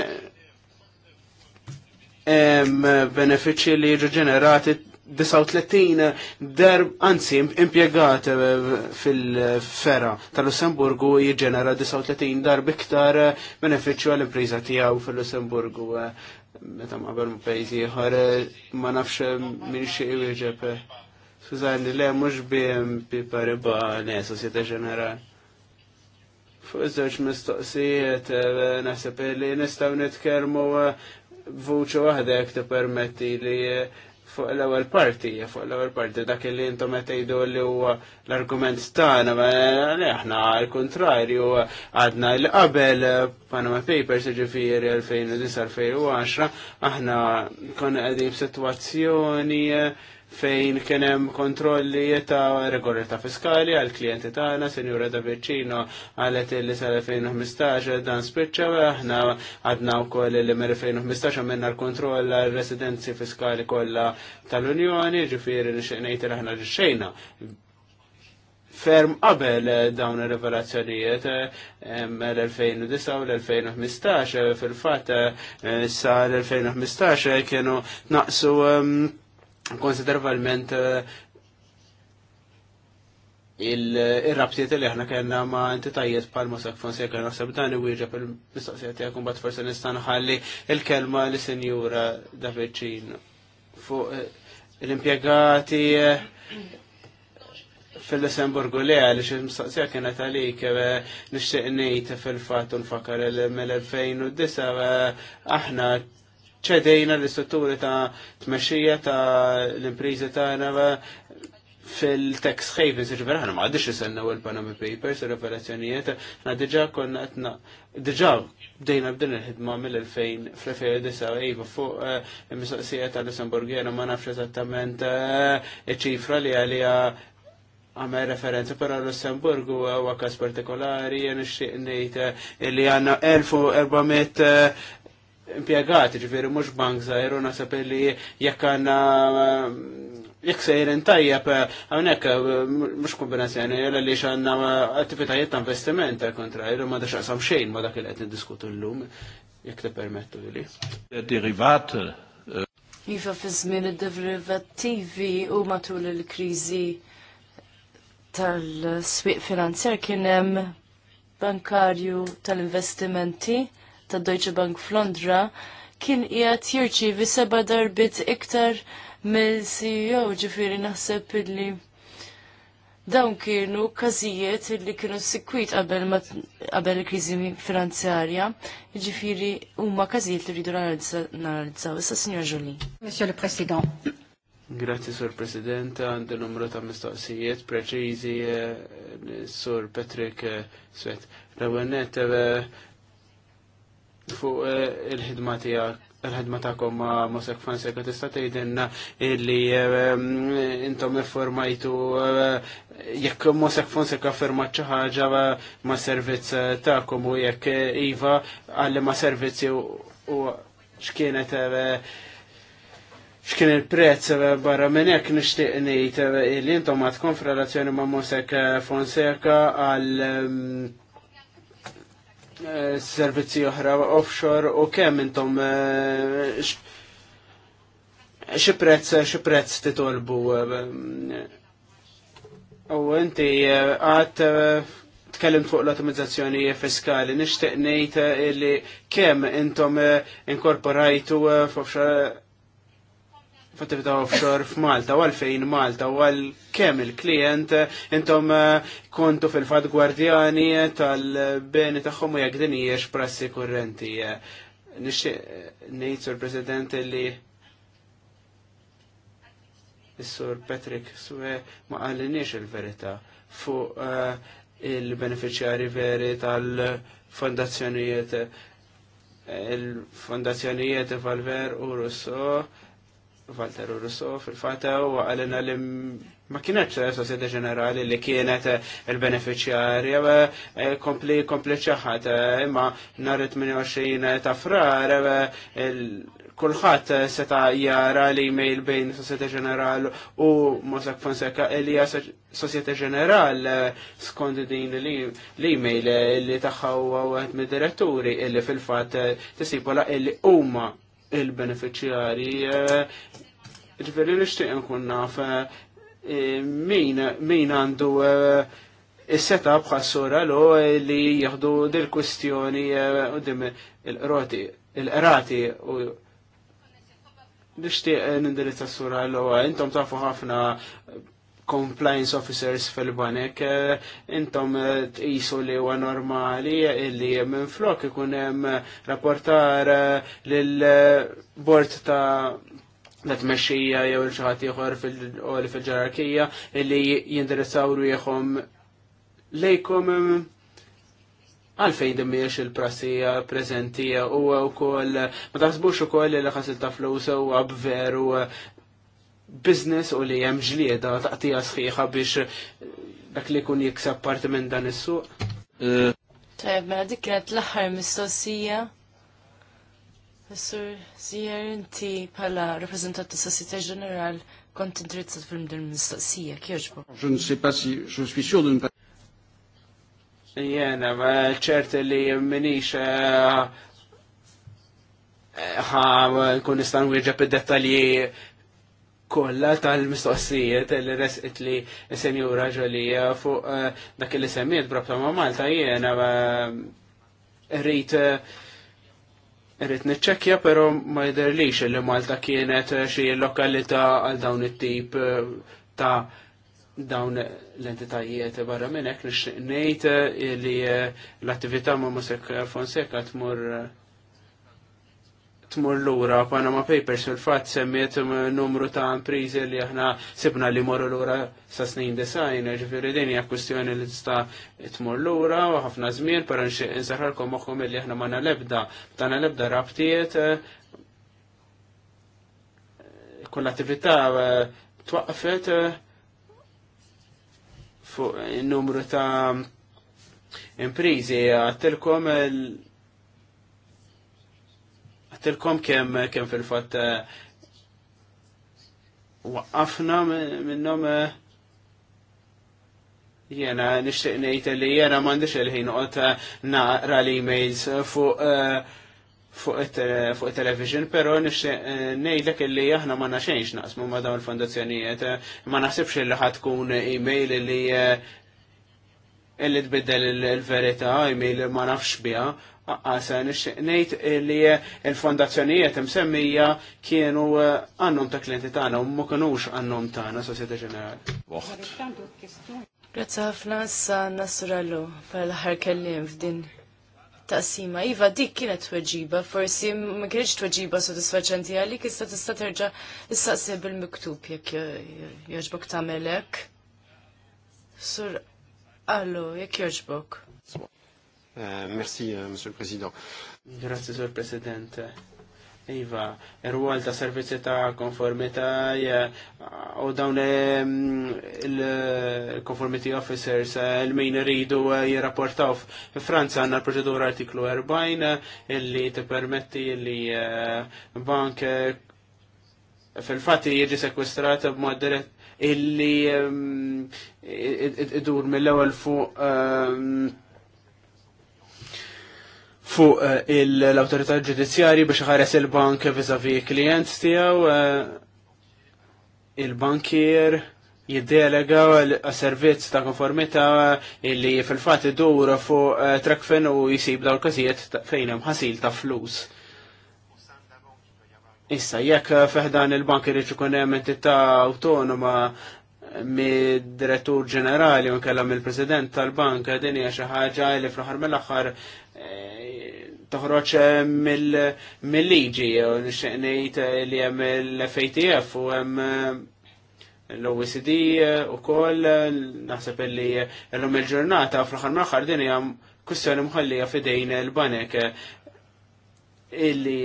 benefiċċji li jiġu ġenerati 39 darb, anzi, impiegat eh, fil-fera tal-Lussemburgu jiġenera 39 darb iktar eh, beneficju għal-impriża tiegħu fil-Lussemburgu. Eh, meta ma bel pajjiżi ieħor ma nafx minn xi wieġeb. li le mhux bi pariba ne Sosjetà Ġenerali. Fuq iż mistoqsijiet nasa pelli, nistgħu nitkellmu vuċu ti permetti li fuq l-ewwel parti, fuq l-ewwel parti dak li jintom għetajdu li huwa l-argument tagħna, aħna għal kontrarju għadna l qabel Panama Papers ġifiri 2009-2010 aħna konna qegħdin situazzjoni, fejn kienem kontrolli ta' regoli fiskali għal klienti tagħna, Sinjura da Vicino għalet li sal-2015 dan spiċċa aħna għadna wkoll li mer-2015 għamilna l-kontroll għal residenzi fiskali kollha tal-Unjoni, ġifieri ngħid li aħna rixxejna. Ferm qabel dawn ir-rivelazzjonijiet l-2009 u l-2015 fil-fatt eh, sa l-2015 kienu naqsu konsidervalment il-rabtiet li aħna kellna ma' entitajiet palma sak Fonseca naħseb dan wieġeb il-mistoqsijiet jekk imbagħad forsi nista' nħalli il-kelma li Sinjura Davidcin fuq l-impjegati fil-Lussemburgu le għal il-mistoqsija kienet għalik nixtieq ngħid fil-fatt u nfakar 2009 aħna ċedejna l-istrutturi ta' tmexxija ta' l ta' tagħna fil-tax havens, ġivir ħana ma għadix u il-Panama Papers, il-revelazzjonijiet, ħana diġa konna għetna, diġa bdejna b'din il-ħidma mill-2000, fl-2009, ejba fuq eh, il-mistoqsija ta' lussemburgjena ma nafx eżattament eh, ċifra li għalija għamel referenza l Lussemburgu u għakas partikolari jien nixtieq ngħid eh, li għandna 1400 impiegati, ġifiri mux bank zaħiru nasab li jekk għanna jekk sejren tajjeb għonek mux kombinazzjoni jella li xanna attivitajiet ta' investiment al kontra, jella ma da xaqsam xejn ma dak li għet diskutu l-lum, jekk te permettu li. Derivat. Eh, iva fizmin id-derivativi u matul il-krizi tal-swiq finanzjar kienem bankarju tal-investimenti ta' Deutsche Bank f'Londra kien qiegħed vi seba' darbit iktar mill-CEO ġifieri naħseb illi dawn kienu każijiet li kienu sikwit qabel qabel il-kriżi finanzjarja, ġifieri huma każijiet li rridu nanalizzaw. Issa Signor Jolie. Monsieur le Président, Grazzi, Sur President, għandu numru ta' mistoqsijiet preċizi, eh, Sur Patrick eh, Svet. l fuq eh, il-ħidma tiegħek il-ħidma tagħkom ma' Mosek għat tista' tgħidilna illi eh, mm, intom informajtu eh, jekk Mosek fansi għat xi ħagġa ma' servizz tagħkom u jekk iva għalli ma' servizzi u x'kienet x'kien il-prezz barra minn hekk nixtieq ngħid li intom għat konfrelazzjoni ma' Mosek Fonseca għal mm, Eh, servizzi oħra offshore u kemm intom eh, xi prezz xi prezz titolbu. Eh, u inti għad tkellim fuq l-ottimizzazzjoni fiskali, nixtieq ngħid li kemm intom inkorporajtu f'offshore f'attività offshore f'Malta, u għalfejn Malta, u għal kemm il-klient intom eh, kontu fil-fat gwardjani tal-beni tagħhom u jekk din hijiex prassi kurrenti. Eh, nixtieq eh, ngħid sur President li is-sur Patrick Swe ma qallinix il-verità fuq il-beneficjari veri tal-fondazzjonijiet il-fondazzjonijiet Valver u Russo Walter Russo fil-fata u għalina li ma kienet Sosjeta Ġenerali li kienet il-beneficjarja eh, kompli kompli ċaħat eh, imma nar 28 ta' frar eh, kulħadd seta jara li mail bejn Sosjeta Ġeneral u Mosak Fonseca li hija Sosjeta Ġeneral skont din li l-email li tagħha huwa wieħed mid-diretturi illi fil-fatt tisibola illi huma il-beneficjari. Eh, Ġveri li xtiqen nkun naf eh, eh, min għandu il seta għassura lo li jieħdu dil kustjoni u dim il-qroti, il-qrati u nishtiq nindirizza s-sura lo intom tafu ħafna compliance officers fil-banek, eh, intom eh, tqisu li huwa normali illi minn flok ikun hemm rapportar eh, lill-bord ta' l tmexxija jew il ħadd ieħor fil-ġerarkija illi jindirizzaw rieħhom lejkom għalfejn dimmiex il-prassija prezentija u wkoll ma taħsbux ukoll li ħasil ta' flus u veru business u li hemm ġlieda taqtija sħiħa biex eh, dak li kun jiksab parti minn dan is-suq. Eh. Tajab, mela dik kienet l-aħħar mistoqsija. Sur Zier, inti pala rappresentant ta' Società Ġeneral kont indirizzat fil din mistoqsija, kjoġbu? Je ne sais pas si je Jena, ma ċert li minix eh, ħa kun nistan wieġeb id-dettalji Kolla tal-mistoqsijiet li resqit li senjura ġolija fuq eh, dak li semmiet brabta ma' Malta jiena eh, rrit eh, rrit niċċekkja però ma jderlix li Malta kienet xi lokalità għal dawn it-tip ta' dawn l-entitajiet barra minn hekk nejt ngħid li l-attività ma' Mosek Fonseca tmur tmur lura Panama Papers fil-fatt semmiet numru ta' imprizi li aħna sibna li l lura sa' snin design, ġifiri din hija kwistjoni li tista' tmur lura u ħafna żmien per nsaħħalkom moħħom li aħna ma nalebda ta' nalebda rabtiet eh, kull attività eh, twaqfet eh, fuq numru ta' imprizi għattilkom Għatilkom kem, kem fil-fat eh, waqqafna minnom eh, jena nishtiq nejt li jena mandiċ il-ħin qot eh, naqra l-emails fuq fuq television, pero nejlek li aħna ma naxenx naqsmu ma dawn il-fondazzjonijiet, ma naħsibx li ħatkun email li illi tbiddel il-verita, li ma nafx biha, għasen, nixnejt li il-fondazzjonijiet msemmija kienu eh, għannum ta' klienti tagħna u ma kienux għannum tagħna Sosjeta Ġenerali. Waħt. Grazzi ħafna sa Nasrallu pal-aħħar kellim f'din taqsima. Iva, dik kienet tweġiba, forsi ma kienx tweġiba sodisfaċenti għalik, issa tista' terġa' issaqsi bil-miktub jekk jogħġbok tagħmel hekk. Sur, allu, jekk jogħġbok. Eh, merci, eh, Monsieur le Président. Grazie, le President. Iva, il rwol ta' servizzi ta' konformità u eh, dawn ehm, il-conformity officers il-min iridu jirrapportaw f'Franza għanna l-proċedura artiklu 40 illi e t-permetti li bank fil-fatti jiġi sekwestrat b'mod dirett illi e id-dur ehm, e, mill-ewwel fuq ehm, fuq eh, l-autorità ġudizzjari biex ħares il-bank vizavi klient tiegħu eh, il-bankier jiddelega għal-servizz ta' konformita illi fil-fat idur fuq eh, trakfen u jisib dawn każijiet fejn hemm ħasil ta' flus. Issa jekk feħdan il-bank irid ikun hemm entità awtonoma mid-direttur ġenerali u nkellem il-president tal-bank din hija xi ħaġa li fl-aħħar mill-aħħar Eh, toħroġ eh, mill-liġi u nxeqnejt ngħid eh, li hemm l-FATF u hemm l-OECD u koll naħseb li l-lum il-ġurnata fl-axar maħħar din hija kwistjoni mħallija fidejn il-banek illi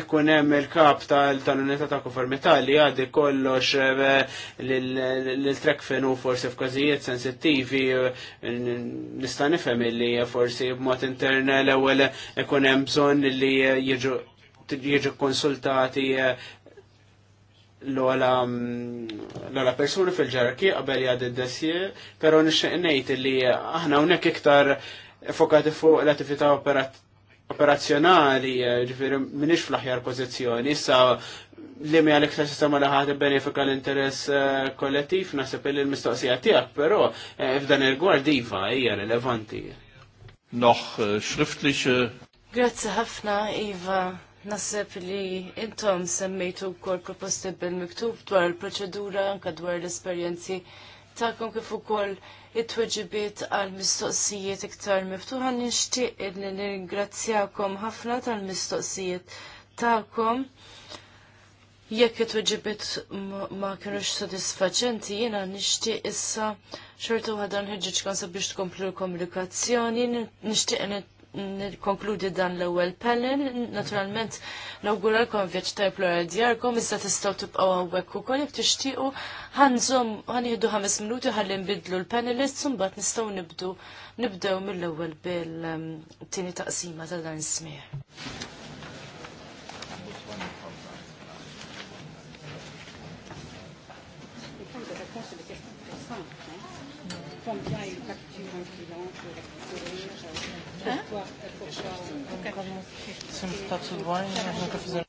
ikkun hemm il-kap tal-unità ta' konformità li għaddi kollox eh, l-trek fenu forsi f'każijiet sensittivi eh, nista' nifhem li forsi b'mod intern l-ewwel ikun hemm bżonn li jiġu konsultati eh, l għala mm, persuni fil-ġerki qabel jgħad id dessie pero nixxeq ngħid li aħna hawnhekk iktar fokati fuq l-attività operat operazzjonali, eh, ġifiri minix fl-aħjar pozizjoni, issa li mi għalek ta' sistema li benefika l-interess eh, kollettiv, nasib li l-mistoqsija tijak, pero eh, f'dan il gward diva hija relevanti. Noħ, xriftlix. Grazzi ħafna, Iva. Nasib li intom semmejtu kol proposti bil-miktub dwar il-proċedura, anka dwar l-esperienzi ta' kif ukoll it-tweġibiet għal mistoqsijiet iktar miftuħa nixtieq li nirringrazzjakom ħafna tal-mistoqsijiet tagħkom. Jekk it-tweġibiet ma kienux sodisfaċenti, jiena nixtieq issa xorta waħda nħeġġiġkom sabiex tkomplu l-komunikazzjoni, nixtieq nikkonkludi dan l-ewwel panel. Naturalment nawguralkom vjaġġ tajb l djarkom, iżda tistgħu tibqgħu hawnhekk ukoll jekk tixtiequ ħanżom ħanieħdu ħames minuti ħalli nbidlu l-panelists u mbagħad nistgħu nibdu nibdew mill-ewwel bil-tieni taqsima ta' dan is-smieħ. Thank eh. you. Sono stato buono, non ho capito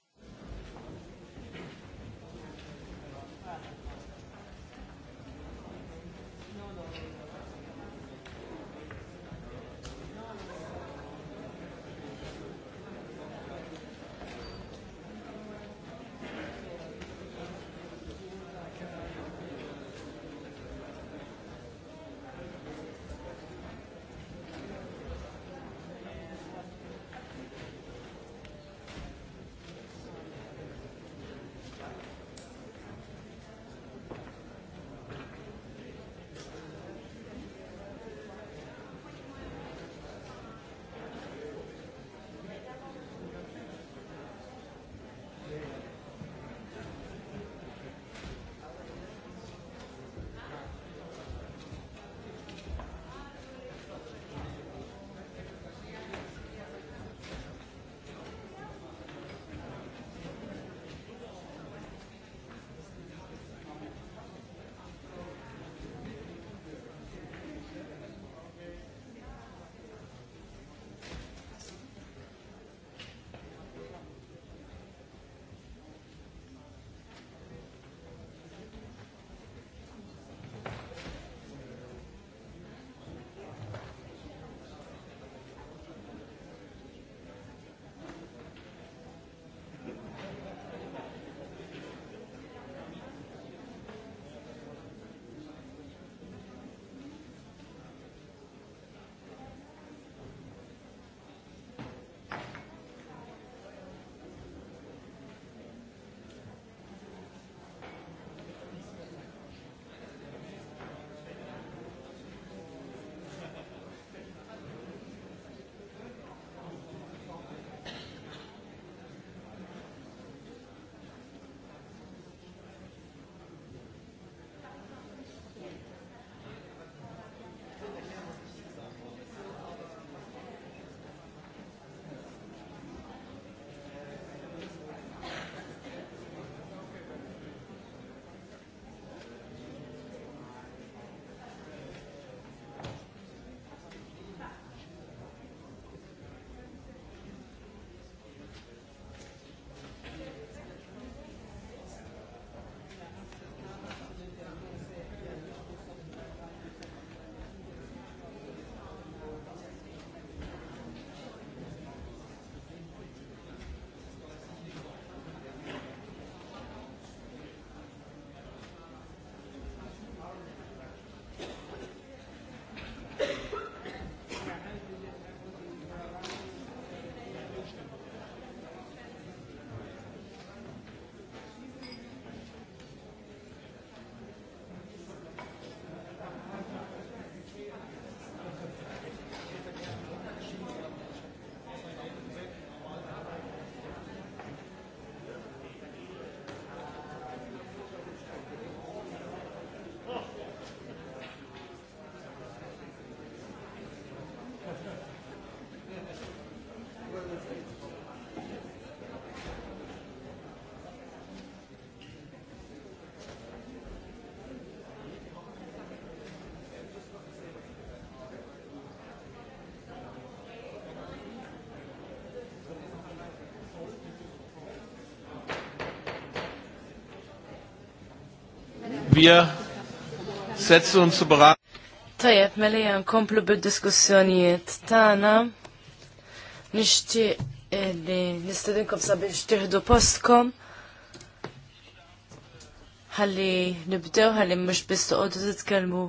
Wir setzen uns zu beraten. Tajab, mela nkomplu bid-diskussjonijiet tagħna. Nixtieq li nistedinkom sabiex tieħdu postkom. Ħalli nibdew ħalli mhux biss toqgħodu titkellmu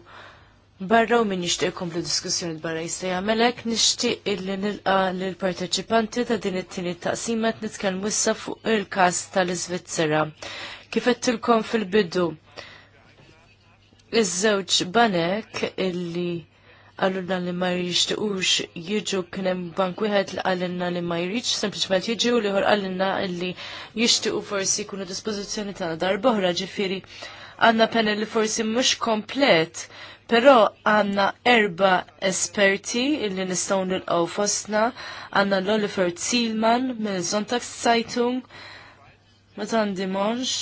barra u min nixtieq komplu diskussjoni barra jista' jagħmelek nixtieq illi nilqa' l parteċipanti ta' din it-tieni taqsima qed nitkellmu issa fuq il-każ tal svizzera Kif qedtilkom fil-bidu iż-żewġ banek illi għallunna li ma jishtiqux jiġu knem bank wieħed li għallunna li ma jriċ, sempliciment jiġu li għor għallunna illi jishtiqu forsi kunu dispozizjoni tana darbohra ġifiri għanna panel li forsi mux komplet, pero għanna erba esperti illi nistaw l qaw fosna, għanna l-Oliver Zielman mill Zontax Zeitung, Matan Dimonx,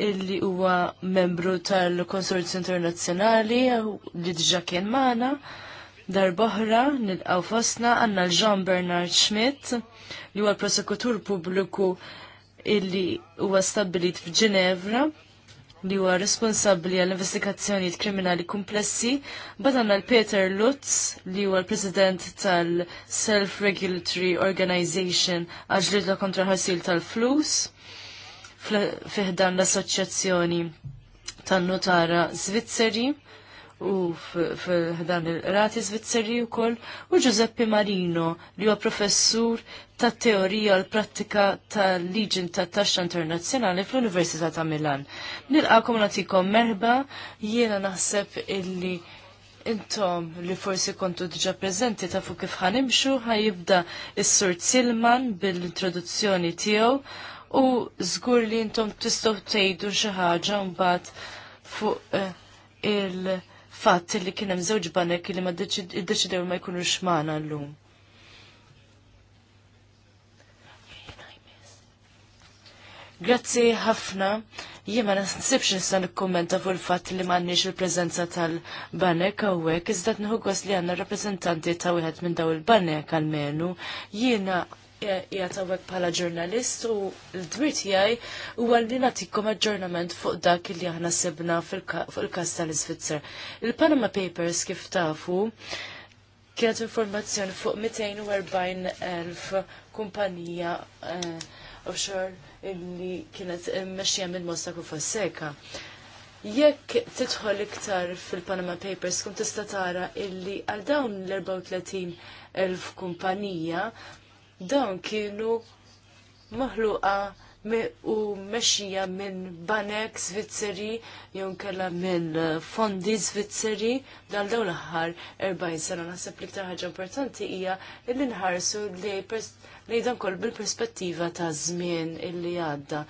illi huwa membru tal-Konsorzju Internazzjonali li diġà kien magħna. Darboħra nilqgħu fosna għandna l-Jean Bernard Schmidt li huwa l prosekutur pubbliku illi huwa stabbilit f'Ġinevra li huwa responsabbli għall investigazzjonijiet kriminali kumplessi, bad għandna l-Peter Lutz li huwa l-President tal-Self-Regulatory Organization għaġlidla kontra ħasil tal-flus fiħdan l-Assoċjazzjoni tan-Notara Svizzeri u fiħdan il-rati Svizzeri u koll, u Giuseppe Marino li huwa professur ta' teorija l prattika ta' liġin ta' taxxa internazzjonali fl-Università ta' Milan. Nilqakom natikom merba, jiena naħseb illi intom li forsi kontu diġa prezenti ta' fuq kif ħanimxu ħajibda is-Sur Zilman bil-introduzzjoni tiegħu u żgur li intom tistgħu tgħidu xi ħaġa mbagħad fuq eh, il-fatt li kien hemm żewġ banek li ma deċidew ma jkunux magħna llum. Grazzi ħafna. Jiema nasibx nista' nikkummenta fuq il-fatt li m'għandniex il-preżenza tal-banek hawnhekk, iżda nħu gost li għandna rappreżentanti ta' wieħed minn daw il-banek għal menu Jiena jgħatawek pala bħala ġurnalist u l-dmir jgħaj u għalli natikom aġġornament fuq dak li aħna sebna fil-kas tal-Svizzera. Il-Panama Papers kif tafu kienet informazzjoni fuq 240.000 kumpanija eh, offshore illi kienet meċċija minn u Fonseca. Jekk tidħol iktar fil-Panama Papers kun tista tara illi għal dawn l-34 elf kumpanija dawn kienu maħluqa u mexxija minn banek Svizzeri jew kella minn uh, fondi Svizzeri dal dawn l-aħħar 40 sena naħseb li ktar ħaġa importanti hija li nħarsu li dan kol bil-perspettiva ta' żmien illi għadda.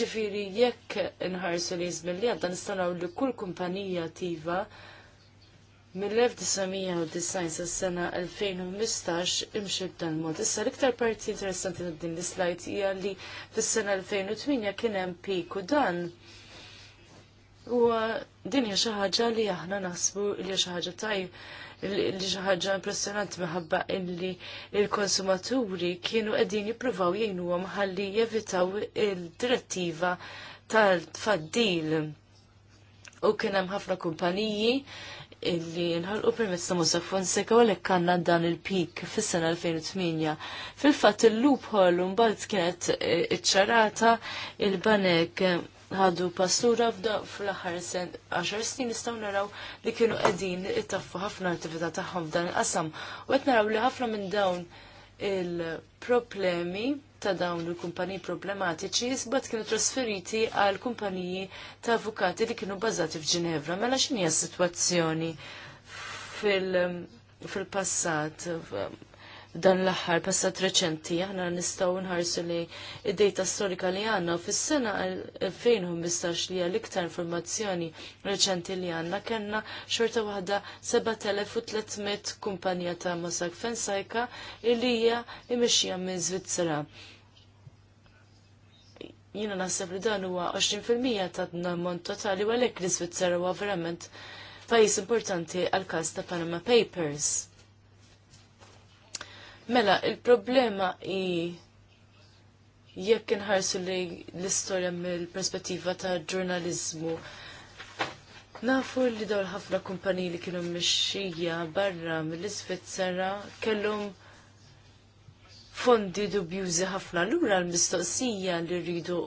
Ġifieri jekk nħarsu li żmien li għadda nistgħu li kull kumpanija attiva mill-1990 sas sena 2015 imxib dan mod. Issa l-iktar parti interessanti ta' din l-slajt hija li fis-sena 2008 kien hemm piku dan. U din hija xi ħaġa li aħna naħsbu li xi ħaġa tajb li xi ħaġa impressjonanti minħabba illi il-konsumaturi kienu qegħdin jippruvaw jgħinuhom ħalli jevitaw il-direttiva tal-tfaddil u kien hemm ħafna kumpaniji illi nħalqu permezz ta' Musa Fonseca u għalhekk għandna dan il-pik fis-sena 2008. Fil-fatt il lup ħollu mbagħad kienet e, iċċarata il-banek ħadu pastura f'da fl-aħħar sen 10 snin nistgħu naraw li kienu qegħdin ittaffu ħafna attività tagħhom f'dan il-qasam u qed naraw li ħafna minn dawn il-problemi ta' dawn il-kumpaniji problematiċi jisbat kienu trasferiti għal kumpaniji ta' avukati li kienu bazati f'Ġinevra. Mela x'inhi s-sitwazzjoni fil-passat? Fil dan l-aħħar passat reċenti aħna nistgħu nħarsu li id-data storika li għandna fis-sena 2015 li hija l-iktar informazzjoni reċenti li għandna kellna xorta waħda 7300 kumpanija ta' Mossack Fensajka li hija imexxija minn Zvizzera. Jiena naħseb li dan huwa 20% ta' ammont totali u għalhekk li Zvizzera huwa verament pajjiż importanti għal każ ta' Panama Papers. Mela, il-problema i jekk inħarsu li l-istorja mill-perspettiva ta' ġurnalizmu. Nafu li dawl ħafna kumpaniji li kienu mxija barra mill-Iżvizzera kellhom fondi dubjużi ħafna. l-ura l-mistoqsija li rridu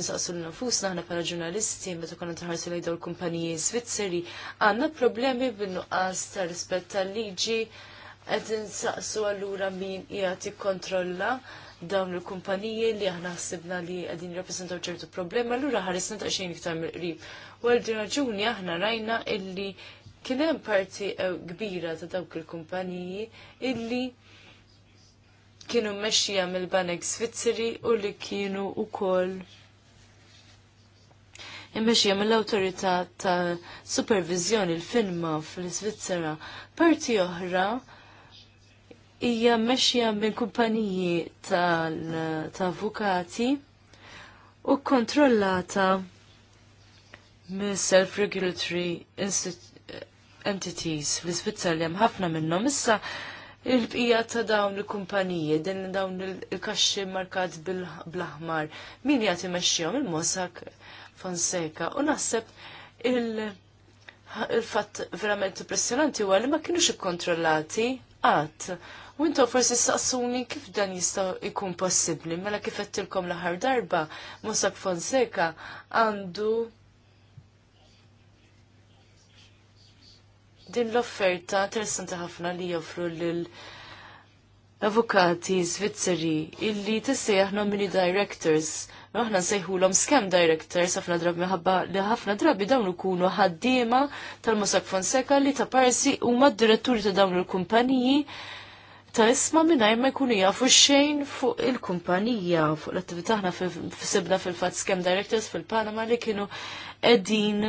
insaqsu l nafusna aħna bħala ġurnalisti meta konna tħarsu li dawl kumpaniji Svizzeri għandna problemi bin-nuqqas ta' rispett tal-liġi qed insaqsu allura min jgħat jikkontrolla dawn il-kumpaniji li aħna ħsibna li qegħdin jirrappreżentaw ċertu problema, allura ħares ta' xejn iktar mill-qrib. U għal din raġuni aħna rajna illi kien hemm parti eh, kbira ta' dawk il-kumpaniji illi kienu mmexxija mill-Banek Svizzeri u li kienu wkoll immexxija mill-awtorità ta' supervizjoni l-finma fl-Svizzera. Parti oħra hija meċja minn kumpaniji tal avukati u kontrollata minn self-regulatory entities fl-Iżvizzerja hemm ħafna minnhom issa il-bqija ta' dawn il-kumpaniji, din dawn il-kaxxi markat bl-aħmar, min jagħti mexxihom il-Mossack Fonseca u naħseb il- il-fatt verament impressionanti huwa li ma kienux ikkontrollati qatt U forsi saqsuni kif dan jista' ikun possibbli, mela kif qedtilkom l-aħħar darba Mossack Fonseca għandu din l-offerta interessanti ħafna li joffru lil avukati Svizzeri illi tissejjaħ nomini directors aħna nsejħulhom scam directors ħafna drabi minħabba li ħafna drabi dawn ikunu ħaddiema tal-Mossack Fonseca li ta' parsi huma d-diretturi ta' dawn il-kumpaniji ta' isma minnaj ma jkunu jafu xejn fuq il-kumpanija, fuq l-attività ħna sibna fil-fat scam directors fil-Panama li kienu edin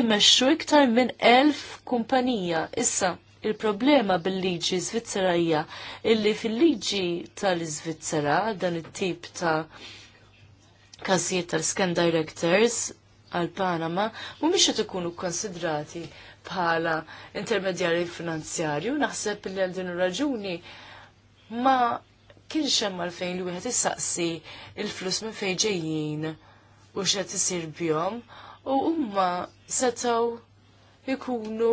immexxu iktar minn elf kumpanija. Issa, il-problema bil-liġi Zvizzera hija illi fil-liġi tal zvizzera dan it-tip ta' każijiet tal-scam directors għal Panama mhumiex qed ikunu konsidrati bħala intermedjarji finanzjarju, naħseb li għal din raġuni ma kienx hemm għalfejn li wieħed issaqsi il-flus minn fejn ġejjin u x'qed isir bihom u huma setgħu jkunu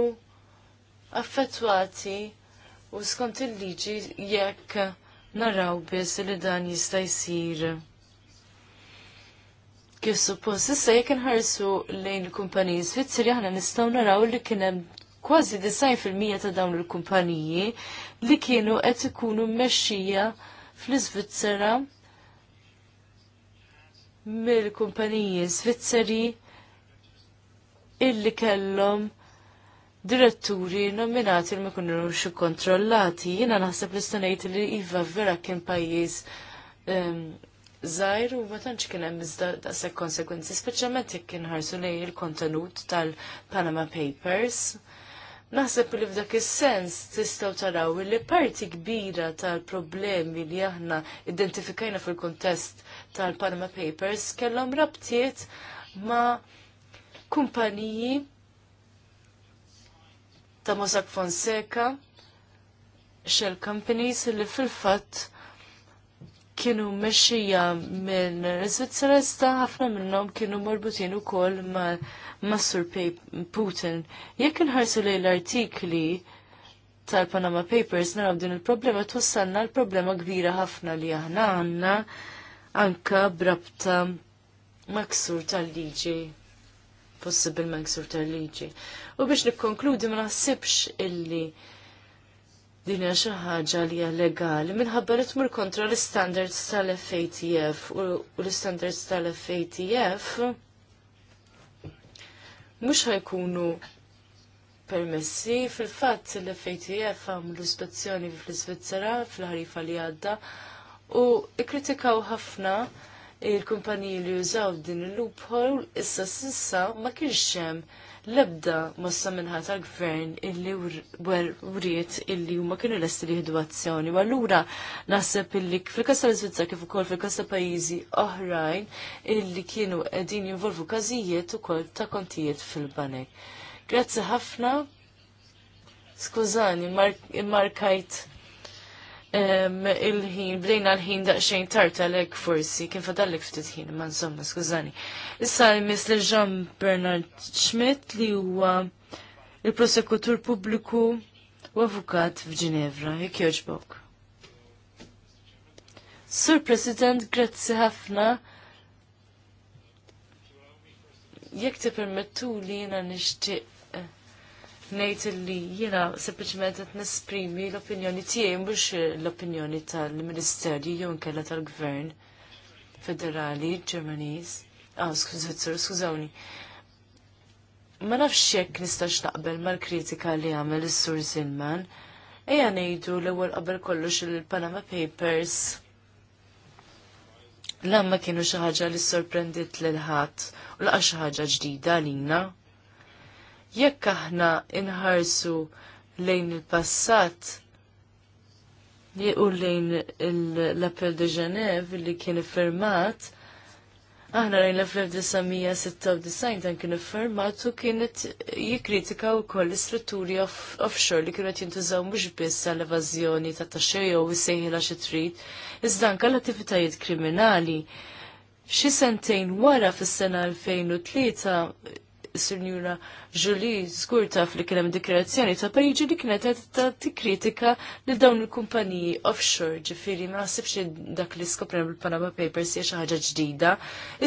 affettwati u skont il-liġi jekk naraw biss li dan jista' jsir kif suppost. Issa jekk inħarsu lejn il-kumpaniji Svizzeri aħna nistgħu naraw li kien hemm kważi 90% ta' dawn il-kumpaniji li kienu qed ikunu mmexxija fl-Iżvizzera mill-kumpaniji Svizzeri illi kellhom diretturi nominati li ma jkunux kontrollati. Jiena naħseb li stanejt li iva vera kien pajjiż ehm, żgħir u ma tantx kien hemm iżda daqshekk konsekwenzi, speċjalment jekk inħarsu lejn il-kontenut tal-Panama Papers. Naħseb li f'dak is-sens tistgħu taraw li parti kbira tal-problemi li aħna identifikajna fil-kuntest tal-Panama Papers kellhom rabtiet ma' kumpaniji ta' Mossack Fonseca, Shell Companies li fil-fatt kienu meċxija minn Svizzera ħafna minnhom kienu marbutin ukoll ma' Massur Putin. Jekk inħarsu li l-artikli tal-Panama Papers naraw din il-problema tussanna l-problema kbira ħafna li aħna għandna anka brabta maksur tal-liġi possibil maksur tal-liġi. U biex nikkonkludi ma naħsibx illi din hija xi ħaġa li hija legali minħabba li tmur kontra l-standards tal-FATF u l-standards tal-FATF mhux ħajkunu permessi fil-fatt l-FATF għamlu ispezzjoni fl-Iżvizzera fl-ħarifa li għadda u ikkritikaw ħafna il-kumpaniji li jużaw din il-loophole issa sissa ma kienx hemm l-ebda mossa minnħat għal-gvern illi wriet illi huma kienu lesti li jihdu azzjoni. U allura naħseb illi fil-kas l iżvizzera kif ukoll fil-kas pajjiżi oħrajn illi kienu qegħdin jinvolvu każijiet ukoll ta' kontijiet fil-banek. Grazzi ħafna. Skużani, markajt il-ħin, bdejna l-ħin daqxejn tartalek forsi, kien fadallek ftit ħin, ma insomma, skużani. Issa l l Jean Bernard Schmidt li huwa il-prosekutur pubbliku u avukat f'Ġinevra, jekk joġbok. Sur President, grazzi ħafna. Jekk te permettu li jena nixtieq ngħid illi jiena sempliċement qed nesprimi l-opinjoni tiegħi mhux l-opinjoni tal-Ministerju jew inkella tal-Gvern Federali Ġermaniż. Ah, sir, skużawni. Ma nafx jekk nistax naqbel mal-kritika li għamel is-Sur Zilman. eja ngħidu l-ewwel qabel kollox il-Panama Papers l kienu xi ħaġa li sorprendit lil ħadd u laqa xi ħaġa ġdida lina jekk aħna inħarsu lejn il-passat u lejn l-appell de Genève li kien firmat, aħna rajna l 1996 dan kien firmat u kienet jikritika u koll l-istrutturi offshore li kienu jintużaw mhux biss għal evażjoni ta' taxxejja u sejħi xi trid, iżda anke l-attivitajiet kriminali. Xi sentejn wara fis-sena 2003 Sinjura Jolie skur taf li kien hemm ta' Pariġi li kienet ta' tikkritika li dawn il-kumpaniji offshore, ġifieri ma naħsibx li dak li skopna bil-Panama Papers hija xi ħaġa ġdida.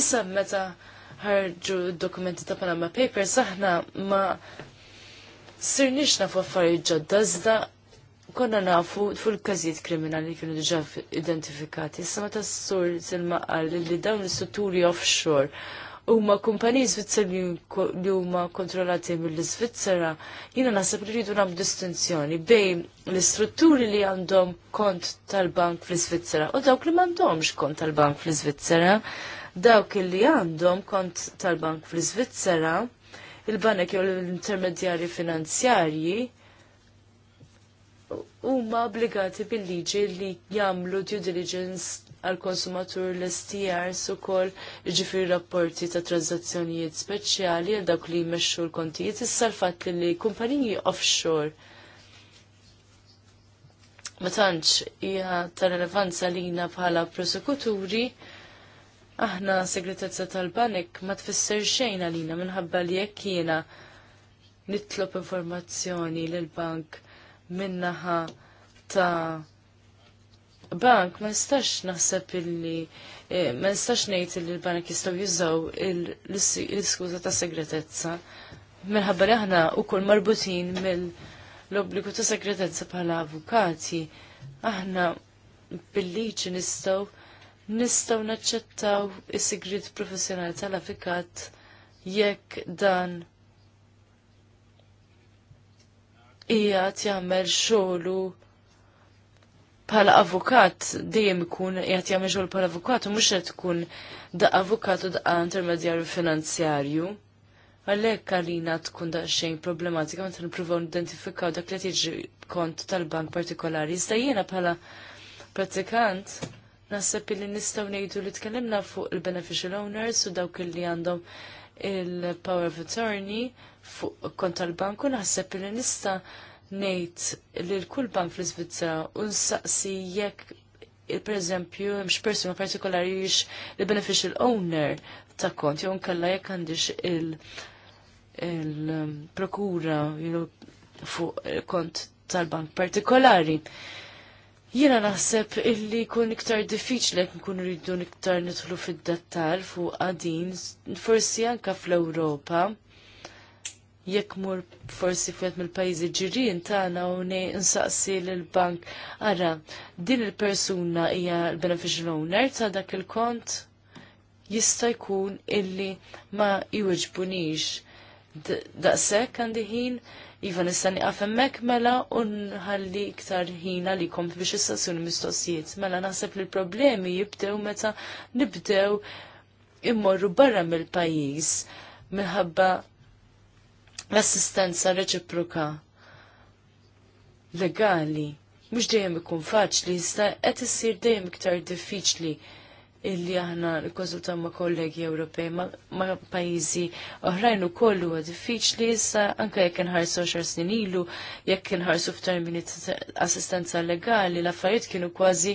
Issa meta ħarġu d-dokumenti ta' Panama Papers aħna ma sirniex nafu affarijiet ġodda zda konna nafu fuq il-każijiet kriminali kienu diġà identifikati. Issa meta s-sur silma qal li dawn is sutturi offshore huma kumpaniji Svizzer li huma kontrollati mill-Svizzera, jiena naħseb li rridu nagħmlu distinzjoni bejn l-istrutturi li għandhom kont tal-bank fl-Svizzera u dawk li m'għandhomx kont tal-bank fl-Svizzera. Dawk li għandhom kont tal-bank fl-Svizzera, il-banek jew l-intermedjarji finanzjarji huma obbligati bil-liġi li jagħmlu due diligence għal-konsumatur l-STRs u kol ġifir rapporti ta' tranzazzjonijiet speċjali għal dawk li jmexxu l-kontijiet issa l-fatt li kumpaniji offshore ma tantx hija ta' li jina bħala prosekuturi aħna segretezza tal-banek ma tfisser xejn għalina minħabba li jekk jiena nitlob informazzjoni l-bank minnaħa ta' bank ma nistax naħseb illi eh, ma nistax ngħid illi l-bank jistgħu jużaw l iskuza ta' segretezza minħabba li aħna wkoll marbutin mill-obbligu ta' segretezza bħala avukati aħna billiċi nistaw nistgħu nistgħu naċċettaw is-sigrit professjonali tal-avukat jekk dan ija jagħmel xogħlu bħala avukat dejjem ikun qed jagħmel xogħol bħala avukat u mhux qed tkun da avukat u daqqa intermedjarju finanzjarju. Għalhekk għalina tkun daqsxejn problematika meta nippruvaw nidentifikaw dak li jiġri kont tal-bank partikolari. Iżda jiena bħala pratikant naħseb li nistgħu ngħidu li tkellimna fuq il-beneficial owners u dawk li għandhom il-power of attorney fuq kont tal-banku naħseb li nista' ngħid l kull bank fl svizzera u nsaqsi jekk per eżempju mx persuna partikolari jiex li beneficial owner ta' kont jew nkalla jekk għandix il-prokura il fuq kont tal-bank partikolari. Jiena naħseb illi kun iktar diffiċli jekk nkun rridu iktar nidħlu fid-dettal fuq għadin, forsi anka fl-Ewropa, jekk mur forsi fwet mill-pajjiżi ġirien tagħna u ne nsaqsi lill-bank ara din il-persuna hija l-beneficial owner ta' dak il-kont jista' jkun illi ma jwiġbunix daqshekk għandi ħin Iva nista' nieqaf hemmhekk mela u nħalli iktar ħin għalikom biex istassuni mistoqsijiet. Mela naħseb li l-problemi jibdew meta nibdew immorru barra mill-pajjiż minħabba l-assistenza reċiproka legali mhux dejjem ikun faċli, iżda qed issir dejjem iktar diffiċli illi aħna nikkonsultaw ma' kollegi Ewropej ma' pajjiżi oħrajn ukoll huwa diffiċli issa anke jekk inħarsu xar snin ilu, jekk inħarsu f'termini ta' assistenza legali, l-affarijiet kienu kważi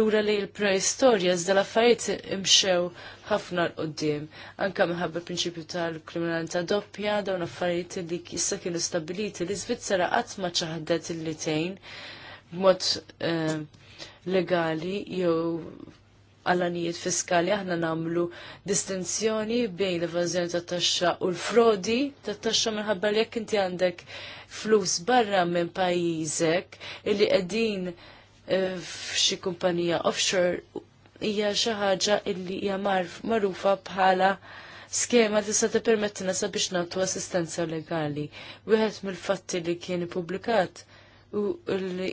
lura li l-preistorja iżda l-affarijiet imxew ħafna l-qoddim. Anke minħabba prinċipju tal-kriminalità doppja dawn affarijiet li issa kienu stabiliti li Svizzera qatt ma ċaħdet il-litejn b'mod eh, legali jew għallanijiet fiskali aħna namlu distinzjoni bejn l-evażjoni ta' taxxa u l-frodi ta' taxxa minħabba li jekk inti għandek flus barra minn pajjiżek illi qegħdin eh, f'xi kumpanija offshore hija xi ħaġa illi hija magħrufa bħala skema tista' tippermettina sabiex nagħtu assistenza legali. Wieħed mill-fatti li kien ippubblikat u li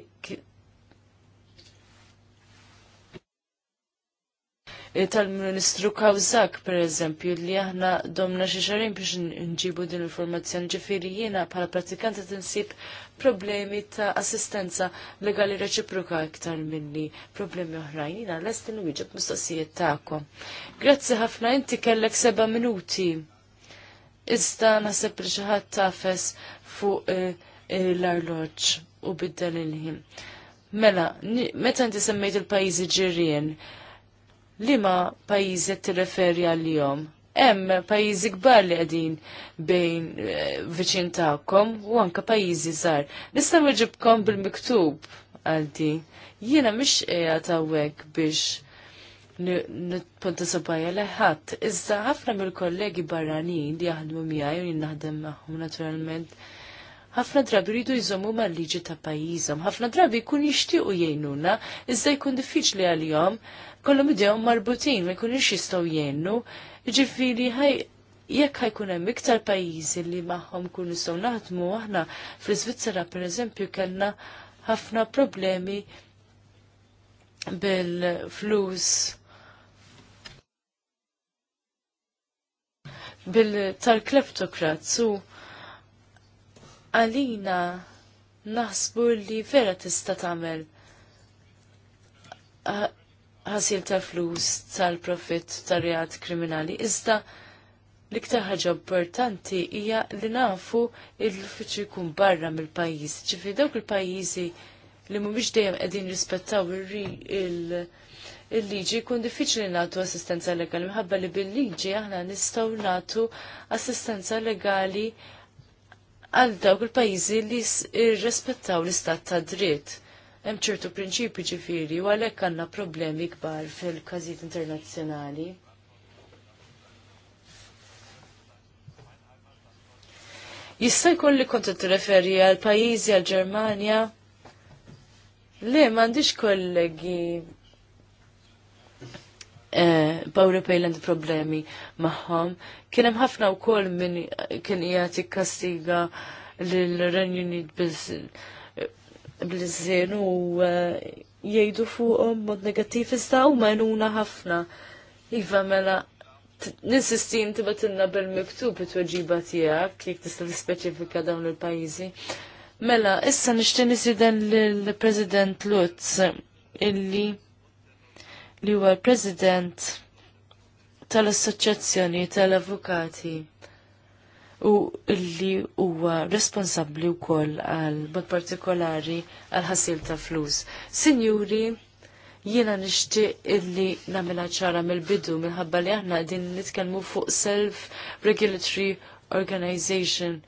Eh, tal-Ministru Kawzak, per eżempju, li aħna domna xi xarin biex nġibu din l-informazzjoni ġifieri jiena bħala pratikanta qed insib problemi ta' assistenza legali reċiproka iktar minni problemi oħrajn jiena lest inwieġeb mistoqsijiet tagħkom. Grazzi ħafna inti kellek seba' minuti. Iżda naħseb li xi ħadd tafes fuq eh, l-arloġġ u biddel il-ħin. Mela, meta inti semmejt il-pajjiżi ġirien, Lima pajjiżi qed tirreferi għalihom? Hemm pajjiżi kbar li qegħdin bejn eh, viċin tagħkom u anke pajjiżi żgħar. Nista' niġibkom bil-miktub għal din. Jiena mhix qiegħed hawnhekk biex nitponta sabajja leħat. Iżda ħafna mill-kollegi barranin li jaħdmu miegħi u naħdem magħhom naturalment ħafna drabi rridu jżommu mal-liġi ta' pajjiżhom, ħafna drabi jkun jixtiequ jgħinuna, iżda jkun diffiċli għalihom kollhom idejhom marbutin ma jkunux jistgħu jgħinnu. Ġifieri ħaj jekk ħajkun hemm iktar pajjiżi li magħhom kun nistgħu naħdmu aħna fl-Iżvizzera pereżempju kellna ħafna problemi bil-flus bil tal-kleptokrat su għalina naħsbu li vera tista' tagħmel ah, ħasil ta' flus tal-profitt ta' reat kriminali. Iżda l-iktar ħaġa importanti hija li nafu l-uffiċċju jkun barra mill-pajjiż. Ġifi dawk il-pajjiżi li mhumiex dejjem qegħdin rispettaw il- il-liġi jkun diffiċli nagħtu assistenza legali minħabba li bil-liġi aħna nistgħu nagħtu assistenza legali għal dawk il-pajjiżi li jirrespettaw l-istat ta' dritt. Hemm ċertu prinċipji ġifieri u għalhekk għandna problemi kbar fil-każijiet internazzjonali. Jista' jkun li kont tirreferi għal pajjiżi għal Ġermanja? Le m'għandix kollegi Eh, b'Ewropej l problemi magħhom. Kien hemm ħafna wkoll min kien qiegħed kastiga l renju Unit bil-żien eh, u jgħidu fuqhom mod negativ iżda huma għenuna ħafna. Iva mela nisistin tibatilna bil-miktub it-tweġiba tiegħek jekk tista' tispeċifika dawn il-pajjiżi. Mela, issa nixtieq isiden lill-President Lutz illi li huwa l-President tal-Assoċjazzjoni tal-Avukati u li huwa responsabbli wkoll għal mod partikolari għal ħasil ta' flus. Sinjuri, jiena nixtieq illi nagħmilha ċara mill-bidu minħabba li aħna qegħdin nitkellmu fuq self-regulatory organization.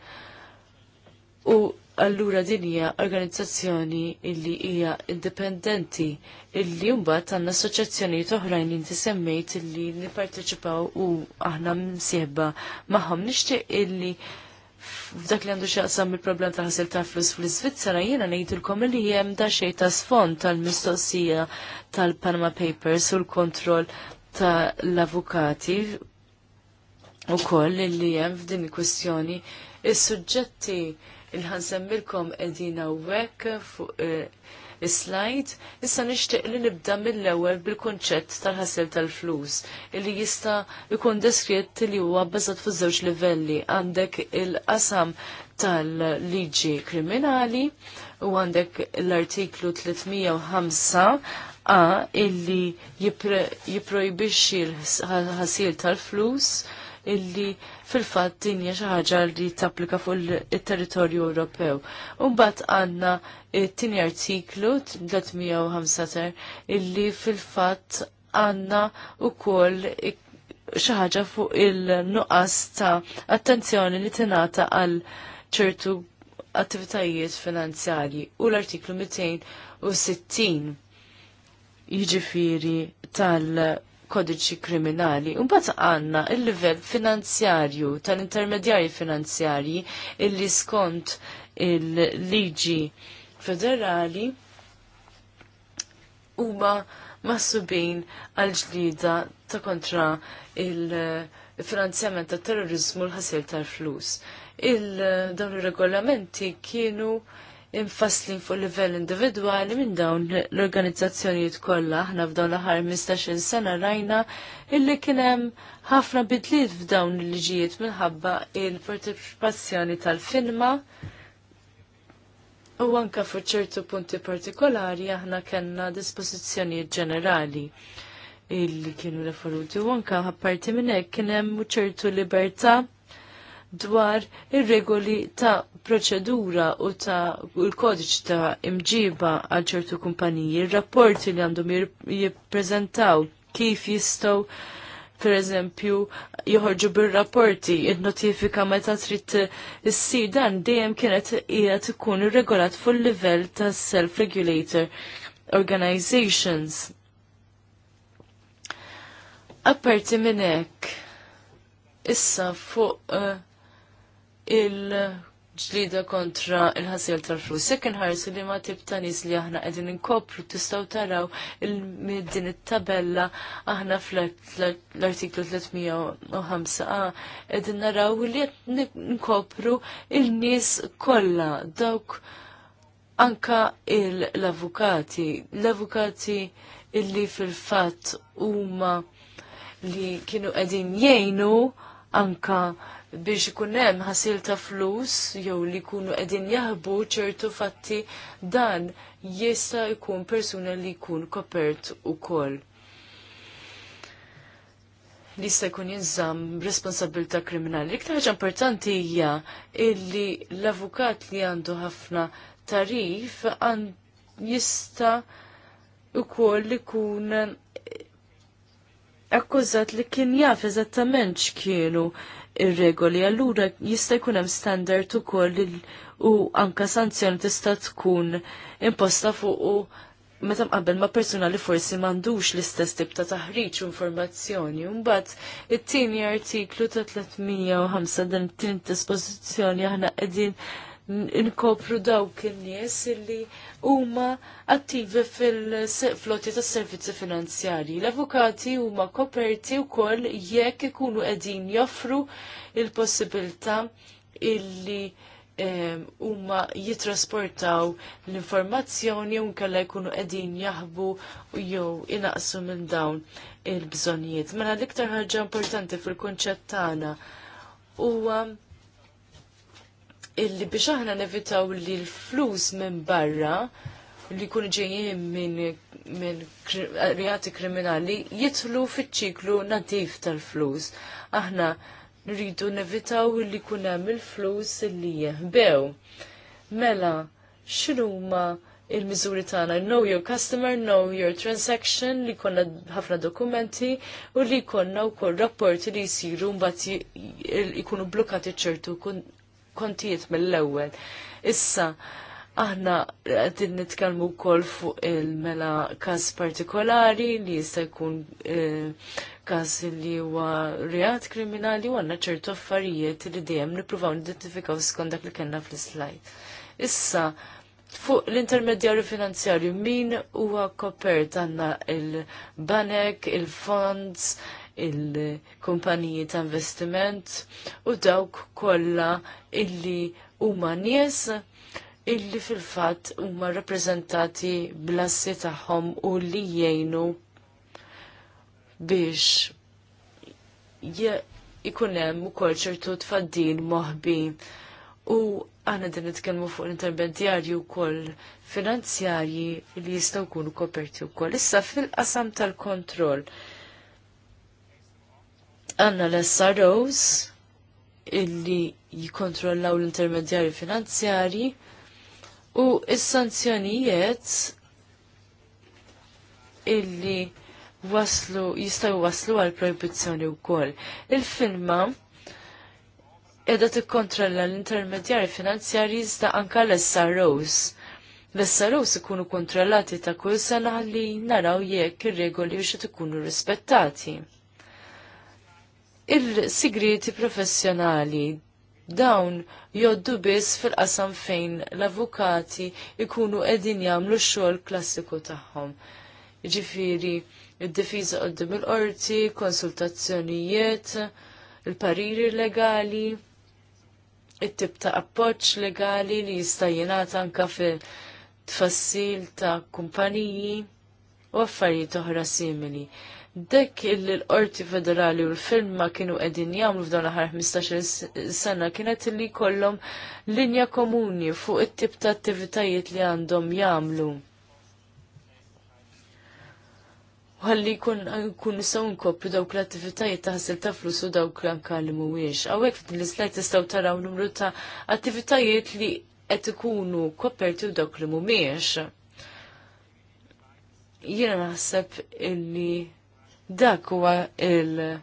U Allura din hija organizzazzjoni illi hija indipendenti illi mbagħad għandna assoċjazzjonijiet oħrajn li inti semmejt illi nipparteċipaw u aħna msieħba magħhom nixtieq illi f'dak li għandu xaqsam il-problem ta' ħasil ta' flus fl-Svizzera jiena ngħidilkom li hemm da xejn ta' sfond tal-mistoqsija tal-Panama Papers u l-kontroll tal avukati u koll hemm f'din il-kwestjoni is-suġġetti il il-ħansemmilkom edina wek fuq eh, il-slajt. issa nixtieq li nibda mill-ewwel bil-kunċett tal-ħasel tal-flus illi jista' jkun deskritt li huwa bbażat fuż żewġ livelli għandek il-qasam tal-liġi kriminali u għandek l-artiklu 305 a illi jipprojbixxi l-ħasil tal-flus illi fil-fatt din hija xi ħaġa li tapplika fuq it-territorju Ewropew. U mbagħad għandna t-tieni artiklu 305 illi fil-fatt għandna wkoll xaħġa fuq il-nuqqas ta' attenzjoni li tinata għal ċertu attivitajiet finanzjali. u l-artiklu 260 jiġifieri tal- kodiċi kriminali. Mbagħad għandna il-livell finanzjarju tal-intermedjarji finanzjarji illi skont il-liġi federali huma massubin għal ġlida ta' kontra il-finanzjament ta' terrorizmu l-ħasil tal-flus. Il-dawn ir regolamenti kienu Infasslin fuq livell individwali minn dawn l-organizzazzjonijiet kollha aħna f'dawn l-aħħar 15-il sena rajna illi kien hemm ħafna bidliet f'dawn il-liġijiet minħabba il-partiċipazzjoni tal-filma u anka fuq ċertu punti partikolari aħna kellna dispożizzjonijiet ġenerali illi kienu referuti u anka apparti minn hekk kien hemm ċertu libertà dwar ir-regoli ta' proċedura u ta' l-kodiċ ta' imġiba għal ċertu kumpaniji, ir-rapporti li għandhom jippreżentaw kif jistgħu per eżempju, joħorġu bil-rapporti, il-notifika meta trid issir dan dejjem kienet hija tkun irregolat fuq livell ta' self-regulator organizations. Apparti minn hekk, issa fuq uh, il-ġlida kontra il-ħasil tal-flus. Sekken inħarsu li ma tip ta' nies li aħna qegħdin inkopru tistgħu taraw din it-tabella aħna fl-artiklu 305a qegħdin naraw li n nkopru il-nies kollha dawk anka l-avukati. L-avukati illi fil-fatt huma li kienu qegħdin jgħinu anka biex ikun hemm ħasil ta' flus jew li jkunu qegħdin jaħbu ċertu fatti dan jista' jkun persuna li jkun kopert ukoll. Li jista' jkun jinżamm responsabilità kriminali. L-iktar ħaġa importanti hija illi l-avukat li għandu ħafna tarif jista' ukoll jkun akkużat li kien jaf eżattament x'kienu ir-regoli. Allura jista' jkun hemm standard ukoll u anka sanzjoni tista' tkun imposta fuq meta mqabbel ma' persuna li forsi m'għandux l-istess tip ta' taħriġ u informazzjoni. Mbagħad it-tieni artiklu ta' 305 din it-tieni dispożizzjoni aħna qegħdin inkopru dawk in-nies illi huma attivi fil-flotti tas servizzi finanzjarji. L-avukati huma koperti wkoll jekk ikunu qegħdin joffru il-possibilità illi eh, huma eh, jitrasportaw l-informazzjoni u nkella jkunu qegħdin jaħbu jew inaqsu minn dawn il-bżonnijiet. Mela l-iktar ħaġa importanti fil-kunċett tagħna huwa um, illi biex aħna nevitaw li l-flus minn barra li kun ġejjin minn min reati kriminali jitlu fiċ-ċiklu natif tal-flus. Aħna rridu nevitaw li kun hemm il-flus li jeħbew. Mela, x'inhuma il-mizuri tagħna know your customer, know your transaction li konna ħafna dokumenti u li konna wkoll rapporti li jsiru mbagħad ikunu blokkati ċertu kontijiet mill ewel Issa, aħna għedin nitkalmu kol fuq il-mela kas partikolari li jista' jkun eh, kas li huwa reat kriminali u għanna ċertu affarijiet li dejjem nippruvaw nidentifikaw skont dak li kellna fl-slajd. Issa, fuq l-intermedjarju finanzjarju min huwa kopert għandna il-banek, il-fonds, il-kumpaniji ta' investiment u dawk kollha illi huma nies illi fil-fatt huma rappreżentati bl-assi tagħhom u li jgħinu biex ikun hemm ukoll ċertu tfaddin moħbi. U aħna din nitkellmu fuq l-intermedjarji wkoll finanzjarji li jistgħu jkunu koperti wkoll. Issa fil-qasam tal-kontroll għanna l-SROs illi jikontrollaw l-intermedjari finanzjari u s-sanzjonijiet illi waslu, jistaw waslu għal proibizzjoni u kol. Il-firma edha tikkontrolla l-intermedjari finanzjari jista anka l-SROs. L-SROs ikunu kontrollati ta' kull sena li naraw jekk ir-regoli biex ikunu rispettati il-sigriti professjonali dawn joddu biss fil-qasam fejn l-avukati ikunu edin jamlu xogħol klassiku tagħhom. Ġifiri, il difiża qoddim il-qorti, konsultazzjonijiet, il-pariri legali, it-tib ta' appoġġ legali li jista' jingħata anke fil-tfassil ta' kumpaniji u affarijiet oħra simili. Dek il-qorti federali u l-film ma kienu edin jamlu f'dan l-ħar 15 sena kienet li kollom linja komuni fuq it-tip ta' attivitajiet li għandhom jamlu. Għalli kun kun nisaw nkopru dawk l-attivitajiet ta' ħasil ta' flus u dawk l-anka li mhuwiex. Għawek f'din l-slajt istaw taraw numru ta' attivitajiet li qed ikunu koperti u dawk li mhumiex. Jiena naħseb illi Dak huwa il-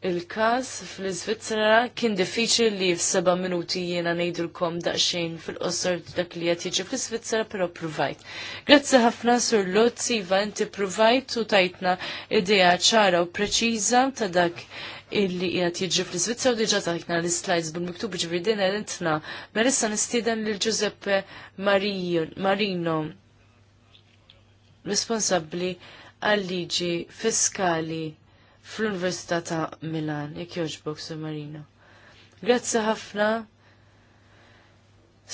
Il-kas fl-Svizzera kien diffiċli li f'seba' minuti jiena ngħidulkom daqsxejn fil-qosor dak li qed jiġi fl-Svizzera però provajt. Grazzi ħafna sur Lozzi iva inti provajt u tajtna idea ċara u preċiża ta' dak illi qiegħed jiġi fl-Svizzera u diġà tajtna l-slides bil-miktub ġifieri din elintna. Marissa nistieden lil Giuseppe Marino responsabbli għal-liġi fiskali fl-Università ta' Milan, jekk jogħġbok su Marino. Grazzi ħafna.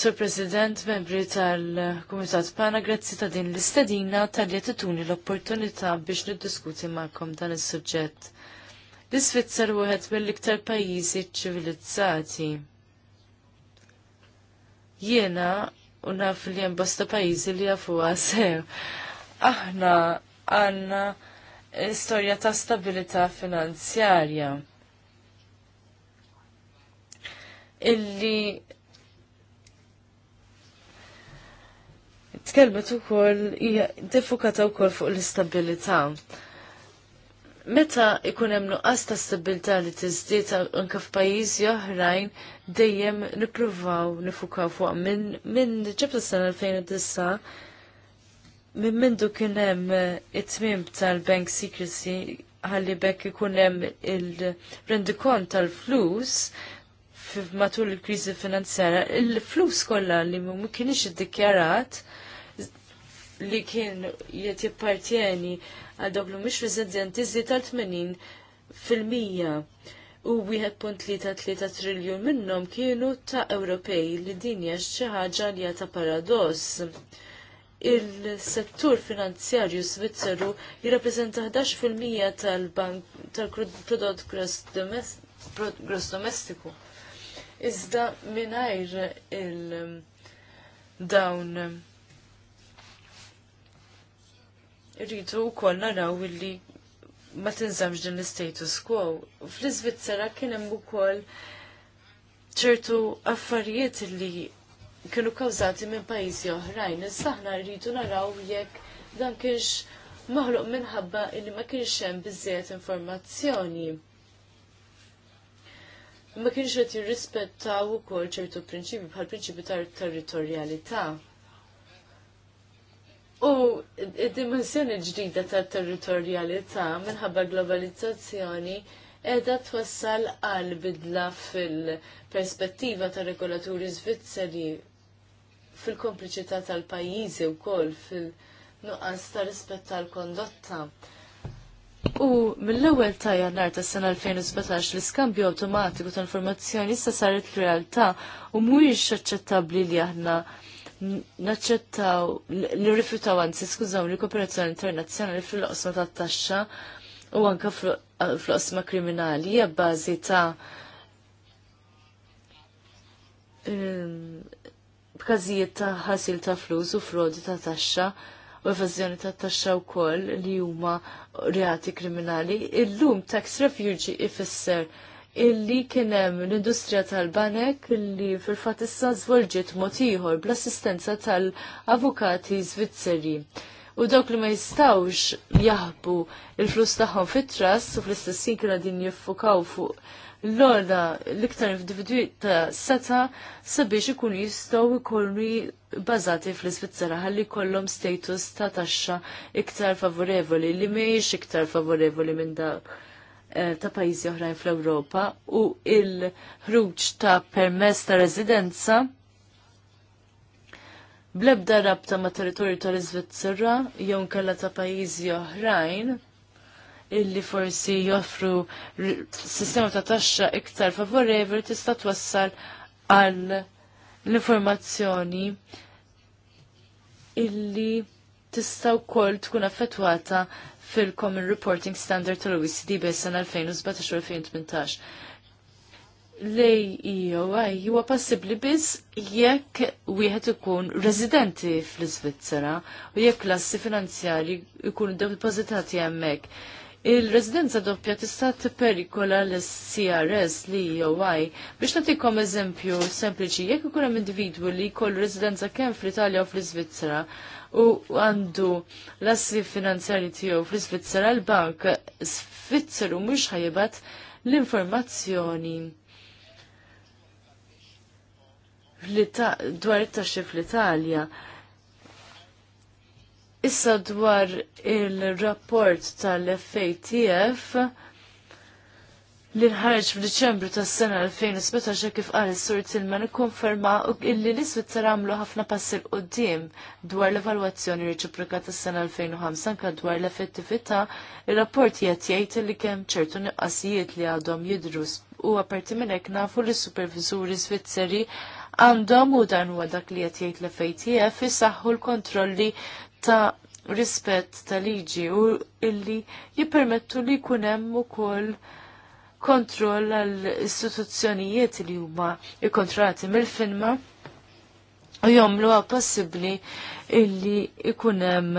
Sur President, membri tal-Kumitat Pana, grazzi ta' din l-istedina tal-li tituni l-opportunità biex niddiskuti ma'kom dan is-suġġett. l u wieħed mill-iktar pajjiżi ċivilizzati. Jiena u naf li hemm bosta pajjiżi li jafuha sew. Aħna għanna storja ta' stabilità finanzjarja. Illi tkellmet ukoll hija defukata wkoll fuq l-istabilità. Meta ikun hemm nuqqas ta' stabilità li tiżdied anke f'pajjiżi oħrajn dejjem nippruvaw nifukaw fuq minn minn ġibta sena 2009 minn mindu kien hemm eh, it-tmim tal-bank secrecy ħalli bekk ikun hemm il-rendikont tal-flus matul il-kriżi finanzjara, il-flus kollha li ma kienx iddikjarat li kien qed jippartjeni għal dawk li residenti iżjed tal-80 fil-mija u 1.33 triljun minnhom kienu ta' Ewropej li din hija xi ħaġa li hija ta' paradoss il-settur finanzjarju Svizzeru jirrappreżenta 11% tal-bank tal-prodott gross domestiku. Iżda mingħajr il-dawn rridu wkoll naraw illi ma tinżamx din l-status quo. fl svizzera kien hemm ukoll ċertu affarijiet li kienu kawżati minn pajjiżi oħrajn. Issa aħna rridu naraw jekk dan kienx maħluq minħabba li ma kienx hemm biżżejjed informazzjoni. Ma kienx qed jirrispettaw ukoll ċertu prinċipji bħal prinċipju tar-territorjalità. U id-dimensjoni ġdida tat-territorjalità minħabba globalizzazzjoni edha twassal għal bidla fil-perspettiva tar regolaturi Svizzeri fil-kompliċità tal-pajjiżi wkoll fil-nuqqas ta' rispett tal-kondotta. U mill-ewwel ta' jannar tas sena 2017 l-iskambju awtomatiku ta' informazzjoni issa saret realtà u mhuwiex aċċettabbli li aħna naċċettaw li rifjutaw anzi skużaw li kooperazzjoni internazzjonali fil-qosma tat-taxxa u anka fl-qosma kriminali hija bażi ta' b'każijiet ta' ħasil ta' flus u frodi ta' taxxa u evażjoni ta' taxxa wkoll li huma reati kriminali, illum tax refugee ifisser illi kien hemm l-industrija tal-banek li fil-fatt issa żvolġiet mod ieħor bl-assistenza tal-avukati Svizzeri u dawk li ma jistawx jaħbu il-flus tagħhom fit-trass u fl-istessin kienu din jiffukaw fuq l-ola l-iktar individwi ta' seta sabiex ikun jistgħu jkunu bazati fl-Svizzera ħalli kollom status ta' taxxa iktar favorevoli li mhijiex iktar favorevoli minn da eh, ta' pajjiżi oħrajn fl-Ewropa u il-ħruġ ta' permess ta' residenza blebda rabta ma' territorju tal svizzera jew kella ta' pajjiżi oħrajn illi forsi joffru sistema ta' taxxa iktar favorevoli tista' twassal għal l-informazzjoni illi tista' wkoll tkun affettwata fil-Common Reporting Standard tal-OECD sena 2017-2018 lej għaj, huwa passibli biss jekk wieħed ikun residenti fl-Iżvizzera u jekk klassi finanzjarji jkunu depositati hemmhekk. Il-residenza doppja tista' tipperikola l-CRS li UI. E Biex natikom eżempju sempliċi, jekk ikun hemm individwu li jkollu residenza kemm fl-Italja u fl-Iżvizzera u għandu l-assi finanzjarji tiegħu fl-Iżvizzera, l-bank Svizzeru mhux ħajibat l-informazzjoni dwar it-taxxi fl-Italja. Issa dwar il-rapport tal-FATF li nħarġ f'Diċembru tas-sena 2017 kif qal is-Sur Tilman ikkonferma illi l-Iżvizzera għamlu ħafna passi l qudiem dwar l-evalwazzjoni reċiproka tas-sena 2005 anke dwar l-effettività, ir-rapport qed jgħid li kemm ċertu nuqqasijiet li għadhom jidru u apparti minn hekk nafu li supervisuri Svizzeri għandhom u dan huwa dak li qed jgħid l-FATF isaħħu l-kontrolli ta' rispett ta' liġi u illi jippermettu li kunem u kol kontroll għal istituzzjonijiet li huma ikkontrati mill-filma u jomlu għa possibli illi ikunem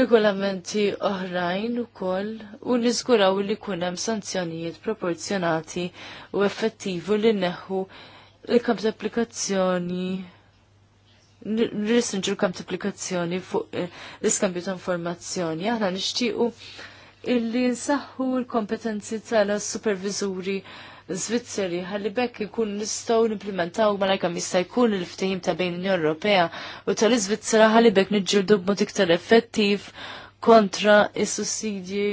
regolamenti oħrajn u koll u nizguraw li kunem sanzjonijiet proporzjonati u effettivu li neħu li kamp applikazzjoni ristrinġu l-kamtiplikazzjoni fuq eh, l-iskambju ta' informazzjoni. Aħna nixtiequ illi nsaħħu l-kompetenzi tal-supervizuri Zvizzeri, ħalli bekk ikun nistgħu nimplementaw malajka jista' jkun il-ftehim ta' bejn l-Unjoni Ewropea u tal-Iżvizzera għalli bekk niġġieldu b'mod iktar effettiv kontra is-sussidji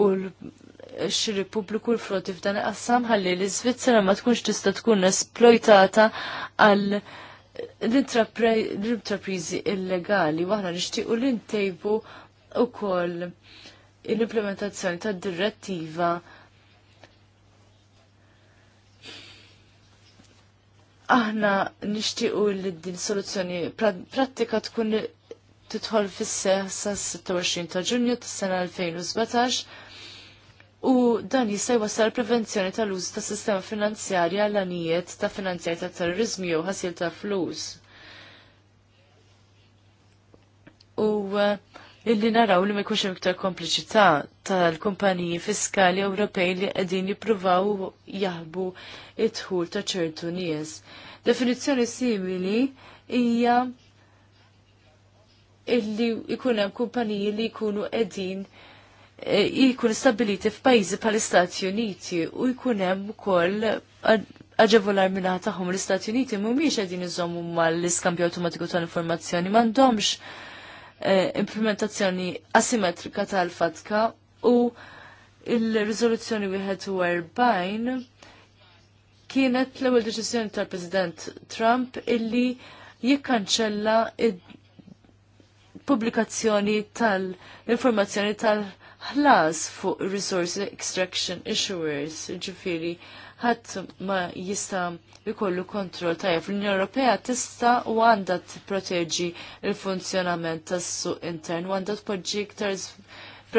u l xirri publiku l frotif f'dan għassam ħalli l-Iżvizzera ma tkunx tista' tkun esplojtata għal l-intraprizi illegali waħna nixtiequ li ntejbu ukoll l-implementazzjoni tad direttiva aħna nixtiequ li din soluzzjoni prattika tkun titħol fis-seħ sa' 26 ta' Ġunju tas-sena 2017 u dan jista' jwassal prevenzjoni tal-użu ta' sistema finanzjarja l anijiet ta' finanzjar ta' terrorizmi jew ħasil ta' flus. U eh, illi naraw li ma jkunx hemm iktar kompliċità tal-kumpaniji fiskali Ewropej li qegħdin jippruvaw jaħbu it dħul ta' ċertu nies. Definizzjoni simili hija illi jkun hemm kumpaniji li jkunu qegħdin E, jikun stabiliti f'pajjiżi bħall-Istati Uniti u jkun hemm ukoll aġevolar minna taħħom l-Istati Uniti mumiex għedin iżommu mal-iskambju automatiku tal-informazzjoni, mandomx e, implementazzjoni asimetrika tal-fatka u il-rizoluzzjoni 41 kienet l-ewwel deċiżjoni tal-President Trump illi jikkanċella il-pubblikazzjoni tal-informazzjoni tal-, -informazzjoni tal ħlas fuq resource extraction issuers, ġifiri, ħadd ma jista jkollu kontrol tajjeb. fl unjoni Ewropea tista u għandha tipproteġi l-funzjonament tas-suq intern u għandha tpoġġi iktar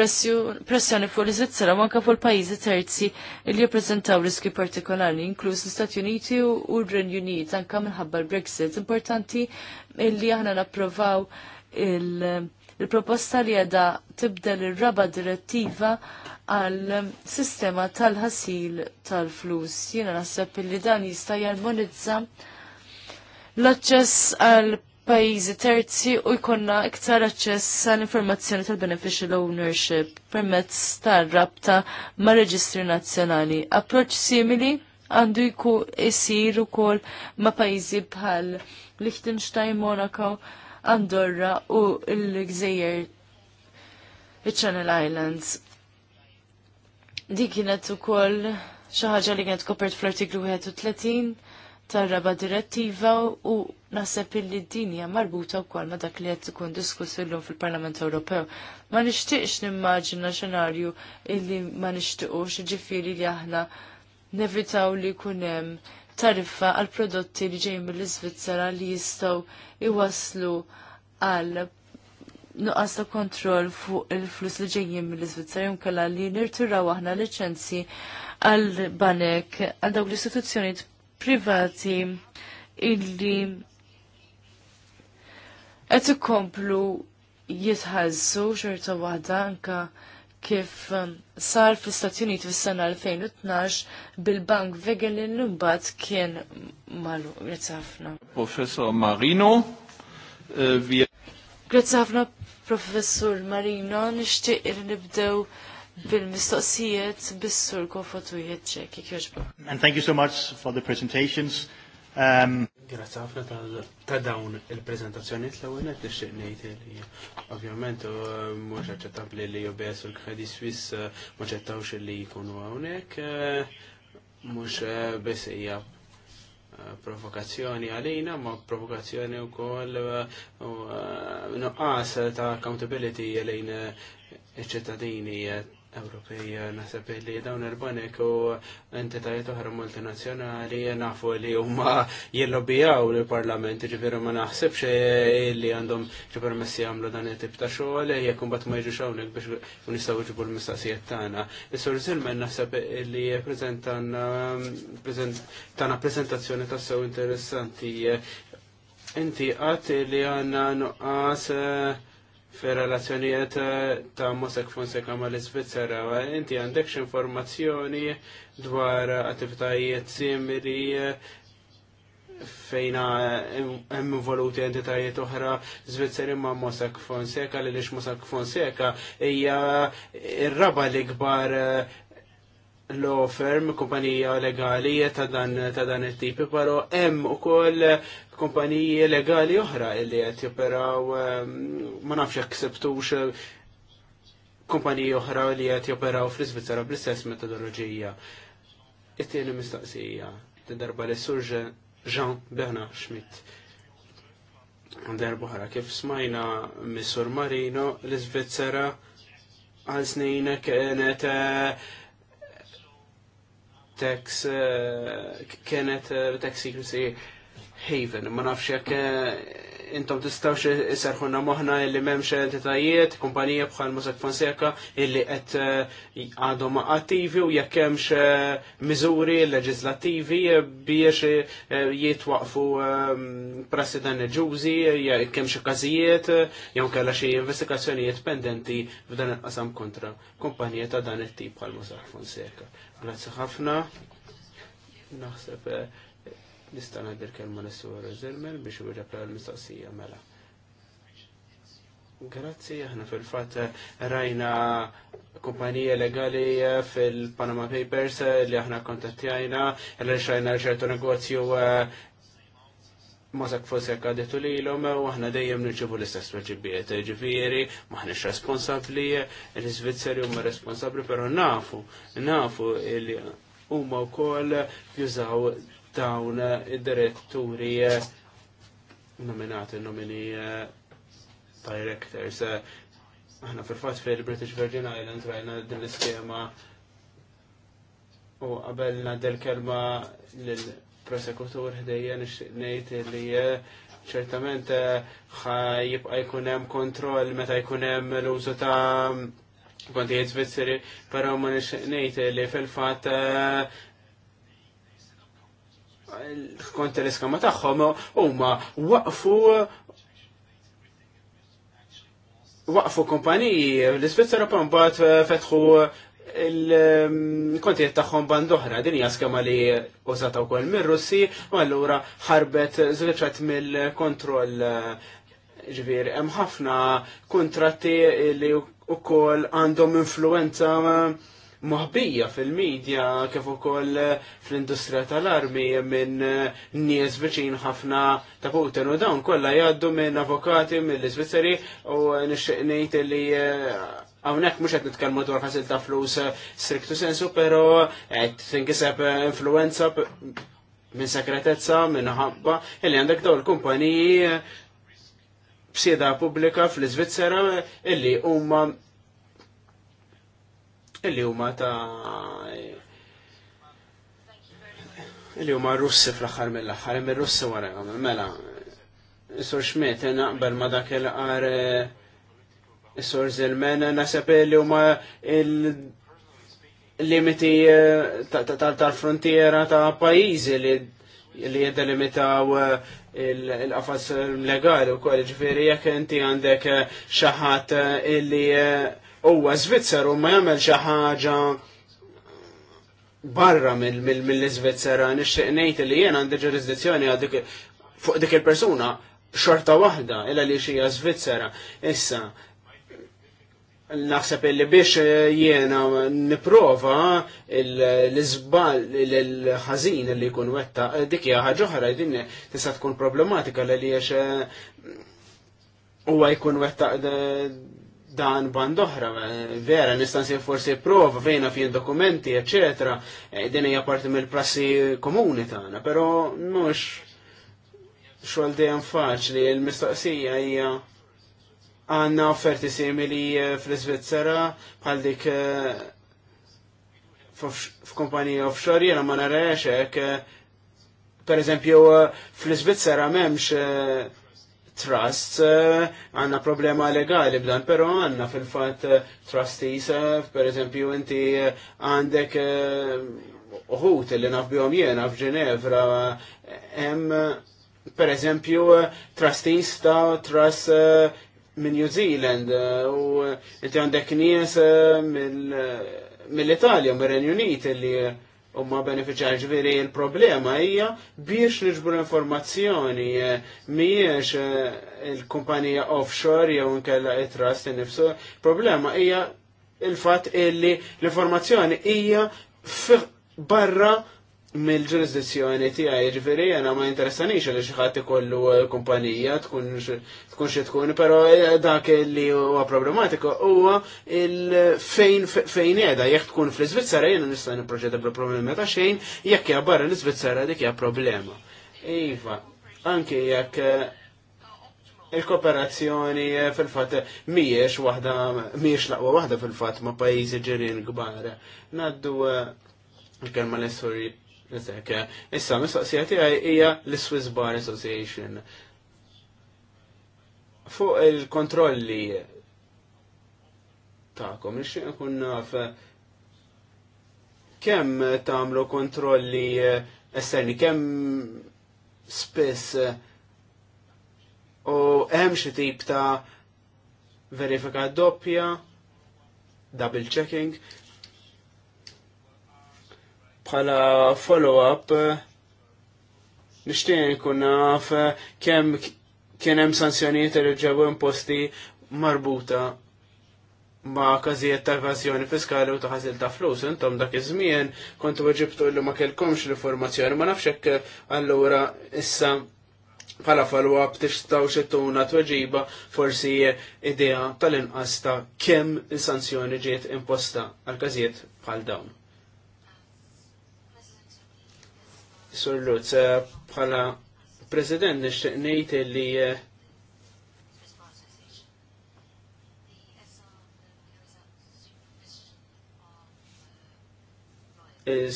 pressjoni fuq l-Iżvizzera u anke fuq pajjiżi terzi li jippreżentaw riski partikolari, inkluż l-Istati Uniti u r-Renju Unit anke minħabba l-Brexit. Importanti li aħna napprovaw il- il-proposta li għada tibdel ir-raba direttiva għal sistema tal-ħasil tal-flus. Jiena naħseb li dan jista' jarmonizza l-aċċess għal pajjiżi terzi u jkollna iktar aċċess għal informazzjoni tal-beneficial ownership permezz tar-rabta ma' reġistri nazzjonali. Approċċ simili għandu jku isir ukoll ma' pajjiżi bħal Liechtenstein, Monaco, Andorra u l-Gżejjer il-Channel Islands. Dik kienet ukoll xi ħaġa li kienet kopert fl-artiklu 31 tar-raba direttiva u naħseb illi d-dinja marbuta wkoll ma dak li qed ikun diskuss illum fil-Parlament Ewropew. Ma nixtieqx nimmaġina xenarju illi ma nixtiequx ġifieri li aħna nevitaw li jkun hemm tariffa għal prodotti li ġejjin mill-Iżvizzera li jistgħu iwaslu għal nuqqas ta' kontroll fuq il-flus li ġejjin mill-Iżvizzera jumkella li nirtiraw aħna liċenzji għal banek għal dawk l-istituzzjonijiet privati illi qed ikomplu jitħallsu xorta waħda anka kif um, sar fl-Istati Uniti fis-sena 2012 bil-Bank Vegel li mbagħad kien malu Grazie ħafna. Professor Marino uh, via Grazzi ħafna Professor Marino, nishtiq li nibdew bil-mistoqsijiet bis-sur kofotu ċekki jek And thank you so much for the presentations. Um, Grazie ħafna ta' dawn il-prezentazzjoni l-ewwel qed nixtieq ngħid li ovvjament eh, mhux aċċettabbli li UBS u l-Credit Suisse eh, ma ċettawx li jkunu hawnhekk eh, mhux biss provokazzjoni għalina, ma provokazzjoni u koll nuqqas ah, ta' accountability għalina iċ-ċittadini e Ewropej naħseb li dawn il-banek u entitajiet oħra multinazzjonali nafu li huma jillobijaw l-Parlament, ġifieri ma naħsibx li għandhom ġipermessi jagħmlu dan it-tip ta' xogħol jekk imbagħad ma jiġux hawnhekk biex nistgħu jġibu l mistaqsijiet tagħna. Is-sur Zilmen naħseb li preżentana preżentazzjoni ta' sew interessanti. Inti qatt li għandna nuqqas fil-relazzjonijiet eh, ta' Mosek Fonseca ma' l-Svizzera. Inti għandek informazzjoni dwar attivitajiet simili eh, fejna hemm involuti entitajiet oħra Zvizzeri ma' Mosek Fonseca li lix Mosek Fonseca hija r-raba li kbar eh, law firm, kumpanija legali ta' ta dan it-tipi, però hemm ukoll kumpaniji legali oħra illi qed joperaw ehm, ma nafx jaksebtux sebtux eh, kumpaniji oħra li qed joperaw fl-Iżvizzera bl-istess metodoloġija. It-tieni mistaqsija darba li sur Jean Berna Schmidt. Darba ħara kif smajna Missur Marino l-Iżvizzera għal snin kienet eh, tax eh, kienet tax secrecy Haven. Ma nafx jekk eh, intom tistawx iserħuna moħna illi memx entitajiet, kumpanija bħal Mosek Fonseca illi qed eh, għadhom attivi u jekk hemmx eh, miżuri leġislattivi biex jitwaqfu prassi ġużi, jekk hemm xi każijiet, jew kellha xi investigazzjonijiet pendenti f'dan il-qasam kontra kumpanija ta' dan it-tip bħal Mosek Fonseca. Grazzi ħafna. Naħseb Nista' ngħidir kelma ma sur Zilmer biex iwieġeb l-mistoqsija mela. Grazzi, aħna fil-fatt rajna kumpanija legali fil-Panama Papers li aħna kontattjajna, li xajna ċertu negozju eh, mażak fosek għadetu li l-om u aħna dejjem nġibu l-istess weġibiet, ġifiri, maħnix responsabli, l-Svizzeri huma responsabli, pero nafu, nafu li huma wkoll jużaw dawn id-diretturi eh, nominati nomini eh, directors. Eh, aħna fil-fat fil-British Virgin Islands rajna din l-iskema u qabelna del-kelma l-prosekutur ħdejja nejt li ċertament jibqa' jkun hemm kontroll meta jkun hemm l-użu ta' kontijiet Svizzeri, però ma nejt li fil-fatt skont l taħħom, u ma waqfu waqfu kompaniji l svizzera pambat eh, fetħu il-kontijiet tagħhom band din hija skema li użata wkoll mir-Russi u allura ħarbet żviċċat mill-kontroll ġvir hemm ħafna kuntratti li wkoll għandhom influenza uh, Maħbija fil-medja kif ukoll eh, fl-industrija tal-armi minn eh, nies viċin ħafna ta' Putin u dawn kollha jgħaddu minn avokati mill-Iżvizzeri u nixtieq ngħid li eh, hawnhekk mhux qed nitkellmu dwar ħasil ta' flus striktu sensu, però qed tinkiseb influenza minn sekretezza, minn ħabba, illi għandek dawn kumpaniji b'sieda pubblika fl-Iżvizzera illi huma illi huma ta' illi huma russi fl-aħħar mill-aħħar, imma russi wara mela. Sur Schmidt naqbel ma dak il-qar eh, Sur Zilmen nasab li huma il-limiti eh, tal-frontiera ta' pajjiżi li li jiddelimitaw eh, il-qafas legali u koll ġifiri jek inti għandek xaħat illi huwa Svizzer u ma jagħmel xi ħaġa barra mill-Iżvizzera nixtieq ngħid li jien għandi ġurisdizzjoni fuq dik il-persuna xorta waħda illa li xija Svizzera. Issa, naħseb li biex jiena niprofa l-izbal, l-ħazin li jkun wetta, dik hija ħaġa oħra din tista' tkun problematika li għax eh, huwa jkun wetta eh, dan band oħra, eh, vera, nistansi forsi prova fejna fi dokumenti, eccetera, eh, din hija parti mill-prassi komuni tagħna, però mhux xogħol dejjem faċli, l mistoqsija hija għandna offerti simili eh, fl-Iżvizzera bħal dik f'kumpanija offshore jiena ma narax hekk pereżempju fl-Iżvizzera m'hemmx trusts eh, għanna problema legali b'dan, pero għanna fil-fat eh, trustees, eh, per eżempju, inti għandek uħut li nafbjom jena f'Ġenevra, hemm per eżempju trustees ta' trust minn New Zealand u inti għandek nies mill-Italja, mill-Renju Unit li umma beneficjar ġviri il-problema hija biex l informazzjoni eh, miex eh, il-kumpanija offshore jew nkella it-trust nifsu. Problema hija il-fatt illi l-informazzjoni hija barra mill-ġurisdizzjoni tiegħi ġifieri jiena ma interessanix li xi ħadd ikollu eh, kumpanija tkun xi tkun, però eh, dak li huwa problematiko huwa il-fejn fejn qiegħda jekk tkun fl jena jiena nista' proġetta bil problema ta' xejn jekk hija barra l svizzera dik hija problema. Iva, anke jekk eh, il-kooperazzjoni fil-fat miex wahda, miex laqwa wahda fil-fat ma' pajizi ġirin gbar. Naddu il-kelma l-essuri Eh, issa mistoqsijati għaj hija l-Swiss Bar Association. Fuq il-kontrolli ta'kom, nixtieq nkun naf eh, kemm tagħmlu kontrolli eh, esterni, kemm spiss u hemm xi tip ta' verifika doppja, double checking, bħala follow-up eh, nishtiq nkun naf eh, kemm kien hemm sanzjonijiet li ġew imposti marbuta ma' każijiet ta' evażjoni fiskali u ta' ħasil ta' flus. Intom dak iż-żmien kontu ġibtu li ma kellkomx l-informazzjoni, ma nafx hekk eh, allura issa bħala follow-up xi xittuna tweġiba forsi idea tal-inqas ta' kemm il-sanzjoni ġiet imposta għal każijiet bħal dawn. Sur Lutz, eh, bħala President nixtieq ngħid li eh,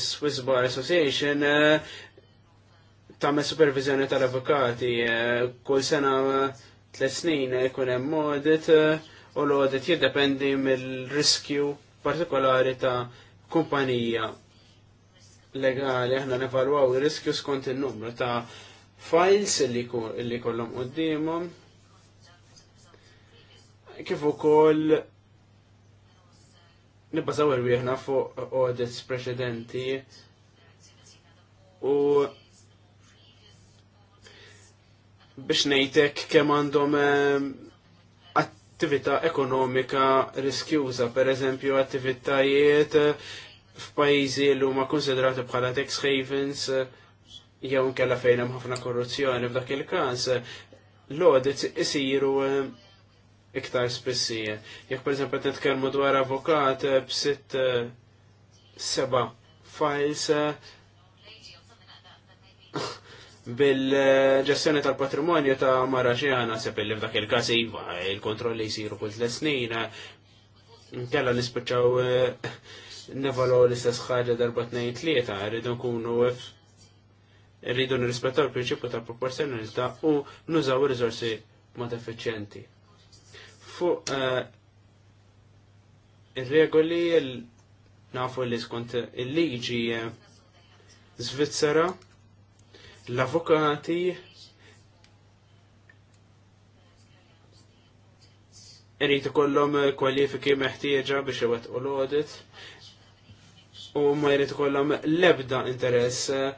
Swiss Bar Association eh, tamme supervizjoni tal-avukati kull sena tliet snin jkun hemm modit u l-audit jiddependi mill-riskju partikolari ta' kumpanija legali aħna nevalwaw il-riskju skont il-numru ta' files li kollom qoddimhom kif ukoll nibbażaw irwieħna fuq audits preċedenti u biex ngħidlek kemm għandhom eh, attività ekonomika riskjuża, per eżempju attivitajiet f'pajjiżi li huma konsiderati bħala tax havens eh, jew nkella fejn hemm ħafna korruzzjoni f'dak il-każ, l-audits isiru eh, iktar spissi. Jekk pereżempju titkellmu dwar avukat eh, b'sitt seba' files bil-ġestjoni tal-patrimonju ta' mara ġejana sepp li f'dak il-każ iva, il-kontrolli jsiru kull tliet snin, Kella nispiċċaw nevalo l-istess ħaġa darba t lieta rridu nkunu rridu nirrispettaw il-prinċipju ta' proporzjonalità u nużaw ir rizorsi mod effiċjenti. Fu eh, ir-regoli nafu li skont il-liġi eh, Svizzera l-avukati irrit ikollhom kwalifiki meħtieġa biex iwettqu l-audit, u ma jrid ikollhom l-ebda interess eh,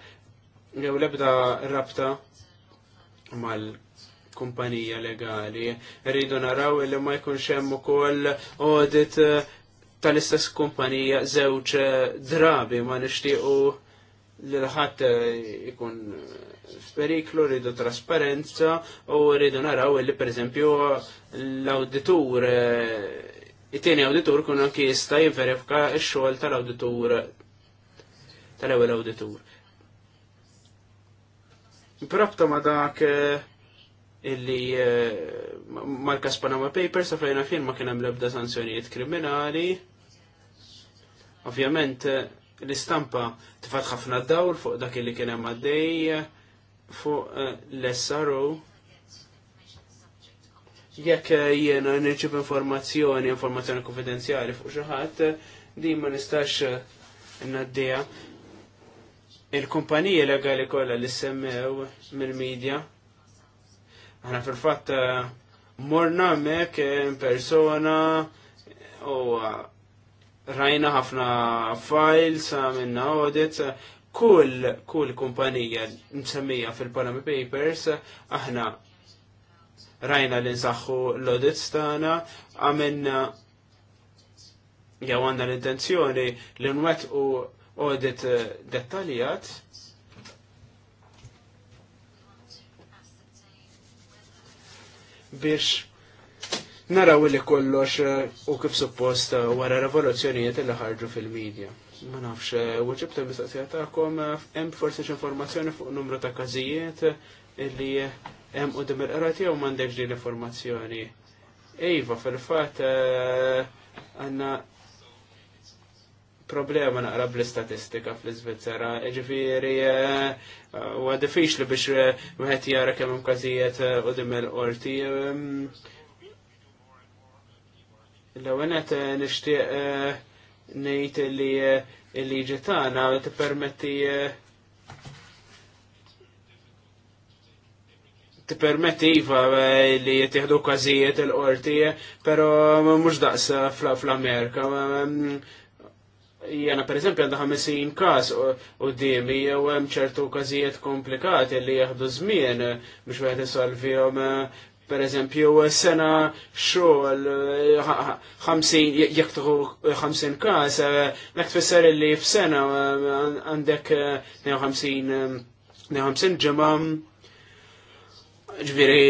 jew l-ebda rabta mal-kumpanija legali. Rridu naraw li ma jkunx hemm ukoll audit eh, tal-istess kumpanija żewġ eh, drabi ma nixtiequ li l-ħadd ikun f'periklu, rridu trasparenza u rridu naraw li pereżempju l-auditur it-tieni awditur kun anki jista' jivverifika x-xogħol tal-awditur tal-ewwel awditur. Probta ma dak eh, illi eh, mal-kas Panama Papers safrajna fien ma kien hemm l-ebda sanzjonijiet kriminali. Ovvjament eh, l-istampa tifat ħafna dawl fuq dak illi kien hemm għaddej fuq l-SRO jekk eh, jiena nirċib informazzjoni, informazzjoni konfidenzjali fuq xi ħadd, din ma nistax eh, naddija. Il-kumpanija legali kollha li semmew mill-medja. Aħna fil-fatt eh, morna mek persona u rajna ħafna files minna audit kull kull kumpanija nsemmija fil-Panama Papers aħna rajna li nsaħħu l-audits tagħna, għamilna jew għandna l-intenzjoni li nwettqu audit eh, dettaljat biex naraw li kollox eh, u kif suppost eh, wara revoluzzjonijiet li ħarġu fil-medja. Ma nafx, u ġibta mistaqsija ta'kom, hemm forsi informazzjoni fuq numru ta' każijiet illi hemm qudiem il-qrati jew m'għandekx din l-informazzjoni. Iva, fil-fatt eh, għandna problema naqra bl-istatistika fl-Iżvizzera. Ġifieri huwa eh, diffiċli biex eh, wieħed jara kemm hemm każijiet qudiem il-qorti. L-ewwel qed nixtieq ngħid li l-liġi tagħna tippermetti t-permetti iva eh, li jittihdu kazijiet il-qorti, eh, pero mux daqs eh, fl-Amerika. Jena per eżempju għandha 50 kas u dimi u hemm ċertu każijiet komplikati li jaħdu żmien biex wieħed isolvihom per eżempju sena xogħol 50 jekk tieħu 50 każ dak tfisser li f'sena għandek 50 ġimgħa Ġviri,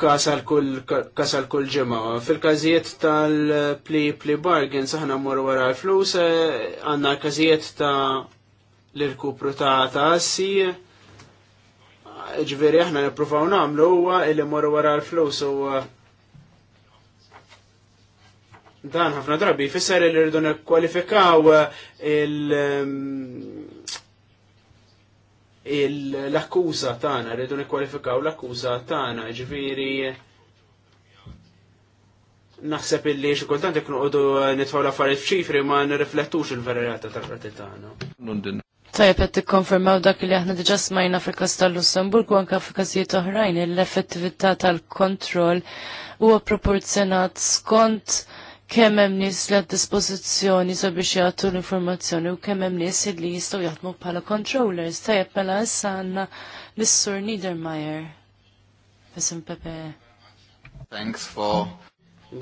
kasal kull kasal kull ġimgħa. Fil-każijiet tal-pli pli bargain saħna mmorru wara l-flus, eh, għandna każijiet ta' l-irkupru ta' ta' assi. Ġviri aħna nippruvaw nagħmlu huwa li mmorru wara l-flus u dan ħafna drabi fisser li rridu nikkwalifikaw il- l-akkuża tagħna, rridu nikkwalifikaw l-akkuża tagħna, ġviri. naħseb illi xi kultant jekk nitfaw la affarijiet f'ċifri ma nirriflettux il-verità tal rati tagħna. Tajab qed tikkonfermaw dak li aħna diġà smajna fil tal-Lussemburg u anke f'każijiet oħrajn l-effettività tal-kontroll huwa għaproporzjonat skont kemm hemm nies li għad-dispożizzjoni sabiex jagħtu l-informazzjoni u kemm hemm nies li jistgħu jaħdmu bħala controllers tajjeb mela issa għandna lis-Sur Pepe. Thanks for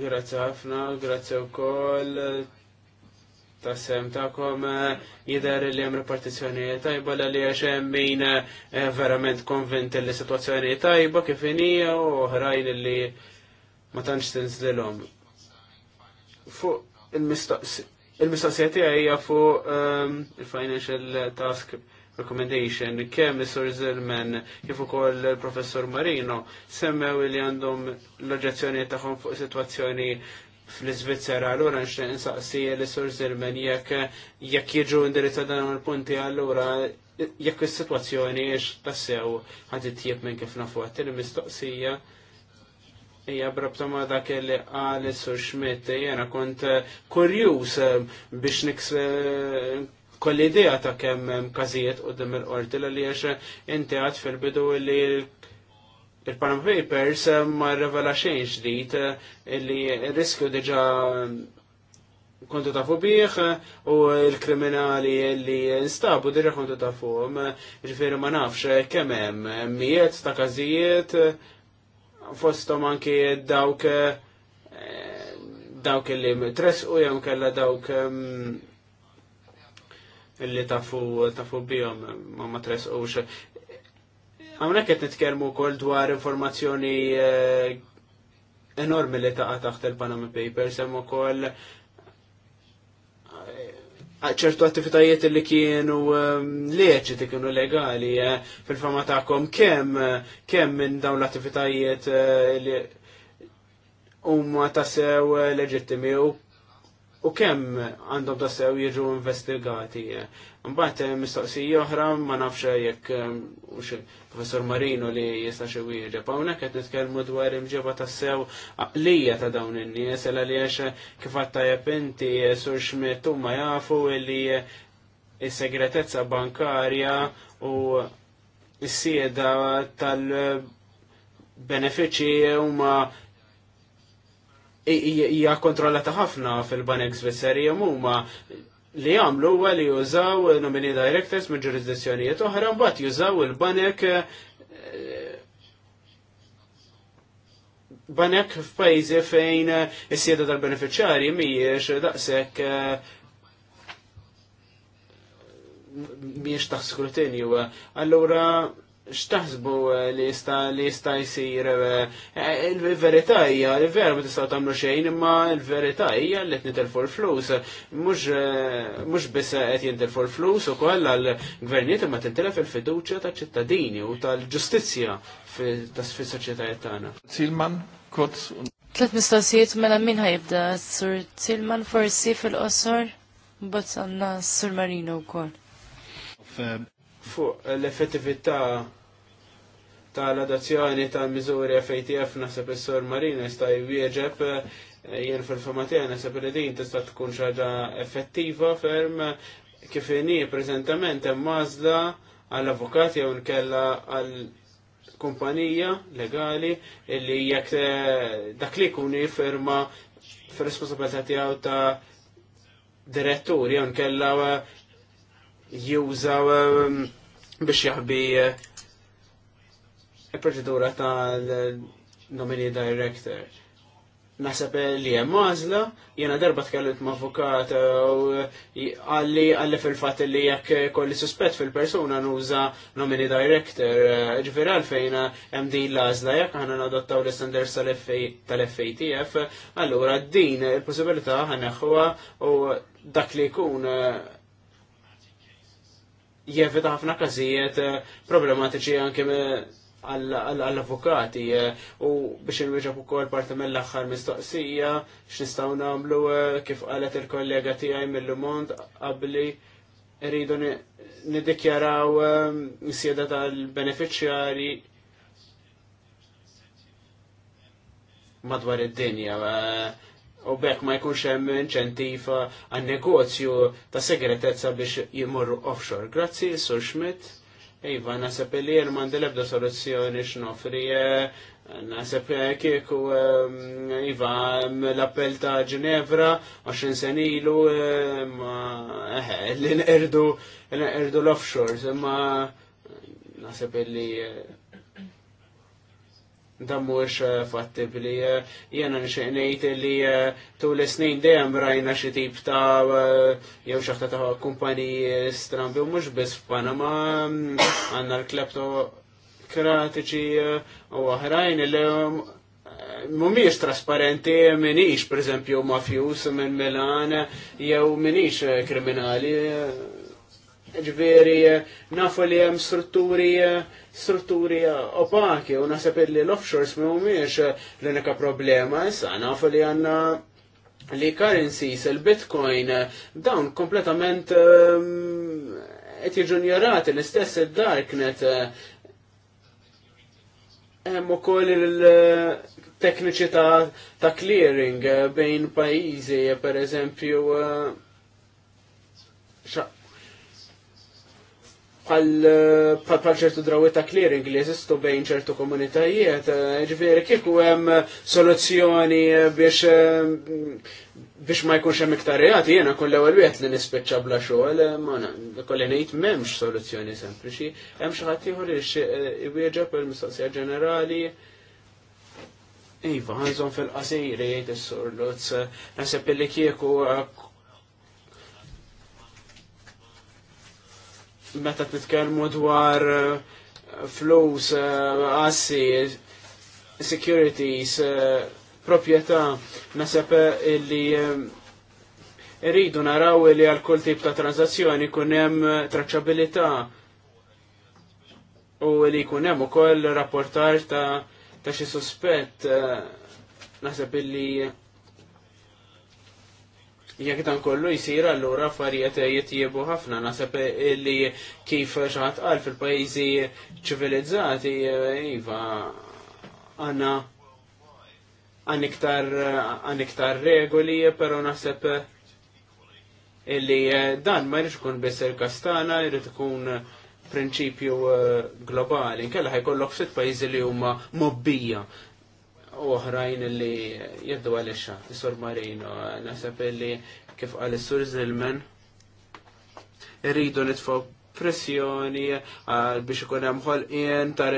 Grazzi ħafna, grazzi wkoll tasem tagħkom jider li jem repartizjoni tajba l li għaxem min eh, verament konvint li situazzjoni tajba kif inija u oħrajn li ma tantx tinżlilhom fuq il-mistoqsija tiegħi hija fuq ehm, il-Financial Task Recommendation kemm il sur Zilman kif ukoll il-Professor Marino semmew li għandhom l-oġġezzjonijiet tagħhom fuq sitwazzjoni fl-Svizzera, allura nxtieq insaqsi li sur Zilman jekk jekk jiġu indirizza dan il-punti allura jekk is-sitwazzjoni x tassew ħadd ittieb minn kif nafu il mistoqsija Ija brabta ma dak li għalis sur xmet, jena kont eh, kurjus eh, biex niks eh, kolli idea ta' kem kazijiet u dim il-qorti li għax inti għad fil-bidu li il-Panama Papers ma revela xejn ġdid li riskju diġa kontu ta' bieħ u l-kriminali li instabu diġa kontu ta' fuq, ġifiri ma nafx kemem mijiet ta' kazijiet fostom anki dawk eh, dawk li mitres u jom kella dawk li tafu tafu bijom ma matres u xe. għamna qed nitkellmu wkoll dwar informazzjoni eh, enormi li taqa' taħt il-Panama Papers hemm ukoll ċertu attivitajiet li kienu ehm, leċiti, kienu legali eh, fil-fama ta'kom, kem, eh, kem minn dawn l-attivitajiet eh, li umma sew leġittimi u u kemm għandhom da sew jiġu investigati. Mbagħad eh, mistoqsija oħra ma nafx jekk eh, professor Marino li jista' xi wieġeb hawnhekk qed nitkellmu dwar imġeba tas-sew ta' dawn in-nies ela li għax kif tajjeb inti eh, sur xmiet huma jafu li is-segretezza bankarja u s-sieda tal-benefiċċji huma hija kontrollata ħafna fil-banek Svizzeri huma li għamlu huwa li jużaw nomini directors minn ġurisdizzjonijiet oħra mbagħad jużaw il-banek eh, banek f'pajjiżi fejn is-sieda tal-beneficjarji mhijiex daqshekk eh, miex taħ skrutinju. Allura xtaħsbu eh, li jista li jista jisir eh, eh, il-verità hija li vera ma tistgħu tagħmlu xejn imma l-verità hija li qed nitilfu l-flus mhux mhux biss qed jintilfu l-flus ukoll għall-gvernijiet imma tintilef il-fiduċja taċ-ċittadini u tal-ġustizzja tas-soċjetajiet tagħna. Tilman, Kotz. Tlet mistoqsijiet mela min ħajibda Sur Tilman forsi fil-qosor, bozz għandna Sur Marino wkoll. Fuq l-effettività tal-adozzjoni tal-miżuri FATF nasab is-Sor Marina jista' jwieġeb eh, jien fil-famatija nasab li din tista' tkun xaġa effettiva ferm kif inhi preżentament hemm mażla għall-avukat jew nkella għal kumpanija legali illi jekk eh, dak li jkun firma fir-responsabilità tiegħu ta' direttur jew nkella eh, jużaw biex jaħbi il-proċedura tal-nomini director. Nasab li hemm għażla, jiena darba tkellimt ma' avukat u għalli għalli fil fat li jekk kolli suspett fil-persuna nuża nomini director, ġifier għalfejn hemm din l-għażla jekk aħna nadottaw l-istandards tal-FATF, allura din il-possibilità ħaneħħuha u dak li jkun jevita ħafna każijiet problematiċi anke għall-avukati eh, u biex nweġab ukoll parti mill-aħħar mistoqsija x'nistgħu nagħmlu eh, kif qalet il-kollega tiegħi mill-Lumont qabli rridu niddikjaraw eh, sjeda tal-beneficjari madwar id-dinja u bekk ma jkunx hemm inċentiv għan negozju ta' segretezza biex jimorru offshore. Grazzi, Sur Schmidt. Iva, nasab li jirman mandi lebda soluzzjoni x'nofri, eh, nasab kieku ehm, Iva l-appell ta' Ginevra, 20 eh, ma ilu, eh, li nqerdu l-offshores, ma nasab li dan mhuwiex eh, fattibbli. Eh, jiena nixtieq ngħid li eh, tul is-snin dejjem rajna xi tip ta' jew xi ta' kumpaniji strambi u mhux biss f'Panama mm, għandna l-kleptokratiċi u oħrajn li mumiex trasparenti minix, per eżempju, mafjus minn Milan jew minix kriminali Ġveri, nafu li hemm strutturi strutturi opaki u nasab li l-offshores mhumiex l-unika problema, issa nafu li għandna li currencies, il-bitcoin, dawn kompletament ehm, qed jiġu l-istess id-darknet hemm ukoll il-tekniċi ta' clearing bejn pajjiżi, per eżempju eh, bħal eh, ċertu drawi ta' clearing li jesistu bejn ċertu komunitajiet, eh, ġveri kieku hemm eh, soluzzjoni biex biex ma jkunx hemm iktar reati, jiena kull ewwel wieħed li nispiċċa bla xogħol, ma kolli ngħid m'hemmx soluzzjoni sempliċi, hemm xi ħadd ieħor li iwieġeb il-mistoqsija ġenerali Iva, għanżon fil-qasir jgħid is-sur Nasib li kieku meta titkellmu dwar eh, flows, eh, assi, securities, eh, proprjetà, nasab illi rridu naraw li għal kull tip ta' transazzjoni kun hemm traċċabilità u li kun hemm ukoll rapportar ta' ta' xi suspett naħseb illi Jekk dan kollu jsir allura affarijiet jitjiebu ħafna naħseb li kif xaħat għal fil-pajjiżi ċivilizzati iva għanna għan iktar regoli, pero naħseb illi dan ma jridx ikun biss il-kastana, jrid ikun prinċipju eh, globali. ħaj kollok fit pajjiżi li huma mobbija oħrajn li jibdu għalixxa, Sur Marino, nasab li kif għal Sur Zilman, irridu nitf'u pressjoni għal biex ikun hemm ħolqien ta'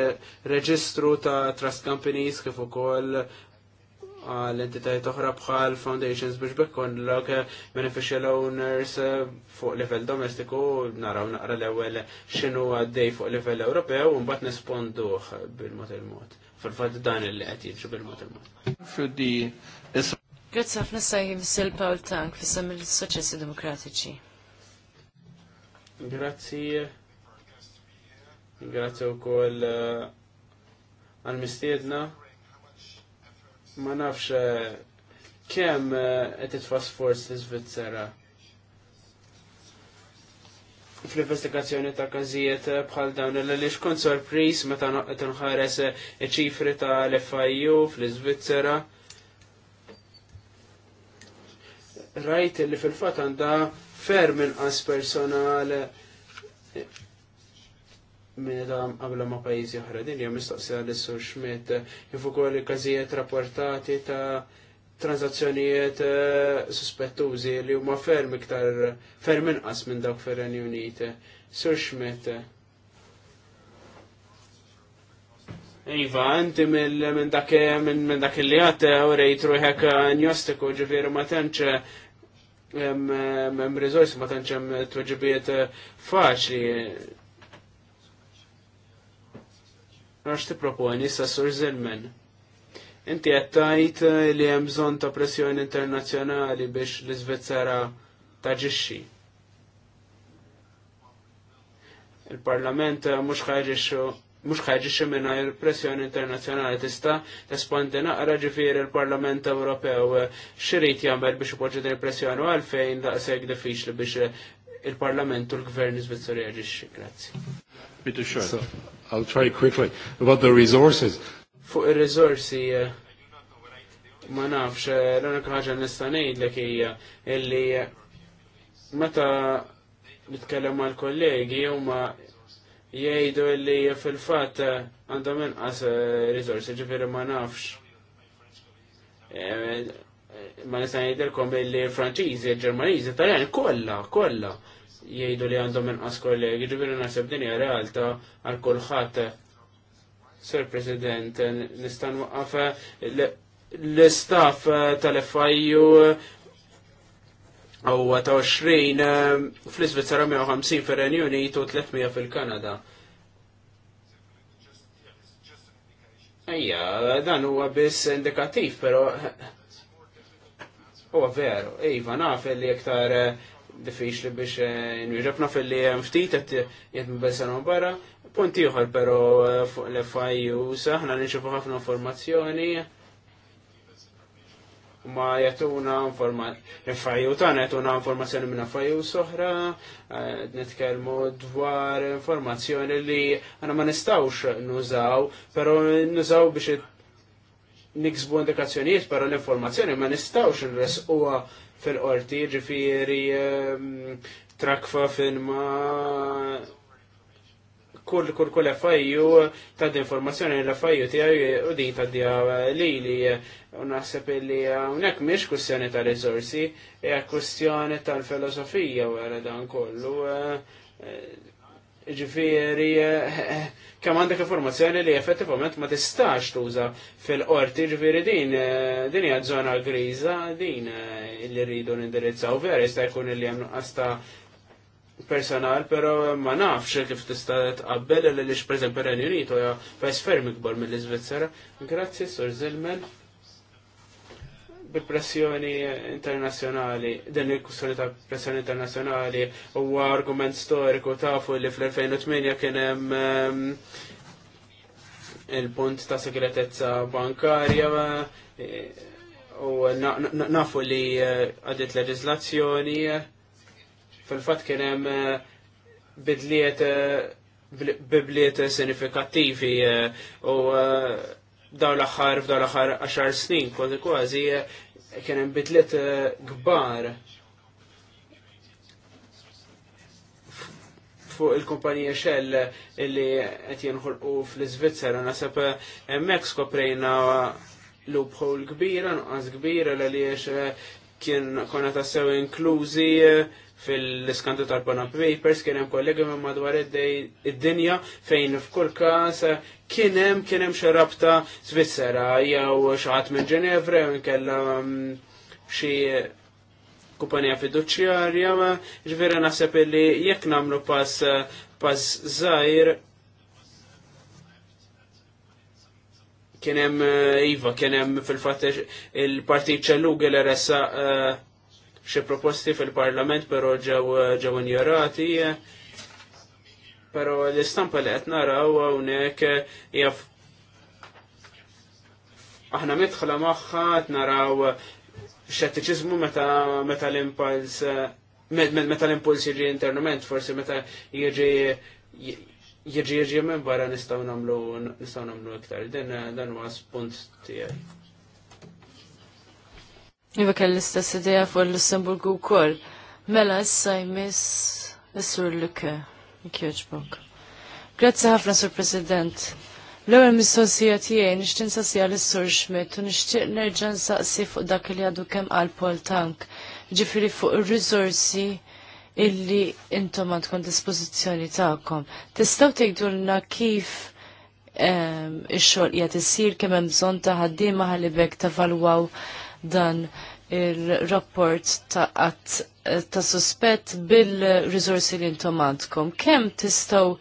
reġistru ta' trust companies kif ukoll għal entitajiet oħra bħal foundations biex bekkon l-ok beneficial owners fuq level domestiku naraw naqra l-ewwel x'inhu għaddej fuq level Ewropew u mbagħad nispondu bil-mod il-mod fil-fat dan li qed jiġu bil-mod il-mod. Grazzi ħafna sajjim Sil Paul Tank fis-sem il soċessi Demokratiċi. Grazzi. Grazzi kol eh, għal-mistiedna. Ma nafx eh, kem eh, qed titfa' sforz l-Iżvizzera fl-investigazzjoni ta' każijiet bħal dawn l kont sorpris meta nħares ċifri ta' l-FIU fl-Iżvizzera. Rajt li fil-fat għandha ferm inqas personal minn dam qabla ma' pajjiżi oħra din hija mistoqsija l sur Schmidt jifu ukoll kazijiet rapportati ta' transazzjonijiet eh, suspettużi li huma ferm iktar ferm inqas minn dawk fir-Renju Unit. Sur Schmidt. Iva, inti minn dak minn dak li għat u rejt ruħek njostiku ġifieri ma tenċ hemm riżorsi ma tenċ hemm tweġibiet faċli. Għax proponi sa' Sur Zilmen. Inti għattajt tgħid eh, li hemm bżonn ta' pressjoni internazzjonali biex l-Iżvizzera taġixxi. Il-Parlament eh, mhux mux ħagġiċi minna il-pressjoni internazjonali tista t-espandi naqra ġifir il-Parlament Ewropew eh, xirrit jammel biex upoġġi din il-pressjoni da' għalfejn defiċ diffiċli biex il-Parlament u l-Gvern Svizzeri jaġiċi. Grazzi. I'll try quickly. About the resources, fuq ir rizorsi eh, ma nafx, eh, l-unika ħaġa nista' ngħidlek hija illi eh, meta nitkellem mal kollegi huma jgħidu illi fil-fatt għandhom inqas rizorsi, ġifieri ma nafx. Ma nista' ngħidilkom illi Franċiżi, Ġermaniżi, għan kollha, kollha jgħidu li għandhom inqas kollegi, ġifieri naħseb din realta realtà għal kulħadd Sir President, nistan waqqaf l-istaff tal-FIU u ta' 20 fl isvizzera 150 fil-Renju u 300 fil-Kanada. Ejja, dan huwa biss indikattiv, pero huwa veru. Iva, naf li iktar diffiċ li biex eh, nwiġabna fil-li ftit għet jgħet mbessan barra. Punti uħar pero eh, fuq l-FIU saħna nċifu ħafna informazzjoni ma jatuna informazzjoni, l FIU tana jatuna informazzjoni minna FIU soħra, eh, netkelmu dwar informazzjoni li għana ma nistawx nużaw, pero nużaw biex niksbu indikazzjonijiet, pero l-informazzjoni ma nistawx n nresquwa fil-qorti, ġifiri ehm, trakfa filma kull kull kull affajju ta' informazzjoni l-affajju għaj u din ta' dija li li u naħseb li hawnhekk miex kwistjoni ta' riżorsi, hija kwistjoni tal-filosofija wara dan kollu eh, Ġifiri, eh, kemm għandek informazzjoni li effettivament ma tistax tuża fil-qorti, ġifiri din, eh, din hija zona griża, din eh, li rridu nindirizzaw vera jista' jkun li hemm għasta personal, pero ma nafx kif tista' tqabbel li lix pereżempju Renju Unito ja fermi ferm ikbar mill-Iżvizzera. Grazzi, Sur Zilmen bil-pressjoni internazjonali, din il-kussjoni ta' pressjoni internazjonali u argument storiku tafu li fl-2008 kien hemm ehm, il-punt ta' segretezza bankarja eh, u nafu li eh, għadit leġislazzjoni fil-fat kien hemm eh, bidliet bibliet sinifikattivi u dawn l axar f'daw l axar 10 snin, kważi kważi kien hemm bidliet eh, kbar fuq il-kumpanija Shell illi qed jinħolqu fl-Iżvizzera naħseb eh, hemmhekk skoprejna loophole kbira, nuqqas kbira għaliex eh, kien konna tassew inklużi fil skandu tal-Panama Papers kien hemm kollegi minn madwar id-dinja fejn f'kull każ kien hemm kien hemm xi rabta Svizzera jew xi minn Ġenevra jew inkella mm, xi kumpanija fiduċjarja, ġvera naħseb li jekk nagħmlu pass pass żgħir kien hemm eh, iva kien hemm fil fatteġ il-partit ċellugi l-ressa eh, xi proposti fil-Parlament però ġew ġew injorati. Però l-istampa li qed naraw hawnhekk hija aħna mitħla magħha qed naraw xettiċiżmu meta meta l-impuls meta l-impuls jiġi internament, forsi meta jiġi jiġi jiġi minn barra nistgħu nagħmlu nistgħu nagħmlu iktar. Din dan huwa spunt tiegħi. Iva kell l-istess ideja fuq l-Lussemburgu wkoll. Mela issa jmiss is-sur Luke Kirchbok. Grazzi ħafna sur President. L-ewwel mistoqsija tiegħi nixtieq nsaqsija lis-Sur Schmidt u nixtieq nerġa' nsaqsi fuq dak li għadu kemm għal Pol Tank, ġifieri fuq ir-riżorsi illi intom għandkom dispożizzjoni tagħkom. Tistgħu tgħidulna kif ehm, ix-xogħol qiegħed isir kemm hemm bżonn ta' ħaddiema ħalibek tavalwaw dan il-rapport ta' għat ta' suspett bil-rizorsi li intomandkom. għandkom. Kemm tistgħu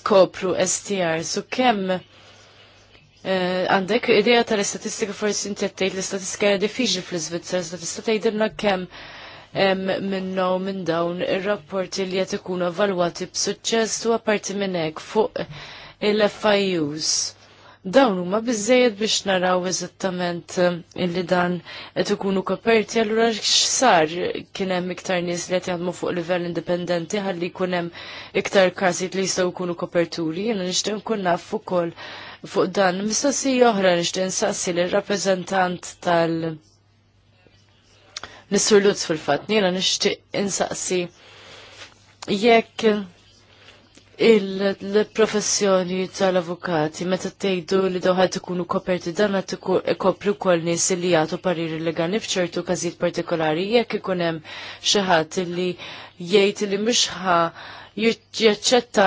tkopru STR, su kemm eh, għandek uh, idea tal-istatistika forsi inti l-istatistika diffiċli fl-Svizzera, statistika tgħidilna kemm minnaw minn dawn ir-rapporti li qed ikunu evalwati b'suċċess u għaparti minn hekk fuq il-FIUs dawn huma biżejjed biex naraw eżattament eh, illi dan qed ikunu koperti allura x'sar kien hemm iktar nies li qed jaħdmu fuq livell indipendenti ħalli jkun hemm iktar każijiet li jistgħu jkunu koperturi, jiena nixtieq nkun naf ukoll fuq dan. Mistoqsija oħra nixtieq nsaqsi lir-rappreżentant tal- Mr. Lutz fil-fat, nina nishtiq insaqsi jekk il-professjoni tal-avukati, meta tgħidu li doħat ikunu koperti dan għat kopru kol nies li jagħtu pariri legali f'ċertu każijiet partikolari jekk ikun hemm xi ħadd li jgħid li mxħa jgħacċetta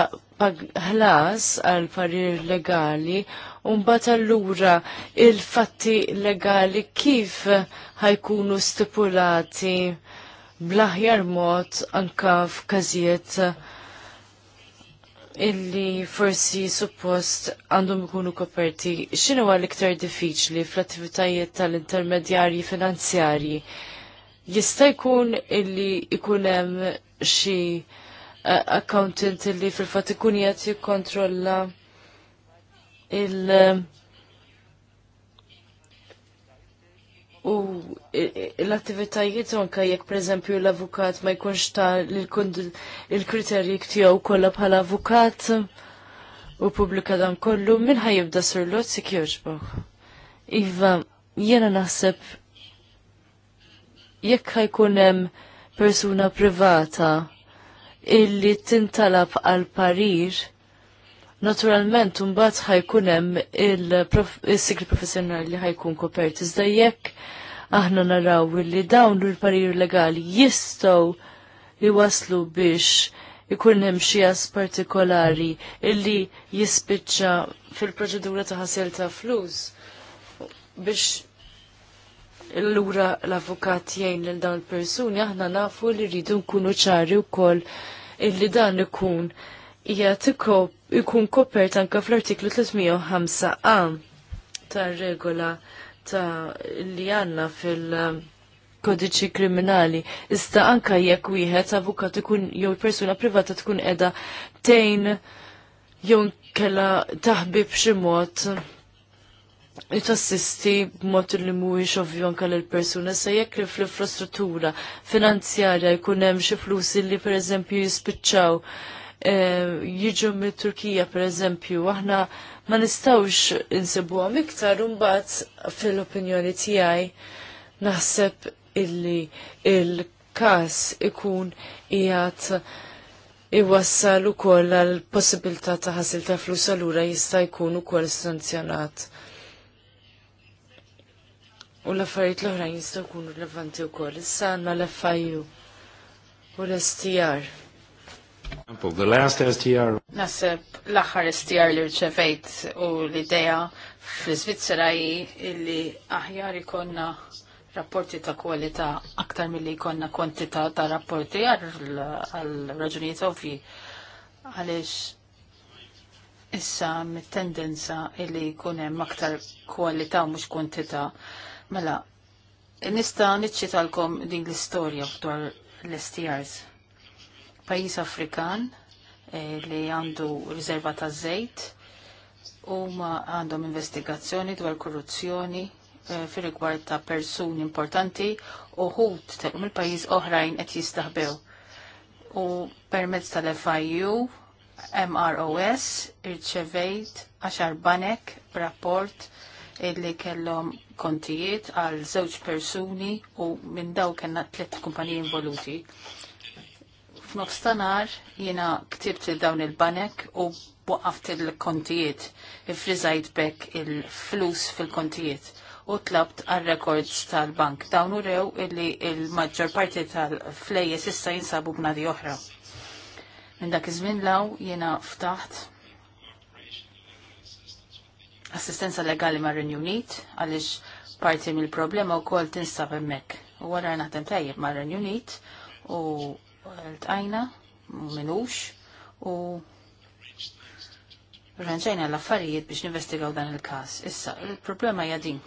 ħlas għal parir legali Umbat allura il-fatti legali kif ħajkunu stipulati blaħjar mod anka f'każijiet illi forsi suppost għandhom ikunu koperti, xinu għal iktar diffiċli fl-attivitajiet tal-intermedjarji finanzjarji? Jista' jkun illi ikun hemm xi eh, accountant illi fil-fatt ikun jgħid jikkontrolla il- U l-attivitajiet anka jekk pereżempju l-avukat ma jkunx ta' il-kriterji tiegħu kollha bħala avukat u pubblika dan kollu minn ħajibda sur lot sik jogħġbok. Iva, jiena naħseb jekk ħajkun hemm persuna privata illi tintalab għal parir Naturalment, mbagħad ħajkun hemm il-sikri professjonali li ħajkun kopert. Iżda jekk aħna naraw li dawn l parir legali jistgħu jwaslu biex ikun hemm xi partikolari illi jispiċċa fil-proċedura ta' ħasel ta' flus biex l-lura l-avukat jgħin lil dawn il-persuni aħna nafu li rridu nkunu ċari wkoll illi dan ikun hija ikun kopert anka fl-artiklu 305a tar-regola ta' li għanna fil- um, kodiċi kriminali. Iżda anka jekk wieħed avukat ikun jew persuna privata tkun qiegħda tejn jew kella taħbib b'xi mod jitassisti b'mod li mhuwiex ovvju anke lil persuna se jekk fl-infrastruttura finanzjarja jkun hemm xi flusi li pereżempju jispiċċaw Eh, jiġu mit-Turkija pereżempju, aħna ma nistawx insibuhom iktar u fil-opinjoni tiegħi naħseb illi il-każ ikun ijat iwassal ukoll għal possibilità ta' ħasil ta' flus allura jista' jkun ukoll sanzjonat. U l-affarijiet l-oħrajn jistgħu jkunu rilevanti wkoll. Issa għandna l-FIU u l-STR. Naseb l-axar STR li rċevejt u l-ideja fl-Svizzera illi aħjar ikonna rapporti ta' kwalità aktar mill-li ikonna kwantità ta' rapporti għal raġunijiet ovvi. għaliex issa mit-tendenza illi jkun hemm aktar kwalità mhux kwantità. Mela, nista' niċċitalkom din l-istorja dwar l-STRs pajjiż Afrikan eh, li għandu riserva ta' żejt huma għandhom investigazzjoni dwar korruzzjoni eh, fil rigward ta' persuni importanti u ħut ta' mill-pajjiż um oħrajn qed jistaħbew. U permezz tal-FIU MROS irċevejt għaxar banek rapport illi kellhom kontijiet għal żewġ persuni u minn daw kellna tliet kumpaniji involuti. F'nofstanar jiena ktibt il dawn il-banek u waqaft il-kontijiet, ifriżajt bekk il-flus fil-kontijiet u tlabt għal rekords tal-bank. Dawn u rew illi il-maġġor parti tal-flejjes issa jinsabu b'nadi oħra. Minn dak iż-żmien law jiena ftaħt assistenza legali mar renju Unit għaliex parti mill-problema wkoll tinsab hemmhekk. U wara naħdem tajjeb mar renju u l-tajna, minux, u ranġajna l-affarijiet biex nivestigaw dan il-kas. Issa, il-problema jadin.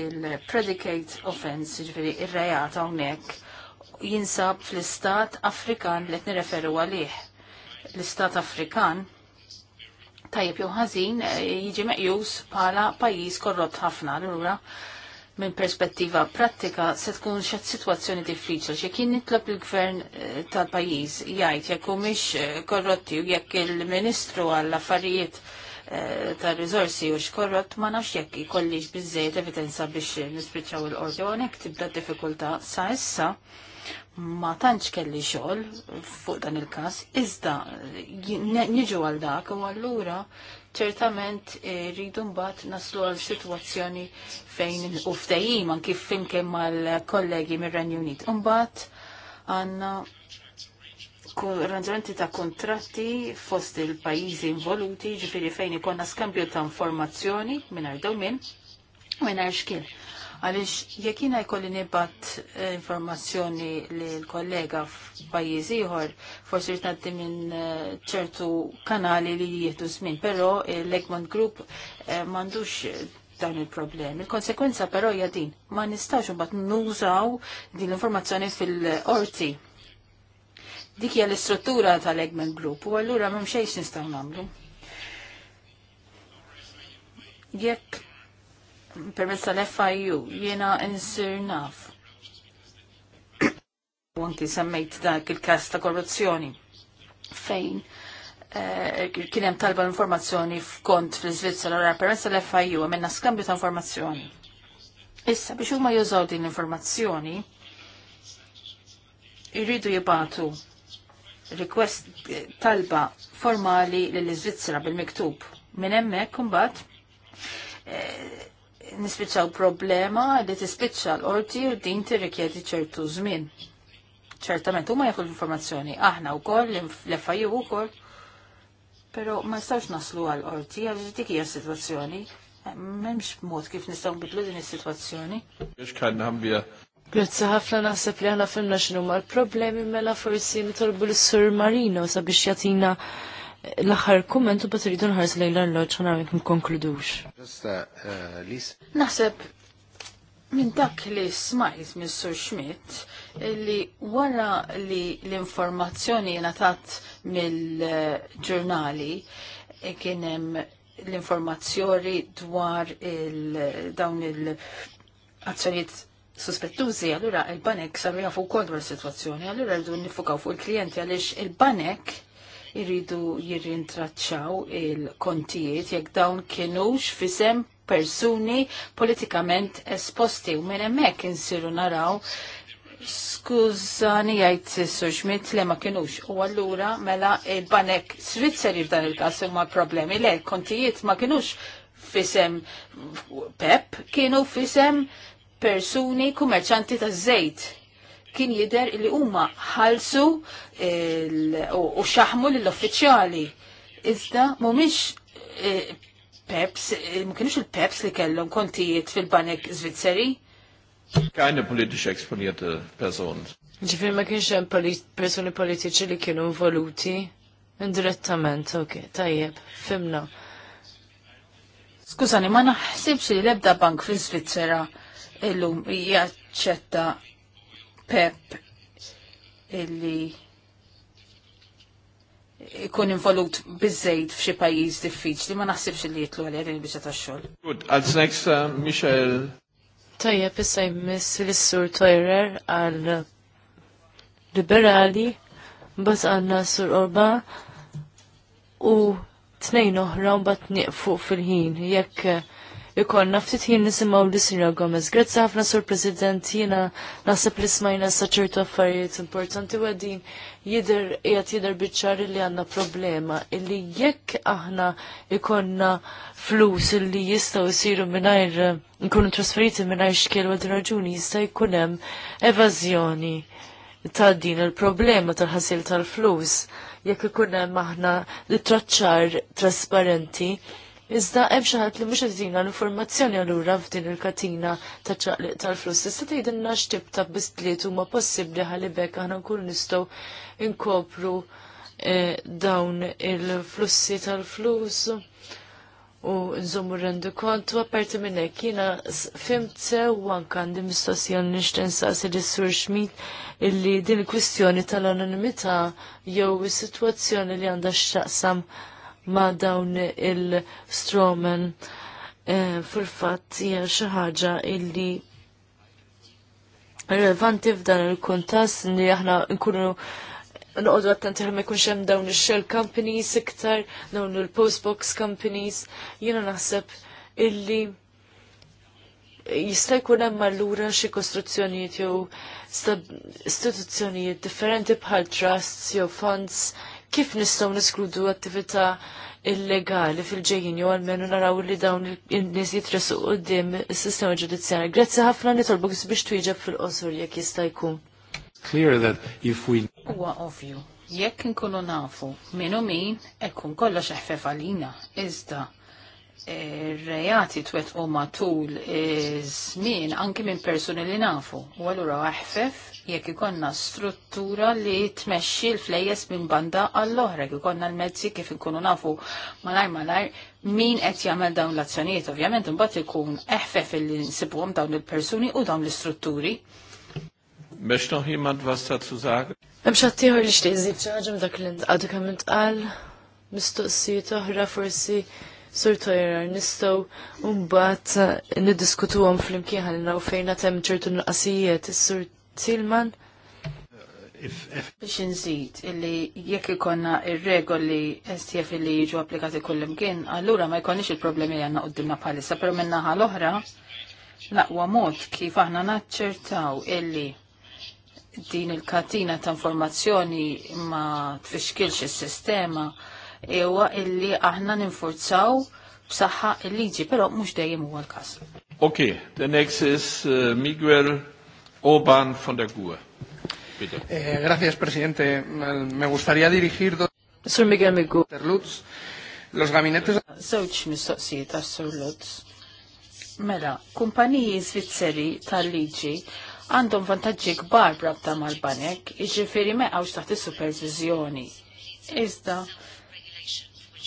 Il-predicate offense, ġifiri, il-rejata unnek, jinsab fl-istat Afrikan li t referu għalih. L-istat Afrikan tajib jew ħażin jiġi meqjus bħala pajjiż korrott ħafna minn perspettiva pratika se tkun xed situazzjoni diffiċli xe kien nitlob il-gvern eh, tal-pajjiż jgħid jekk humiex eh, korrotti u jekk il-Ministru għall-affarijiet eh, tar rizorsi u xkorrot ma nafx jekk ikollix bizzejt evidenza biex nispiċċaw il-qorti u għonek tibda diffikulta sa' issa ma tantx kelli xogħol fuq dan il-każ, iżda niġu għal dak u allura ċertament eh, rridu mbagħad naslu għal sitwazzjoni fejn u ftehim anki fimkien mal-kollegi mir-Renju Unit. Imbagħad għandna ranġamenti ta' kontratti fost il-pajjiżi involuti, ġifieri fejn ikonna skambju ta' informazzjoni mingħajr u mingħajr xkien Għalix, jekk jina jkolli nibat eh, informazzjoni li l-kollega f'pajjiż ieħor, forsi rtnaddi minn eh, ċertu kanali li jieħdu żmien, però l-Egmont Group eh, m'għandux dan il-problem. Il-konsekwenza però hija din, ma nistax imbagħad nużaw din l-informazzjoni fil-qorti. Dik hija l-istruttura tal-Egmont Group u allura m'hemm xejn nistgħu nagħmlu. Jekk permezz tal-FIU jiena insir naf. Unki semmejt dak il-kas ta' korruzzjoni fejn eh, kien hemm talba l-informazzjoni f'kont fl-Iżvizzera ra permezz l fiu għamilna skambju ta' informazzjoni. Issa biex huma jużaw din l-informazzjoni irridu jibatu request talba formali lill iżvizzera bil-miktub. Minn hemmhekk imbagħad eh, nispiċċaw problema li tispiċċa l-qorti u din tirrikjedi ċertu żmien. Ċertament huma jafu l-informazzjoni, aħna wkoll l-FIU wkoll, però ma jistgħux naslu għal qorti għal dik hija s-sitwazzjoni. M'hemmx mod kif nistgħu nbidlu din is-sitwazzjoni. Grazzi ħafna naħseb li ħana finna x'numa l-problemi mela forsi nitolbu l-Sur Marino sabiex jatina l-aħħar kumment u bat rridu nħarsu lejla l loċ ħana jekk nkonkludux. Uh, uh, Naħseb minn dak li smajt minn Sur Schmidt li wara li l-informazzjoni tat mill-ġurnali e kien hemm l-informazzjoni dwar il dawn il-azzjonijiet suspettużi, allura il-banek saru jafu kol dwar situazzjoni, allura rridu nifukaw fuq il-klienti għaliex il-banek irridu jirrintraċċaw il-kontijiet jekk dawn kienux fisem persuni politikament esposti u minn hemmhekk insiru naraw Skużani jgħid Sur Schmidt li ma kienux. U allura mela il-banek Svizzeri f'dan il-każ huma problemi le kontijiet ma kienux fisem PEP, kienu fisem persuni kummerċanti ta' żejt kien jider li huma ħalsu u xaħmu lill-uffiċjali. Iżda mhumiex e, peps, e, ma kienx il-peps li kellhom kontijiet fil-banek Zvizzeri. Kajna politiċi exponierte Person. Ġifir ma kienx hemm persuni politiċi li kienu involuti indirettament, ok, tajjeb, fimna. Skużani, ma naħsibx li l-ebda bank fil-Svizzera illum jaċċetta PEP illi ikun involut bizzejt f'xi pajjiż diffiċli ma naħsibx li jitlu għalija din il-biċċa tax-xogħol. Good, għal next uh, Michel. Tajjeb issa jmiss l-Sur Toirer għal liberali mbagħad għandna Sur Orba u tnejn oħra mbagħad nieqfu fil-ħin jekk ikonna ftit jien nisimgħu li Sinja Gomez. Grazzi ħafna sur President jiena naħseb li smajna saċertu affarijiet importanti u għadin jider jgħat jider bieċar li għanna problema illi jekk aħna ikonna flus illi jistgħu jsiru mingħajr nkunu trasferiti mingħajr xkiel għad raġuni jista' jkun hemm evażjoni ta' din il-problema tal-ħasil tal-flus jekk ikun hemm aħna li traċċar trasparenti Iżda hemm xi ħadd li mhux qed l-informazzjoni allura f'din il-katina ta' ċaqliq tal-flus. Tista' tgħidilna x'tib ta' bistliet huma possibbli ħalibek aħna nkunu nistgħu inkopru eh, dawn il-flussi tal-flus u nżommu rendu kont u apparti minn hekk jiena fimt sew anke għandi mistoqsija nixtieq nsaqsi lis sur Schmidt illi din il-kwistjoni tal-anonimità jew is-sitwazzjoni li għandha x'taqsam ma' dawn il-stromen eh, fil fat hija xi ħaġa illi relevanti f'dan il kuntas li aħna nkunu noqogħdu attenti ma jkunx hemm dawn ix-shell companies iktar, dawn il-postbox companies, jiena naħseb illi jista' jkun hemm allura xi kostruzzjonijiet jew istituzzjonijiet differenti bħal trusts jew funds kif nistgħu niskludu attività illegali fil-ġejjin jew almenu naraw li dawn in-nies jitresu qudiem is-sistema ġudizzjarja. Grazzi ħafna nitolbok biex twieġeb fil-qosor jekk jista' jkun. Clear that if we Huwa ovvju. Jekk nkunu nafu minu min, ekkun kollox eħfef għalina, iżda reati twet u matul żmien anki minn persuni li nafu. U allura għahfef jekk ikonna struttura li tmexxi l-flejjes minn banda għall-oħra, jekk ikonna l-mezzi kif ikunu nafu malajr malajr min qed jagħmel dawn l-azzjonijiet. Ovvjament imbagħad ikun eħfef li nsibuhom dawn il-persuni u dawn l-istrutturi. Biex noch jemand was dazu sagen? Bimxat tiħor li xtiqżib ċaġum dak l-għadu kam intqal, mistoqsijiet oħra forsi Sur Tojrar, nistaw unbat niddiskutu għom fl-imkien ħalina u fejna tem ċertu nqasijiet. Sur Tilman? Biex nżid illi jekk ikonna ir-regoli STF li jiġu applikati kullimkien, allura ma jkonix il-problemi u għanna dimna bħalissa, pero minna l-oħra, laqwa mod kif aħna naċċertaw illi din il-katina ta' informazzjoni ma tfixkilx is-sistema ewa illi aħna ninfurzaw b'saħħa il-liġi, però mhux dejjem huwa l-każ. Okay, the next is uh, Miguel Oban von der GUE. Eh, gracias, presidente. Me gustaría dirigir dos... Sir Miguel Migu. Lutz, los gabinetes... Zewċ mistoqsijiet għas Sir Lutz. Mela, kumpaniji Svizzeri tal-liġi għandhom vantaġġi kbar brabta mal-banek, iġifiri meqawx taħt is-supervizjoni. Iżda,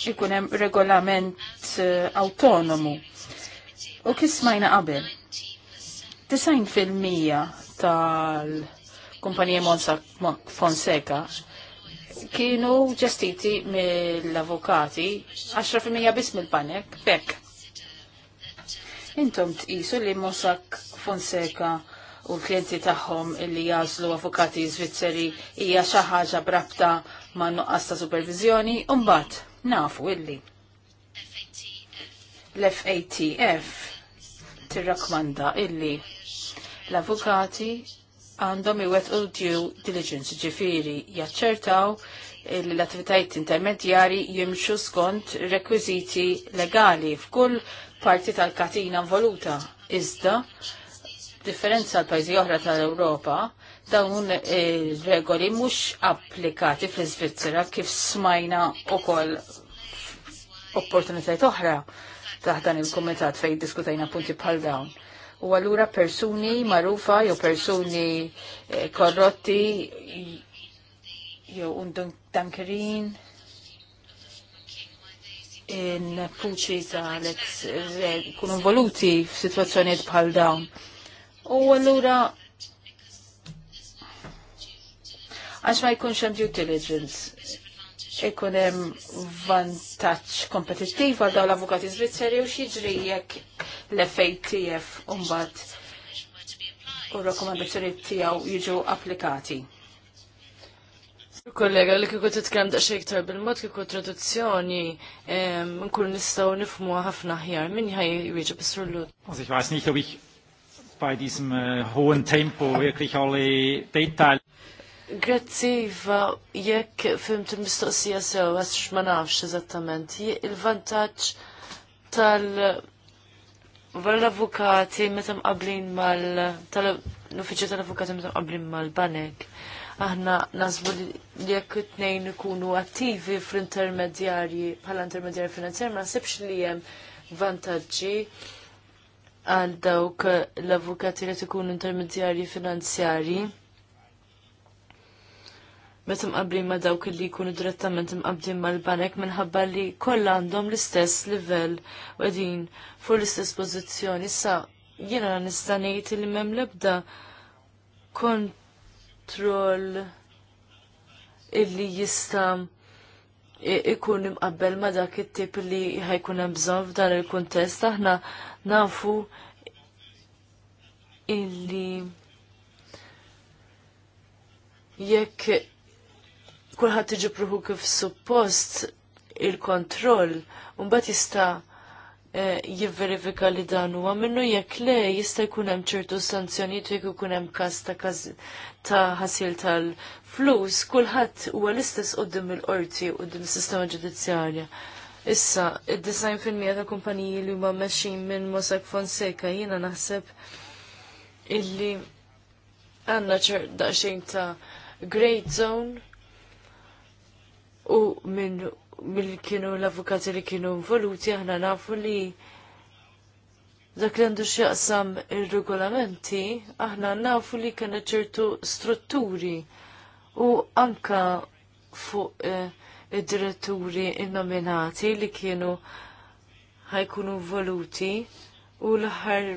ikun hemm regolament eh, autonomu. U kif smajna qabel, 90% tal-kumpanija Fonseca kienu ġestiti mill-avukati, 10% biss mill panek bekk. Intom tqisu li Mossack Fonseca u l-klienti tagħhom li jażlu avukati Zvizzeri hija xi ħaġa brabta ma' nuqqas ta' supervizjoni u mbagħad nafu illi l-FATF tirrakmanda illi l-avukati għandhom iwet u due diligence ġifiri jaċċertaw li l-attivitajiet intermedjari jimxu skont rekwiziti legali f'kull parti tal-katina voluta Iżda, differenza tal pajzi oħra tal-Europa, dawn regoli mhux applikati fl Zvizzera kif smajna ukoll opportunitajiet oħra taħdan il-kumitat fejn diskutajna punti bħal dawn. U allura persuni marufa jew persuni eh, korrotti jew undun tankerin in puċi ta' l-ex kunu involuti f'sitwazzjonijiet bħal dawn. U allura għax ma jkunx hemm due diligence ikun hemm vantaġġ kompetittiv għal dawn l-avukati Svizzeri u x'jiġri jekk l-FATF mbagħad u r-rakkomandazzjoni tiegħu jiġu applikati. Kollega, li kiku titkellem daqsxejn iktar bil-mod kiku traduzzjoni nkun nistaw nifmu ħafna ħjar. minn ħaj jiġi bisurlu? Also ich weiß nicht, ob ich bei diesem äh, hohen Tempo wirklich alle Details Grazzi, Iva, jekk fimt mistoqsija sew, għas ma nafx eżattament. Il-vantaġġ tal- Val-avukati meta mqablin mal tal-uffiċċju tal-avukati meta mqablin mal-banek. Aħna nasbu li jekk it-tnejn ikunu attivi fl-intermedjarji bħala intermedjarji finanzjarji ma nasibx li hemm vantaġġi għal dawk l-avukati li ikunu intermedjarji finanzjarji meta mqabbli ma' dawk li jkunu direttament mqablin mal-banek minħabba li kollha għandhom l-istess livell u qegħdin fuq l-istess pożizzjoni. Issa jiena nista' ngħid li m'hemm l-ebda kontroll illi jista' ikun imqabbel ma dak it-tip li ħajkun hemm bżonn f'dan il-kuntest aħna nafu illi jekk kulħadd tiġi pruħu kif suppost il-kontroll, mbagħad jista' eh, jivverifika li dan huwa minnu jekk le jista' jkun hemm ċertu sanzjonijiet jekk jkun hemm każ ta' każ ta' ħasil tal-flus, kulħadd huwa l-istess qudiem il-qorti qudiem is-sistema ġudizzjarja. Issa, id-design fil-mija ta' kumpaniji li huma mexxin minn Mossack Fonseca jiena naħseb illi għandna daqsxejn ta' great zone u minn mill kienu l-avukati li kienu involuti aħna nafu li dak li għandu x'jaqsam ir-regolamenti aħna nafu li kien ċertu strutturi u anka fuq eh, id-diretturi innominati li kienu ħajkunu voluti u l-ħar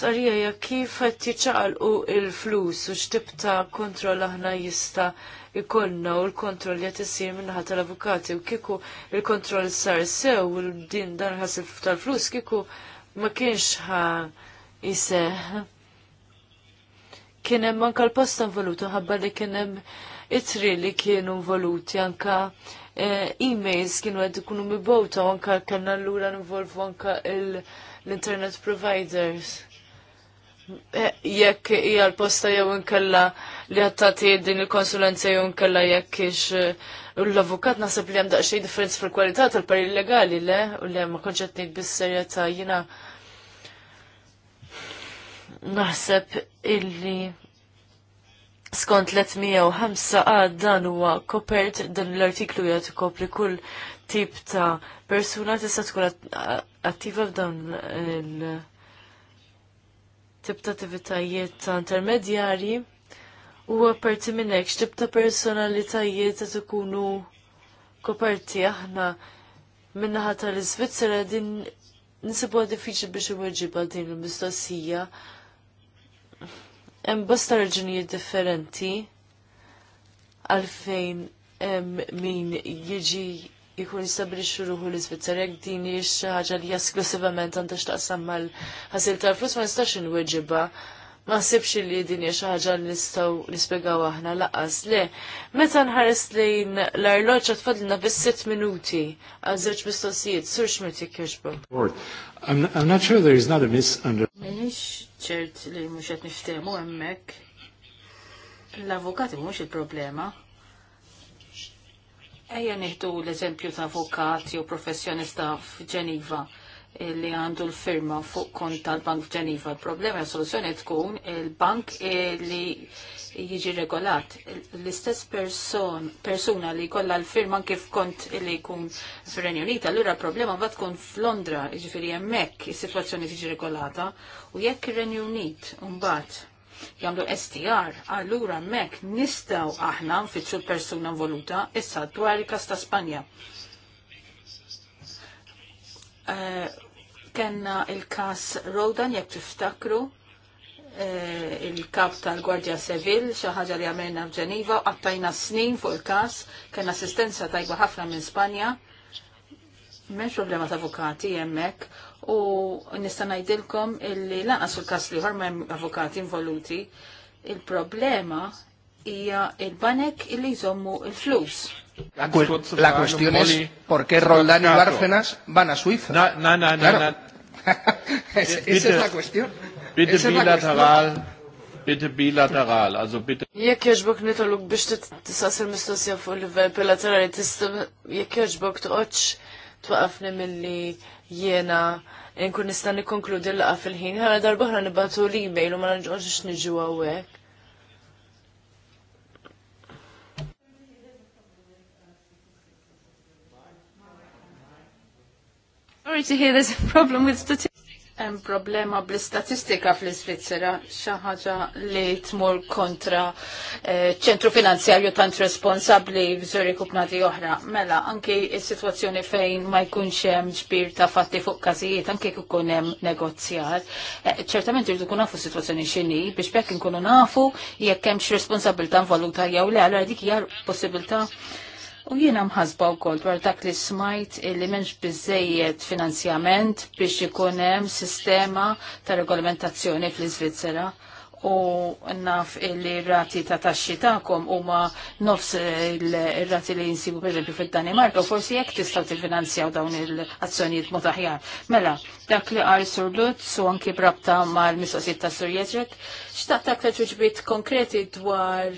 sarija kif qed u il-flus u x'tib ta' kontroll aħna jista' ikonna u l-kontroll li jtissir minnaħa tal-avukati u kiku il-kontroll sar sew u din dan ħasil tal-flus kiku ma kienx ħa jise. Kienem manka l-posta involuta ħabba li kienem itri li kienu involuti anka eh, e-mails kienu għed ikunu mibota anka kanna l-ura involvu anka l-internet providers eh, jekk hija l-posta jew inkella li għattati din il-konsulenza jun kalla jekk eh, l-avukat nasib li għamda xej differenz fil-kwalità tal-pari legali le, u li għamma konċetni bis-serjeta jina naħseb illi skont 305 għad ah, dan huwa kopert dan l-artiklu jgħat kopri kull tip ta' persuna tista' tkun attiva f'dawn il- tip ta' attivitajiet ta' intermedjari u apparti minn hekk x'tib ta' personalitajiet qed ikunu koparti aħna minnaħa tal-Iżvizzera din nisibu diffiċli biex iweġiba din il-mistoqsija. Hemm bosta raġunijiet differenti għalfejn min jiġi jikun jistabri ruħu l svizzera jekk din jiex xi ħaġa li esklusivament għandax x'taqsam mal-ħasil tal-flus ma nistax inweġiba ma sibx li din hija xi ħaġa li nistgħu nispjegaw aħna laqas le. Meta nħares lejn l-arloġġ tfadlna bis sitt minuti għal żewġ mistoqsijiet, sur x'mert jikkirġbu. I'm not sure there is not a misunderstanding. ċert li mhux qed niftehmu hemmhekk. L-avukati mhux il-problema. Ejja nieħdu l-eżempju ta' avukat jew professjonista f'Ġeniva li għandu l-firma fuq kont tal-Bank Ġeniva. Il-problema il soluzzjoni tkun il-bank li jiġi regolat. L-istess persona persuna li kolla l-firma kif kont li jkun f'Renju renju Unita, allura problema ma tkun f'Londra, ġifiri hemmhekk is-sitwazzjoni tiġi regolata u jekk ir-Renju Unit mbagħad jagħmlu STR, allura hemmhekk nistgħu aħna nfittxu l-persuna involuta issa dwar il-kas ta' Spanja. Eh, Kenna il-kas Rodan, jek tiftakru, eh, il-kap tal-Gwardja Sevil, xaħġa li għamilna f'Ġeniva, għattajna snin fuq il-kas, kena assistenza tajba ħafna minn Spanja, menx problema ta' avukati jemmek, u nista' ngħidilkom illi lanqas fil-kas li ħorma avukati involuti, il-problema hija il-banek illi jżommu il-flus. il flus La, cu la cuestión es por qué Roldán y Bárcenas van a Suiza. No, no, no, no. Claro. esa es la cuestión. Bitte esa bilateral. Es la cuestión. Bitte bilateral, also bitte. Jekk jogħġbok nitolok biex tisas il-mistoqsija fuq livell bilaterali, tista' jekk jogħġbok toqgħodx twaqafni milli jiena nkun nista' nikkonkludi l-laqa fil-ħin, ħara darba ħra nibgħatu l-email u ma nġorx niġu hawnhekk. Sorry to hear there's a problem with statistics. Hemm problema bl-istatistika fl-Iżvizzera xi ħaġa li tmur kontra eh, ċentru finanzjarju tant responsabbli f'żurik u oħra. Mela, anki s-sitwazzjoni fejn ma jkunx hemm ġbir ta' fatti fuq każijiet anke jekk ikun hemm negozjat, eh, Ċertament irid ikun nafu s-sitwazzjoni x'inhi biex bekk inkunu nafu jekk hemmx responsabilità involuta jew le, allura dik hija possibilità U jiena mħasba wkoll dwar dak li smajt li m'hemmx biżejjed finanzjament biex ikun hemm sistema ta' regolamentazzjoni fl-Iżvizzera u naf li rati ta' taxxi tagħkom huma nofs il-rati li jinsibu pereżempju fid-Danimarka u forsi jekk tistgħu tiffinanzjaw dawn il-azzjonijiet mod aħjar. Mela, dak li għar Sur Lutz u anki brabta mal-mistoqsijiet ta' Sur Xtaq Xtaqt aktar ġbit konkreti dwar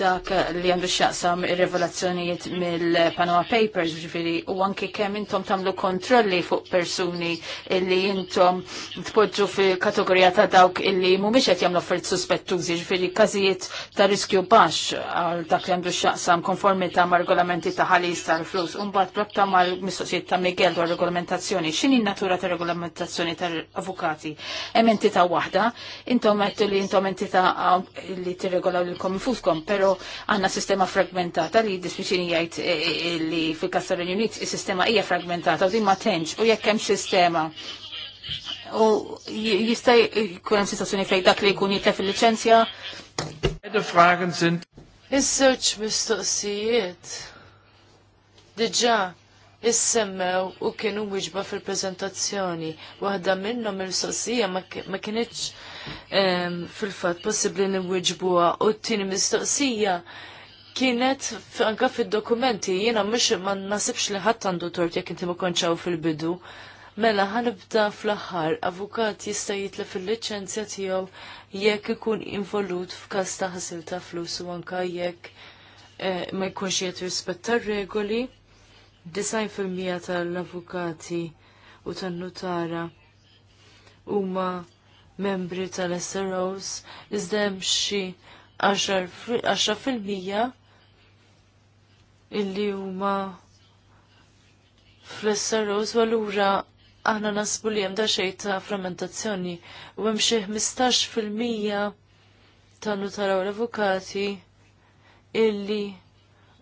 dak li għandu xaqsam ir-revelazzjonijiet mill-Panama Papers, ġifiri, u anki kemm intom tamlu kontrolli fuq persuni illi intom tpoġġu fil-kategorija ta' dawk illi mhumiex qed jagħmlu offert suspettużi, ġifiri każijiet ta' riskju baxx għal dak li għandu xaqsam konformità ma' regolamenti ta' ħalis tal-flus. mbagħad brabta mal-mistoqsijiet ta' Miguel dwar regolamentazzjoni, x'inhi natura ta' regolamentazzjoni regolamentazzjoni tal-avukati. Hemm entità waħda, intom għedtu li intom entità eh, li tirregolaw lilkom infuskom, però għandna sistema fragmentata li dispiċini jgħid eh, eh, li fil-Kas Unit is-sistema hija fragmentata u din ma tenġ u jekk hemm sistema U jista' jkun hemm sitwazzjoni fejn dak li jkun jitlef il-liċenzja? Is-żewġ mistoqsijiet. Diġà issemmew u kienu wieġba fil-prezentazzjoni. Waħda minnhom il-sossija ma kienieċ ehm, fil-fatt possibbli nwieġbuha u t-tieni mistoqsija kienet anka fid-dokumenti jiena mhux ma nasibx li ħadd għandu tort jekk inti ma konċaw fil-bidu. Mela ħanibda fl-aħħar avukat jista' jitlef il-liċenzja tiegħu jekk ikun involut f'każ ta' ħasil ta' flus u anka jekk eh, ma jkunx jett rispetta regoli 90% tal-avukati u tan-nutara huma membri tal-SROs iżda hemm xi 10% illi huma fl-SROs u allura aħna nasbu li hemm da xejn ta' frammentazzjoni u hemm xi 15% tan-nutara u l-avukati illi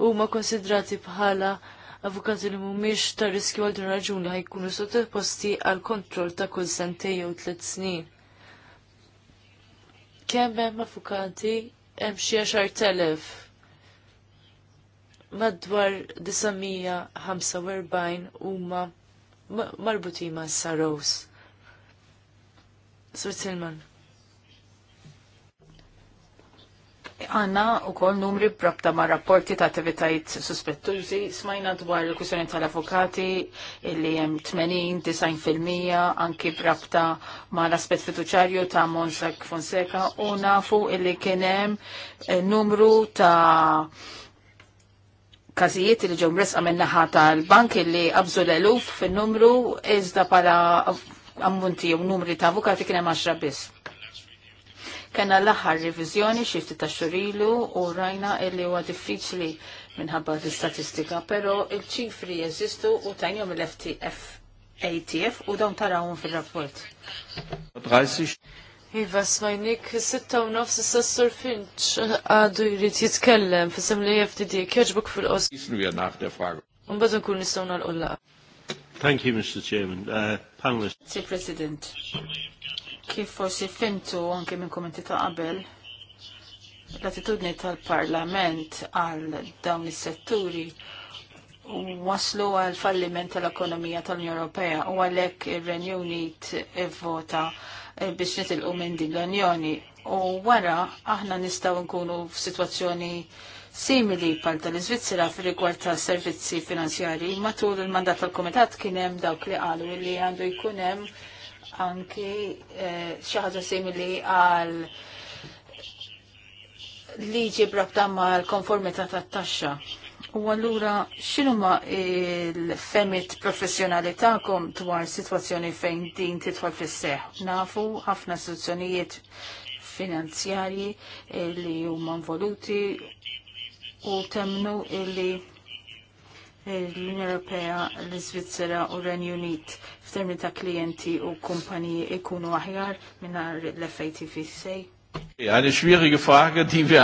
huma konsidrati bħala avukati li mhumiex ta' riskju għal din raġun li ħajkunu sottoposti għal kontroll ta' kull sentej jew tliet snin. Kemm hemm avukati hemm xi għaxar telef madwar 945 huma marbutin ma' Saros. Sir Tilman. Għanna u kol numri brabta ma' rapporti ta' attivitajiet suspettużi, smajna dwar il-kwistjoni tal-avokati li jem 80-90% anki brabta ma' l-aspet fiduċarju ta' Monsak Fonseca u nafu illi kienem eh, numru ta' kazijiet li ġew mresqa minnaħa tal-bank illi qabżu l-eluf fin-numru iżda pala ammunti u numri ta' avukati kien hemm 10 biss Kena l-aħħar revizjoni xifti ta' xurilu u rajna illi huwa diffiċli minħabba l-istatistika, pero il-ċifri jeżistu u tajnjom l ftf ATF u dawn tarawhom fil-rapport. Iva smajnik, sitta u nofs s-sassur Finch għadu jrit jitkellem fissem li jeftidi kieġbuk fil-qos. Jisnu jadnaf da fragu. Unbad nkun Thank you, Mr. Chairman. Uh, panelist. Sir President, Kif forsi fintu anke minn kommenti ta' qabel, l-attitudni tal-Parlament għal dawn is-setturi waslu għal falliment tal-ekonomija tal-Unjoni Ewropea u għalhekk ir-Renju Unit ivvota eh, biex nitilqu minn din l-Unjoni. U wara aħna nistgħu nkunu f'sitwazzjoni simili pal tal-Iżvizzera f'rigward ta' servizzi finanzjarji matul il-mandat tal-Kumitat kien hemm dawk li qalu li għandu jkun hemm anki eh, xi ħaġa simili għal liġi brabta mal konformità tat-taxxa. U allura x'inhuma l-femit professjonali tagħkom dwar sitwazzjoni fejn din titfal fis seħħ Nafu ħafna istituzzjonijiet finanzjarji li huma involuti u temnu illi l-Unjoni Ewropea, l-Iżvizzera u r-Renju Unit f'termin ta' klienti u kumpaniji ikunu aħjar minnar l-FATV sej? Għan xwierige fraga di vi.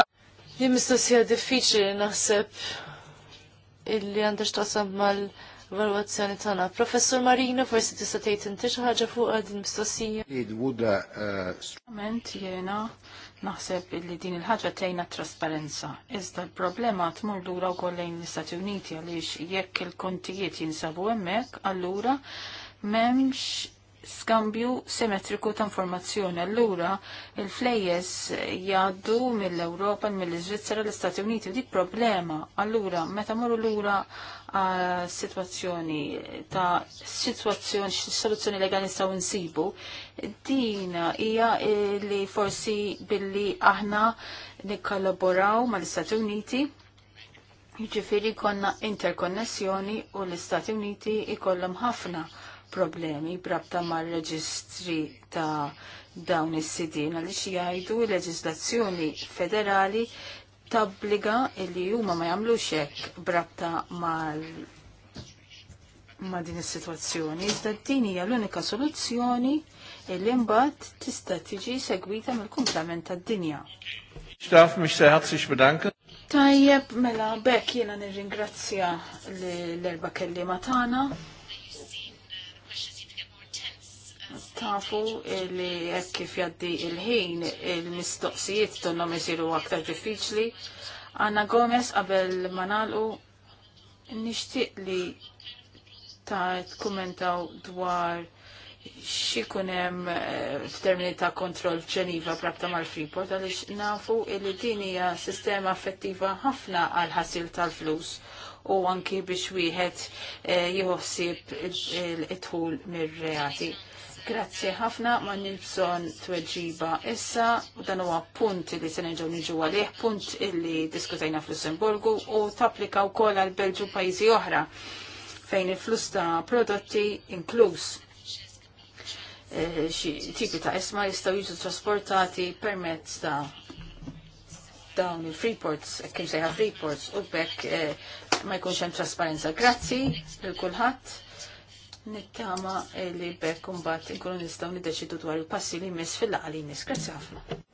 Li mistoqsija li naħseb illi għandax taqsam mal valwazzjoni tana. Professor Marina, forsi tista' tgħid inti xi ħaġa fuq din mistoqsija. Uh, Strument jena naħseb illi din il-ħaġa tgħinha trasparenza. Iżda l-problema tmur lura wkoll lejn l-Istati Uniti għaliex jekk il-kontijiet jinsabu hemmhekk, allura memx skambju simmetriku ta' informazzjoni. Allura il-flejjes jgħaddu mill-Ewropa, mill izvizzera l-Istati Uniti u dik problema. Allura meta morru lura situazzjoni ta' situazzjoni soluzzjoni legali nistgħu nsibu, din hija li forsi billi aħna nikkollaboraw mal-Istati Uniti Jġifiri konna interkonnessjoni u l-Istati Uniti ikollhom ħafna problemi brabta mar reġistri ta' dawn is-sidin għaliex jgħidu l-leġislazzjoni federali tabbliga illi huma ma jagħmlux hekk brabta mal ma' din is-sitwazzjoni. Iżda din hija l-unika soluzzjoni illi mbagħad tista' tiġi segwita mill-kumplament tad-dinja. Xtaf mhux se ħadsix bedanke. Tajjeb, mela, bekk jiena nirringrazzja l-erba kelliema tagħna. tafu li jekk kif jaddi il-ħin il-mistoqsijiet tonnom isiru aktar diffiċli. Anna Gomez qabel ma nagħlqu nixtieq li ta' tkummentaw dwar xikun hemm eh, f'termini ta' kontroll ġeniva prabta mal-Freeport għaliex nafu li din hija sistema effettiva ħafna għal ħasil tal-flus u anki biex wieħed eh, jieħu il it mir-reati. Grazzi ħafna ma nilbson tweġiba issa u dan huwa punt li se nerġgħu niġu għalih, punt illi diskutajna fl-Lussemburgu u tapplika wkoll għal Belġu pajjiżi oħra fejn il-flus ta' prodotti inkluż eh, xi tipi ta' isma jistgħu jiġu trasportati permezz ta' dawn il-freeports, kif sejħa freeports, u bekk eh, ma jkunx hemm trasparenza. Grazzi lil kulħadd nittama li bekk mbagħad inkunu nistgħu niddeċidu dwar il-passi li jmiss fil-laqgħa li Grazie Grazzi ħafna.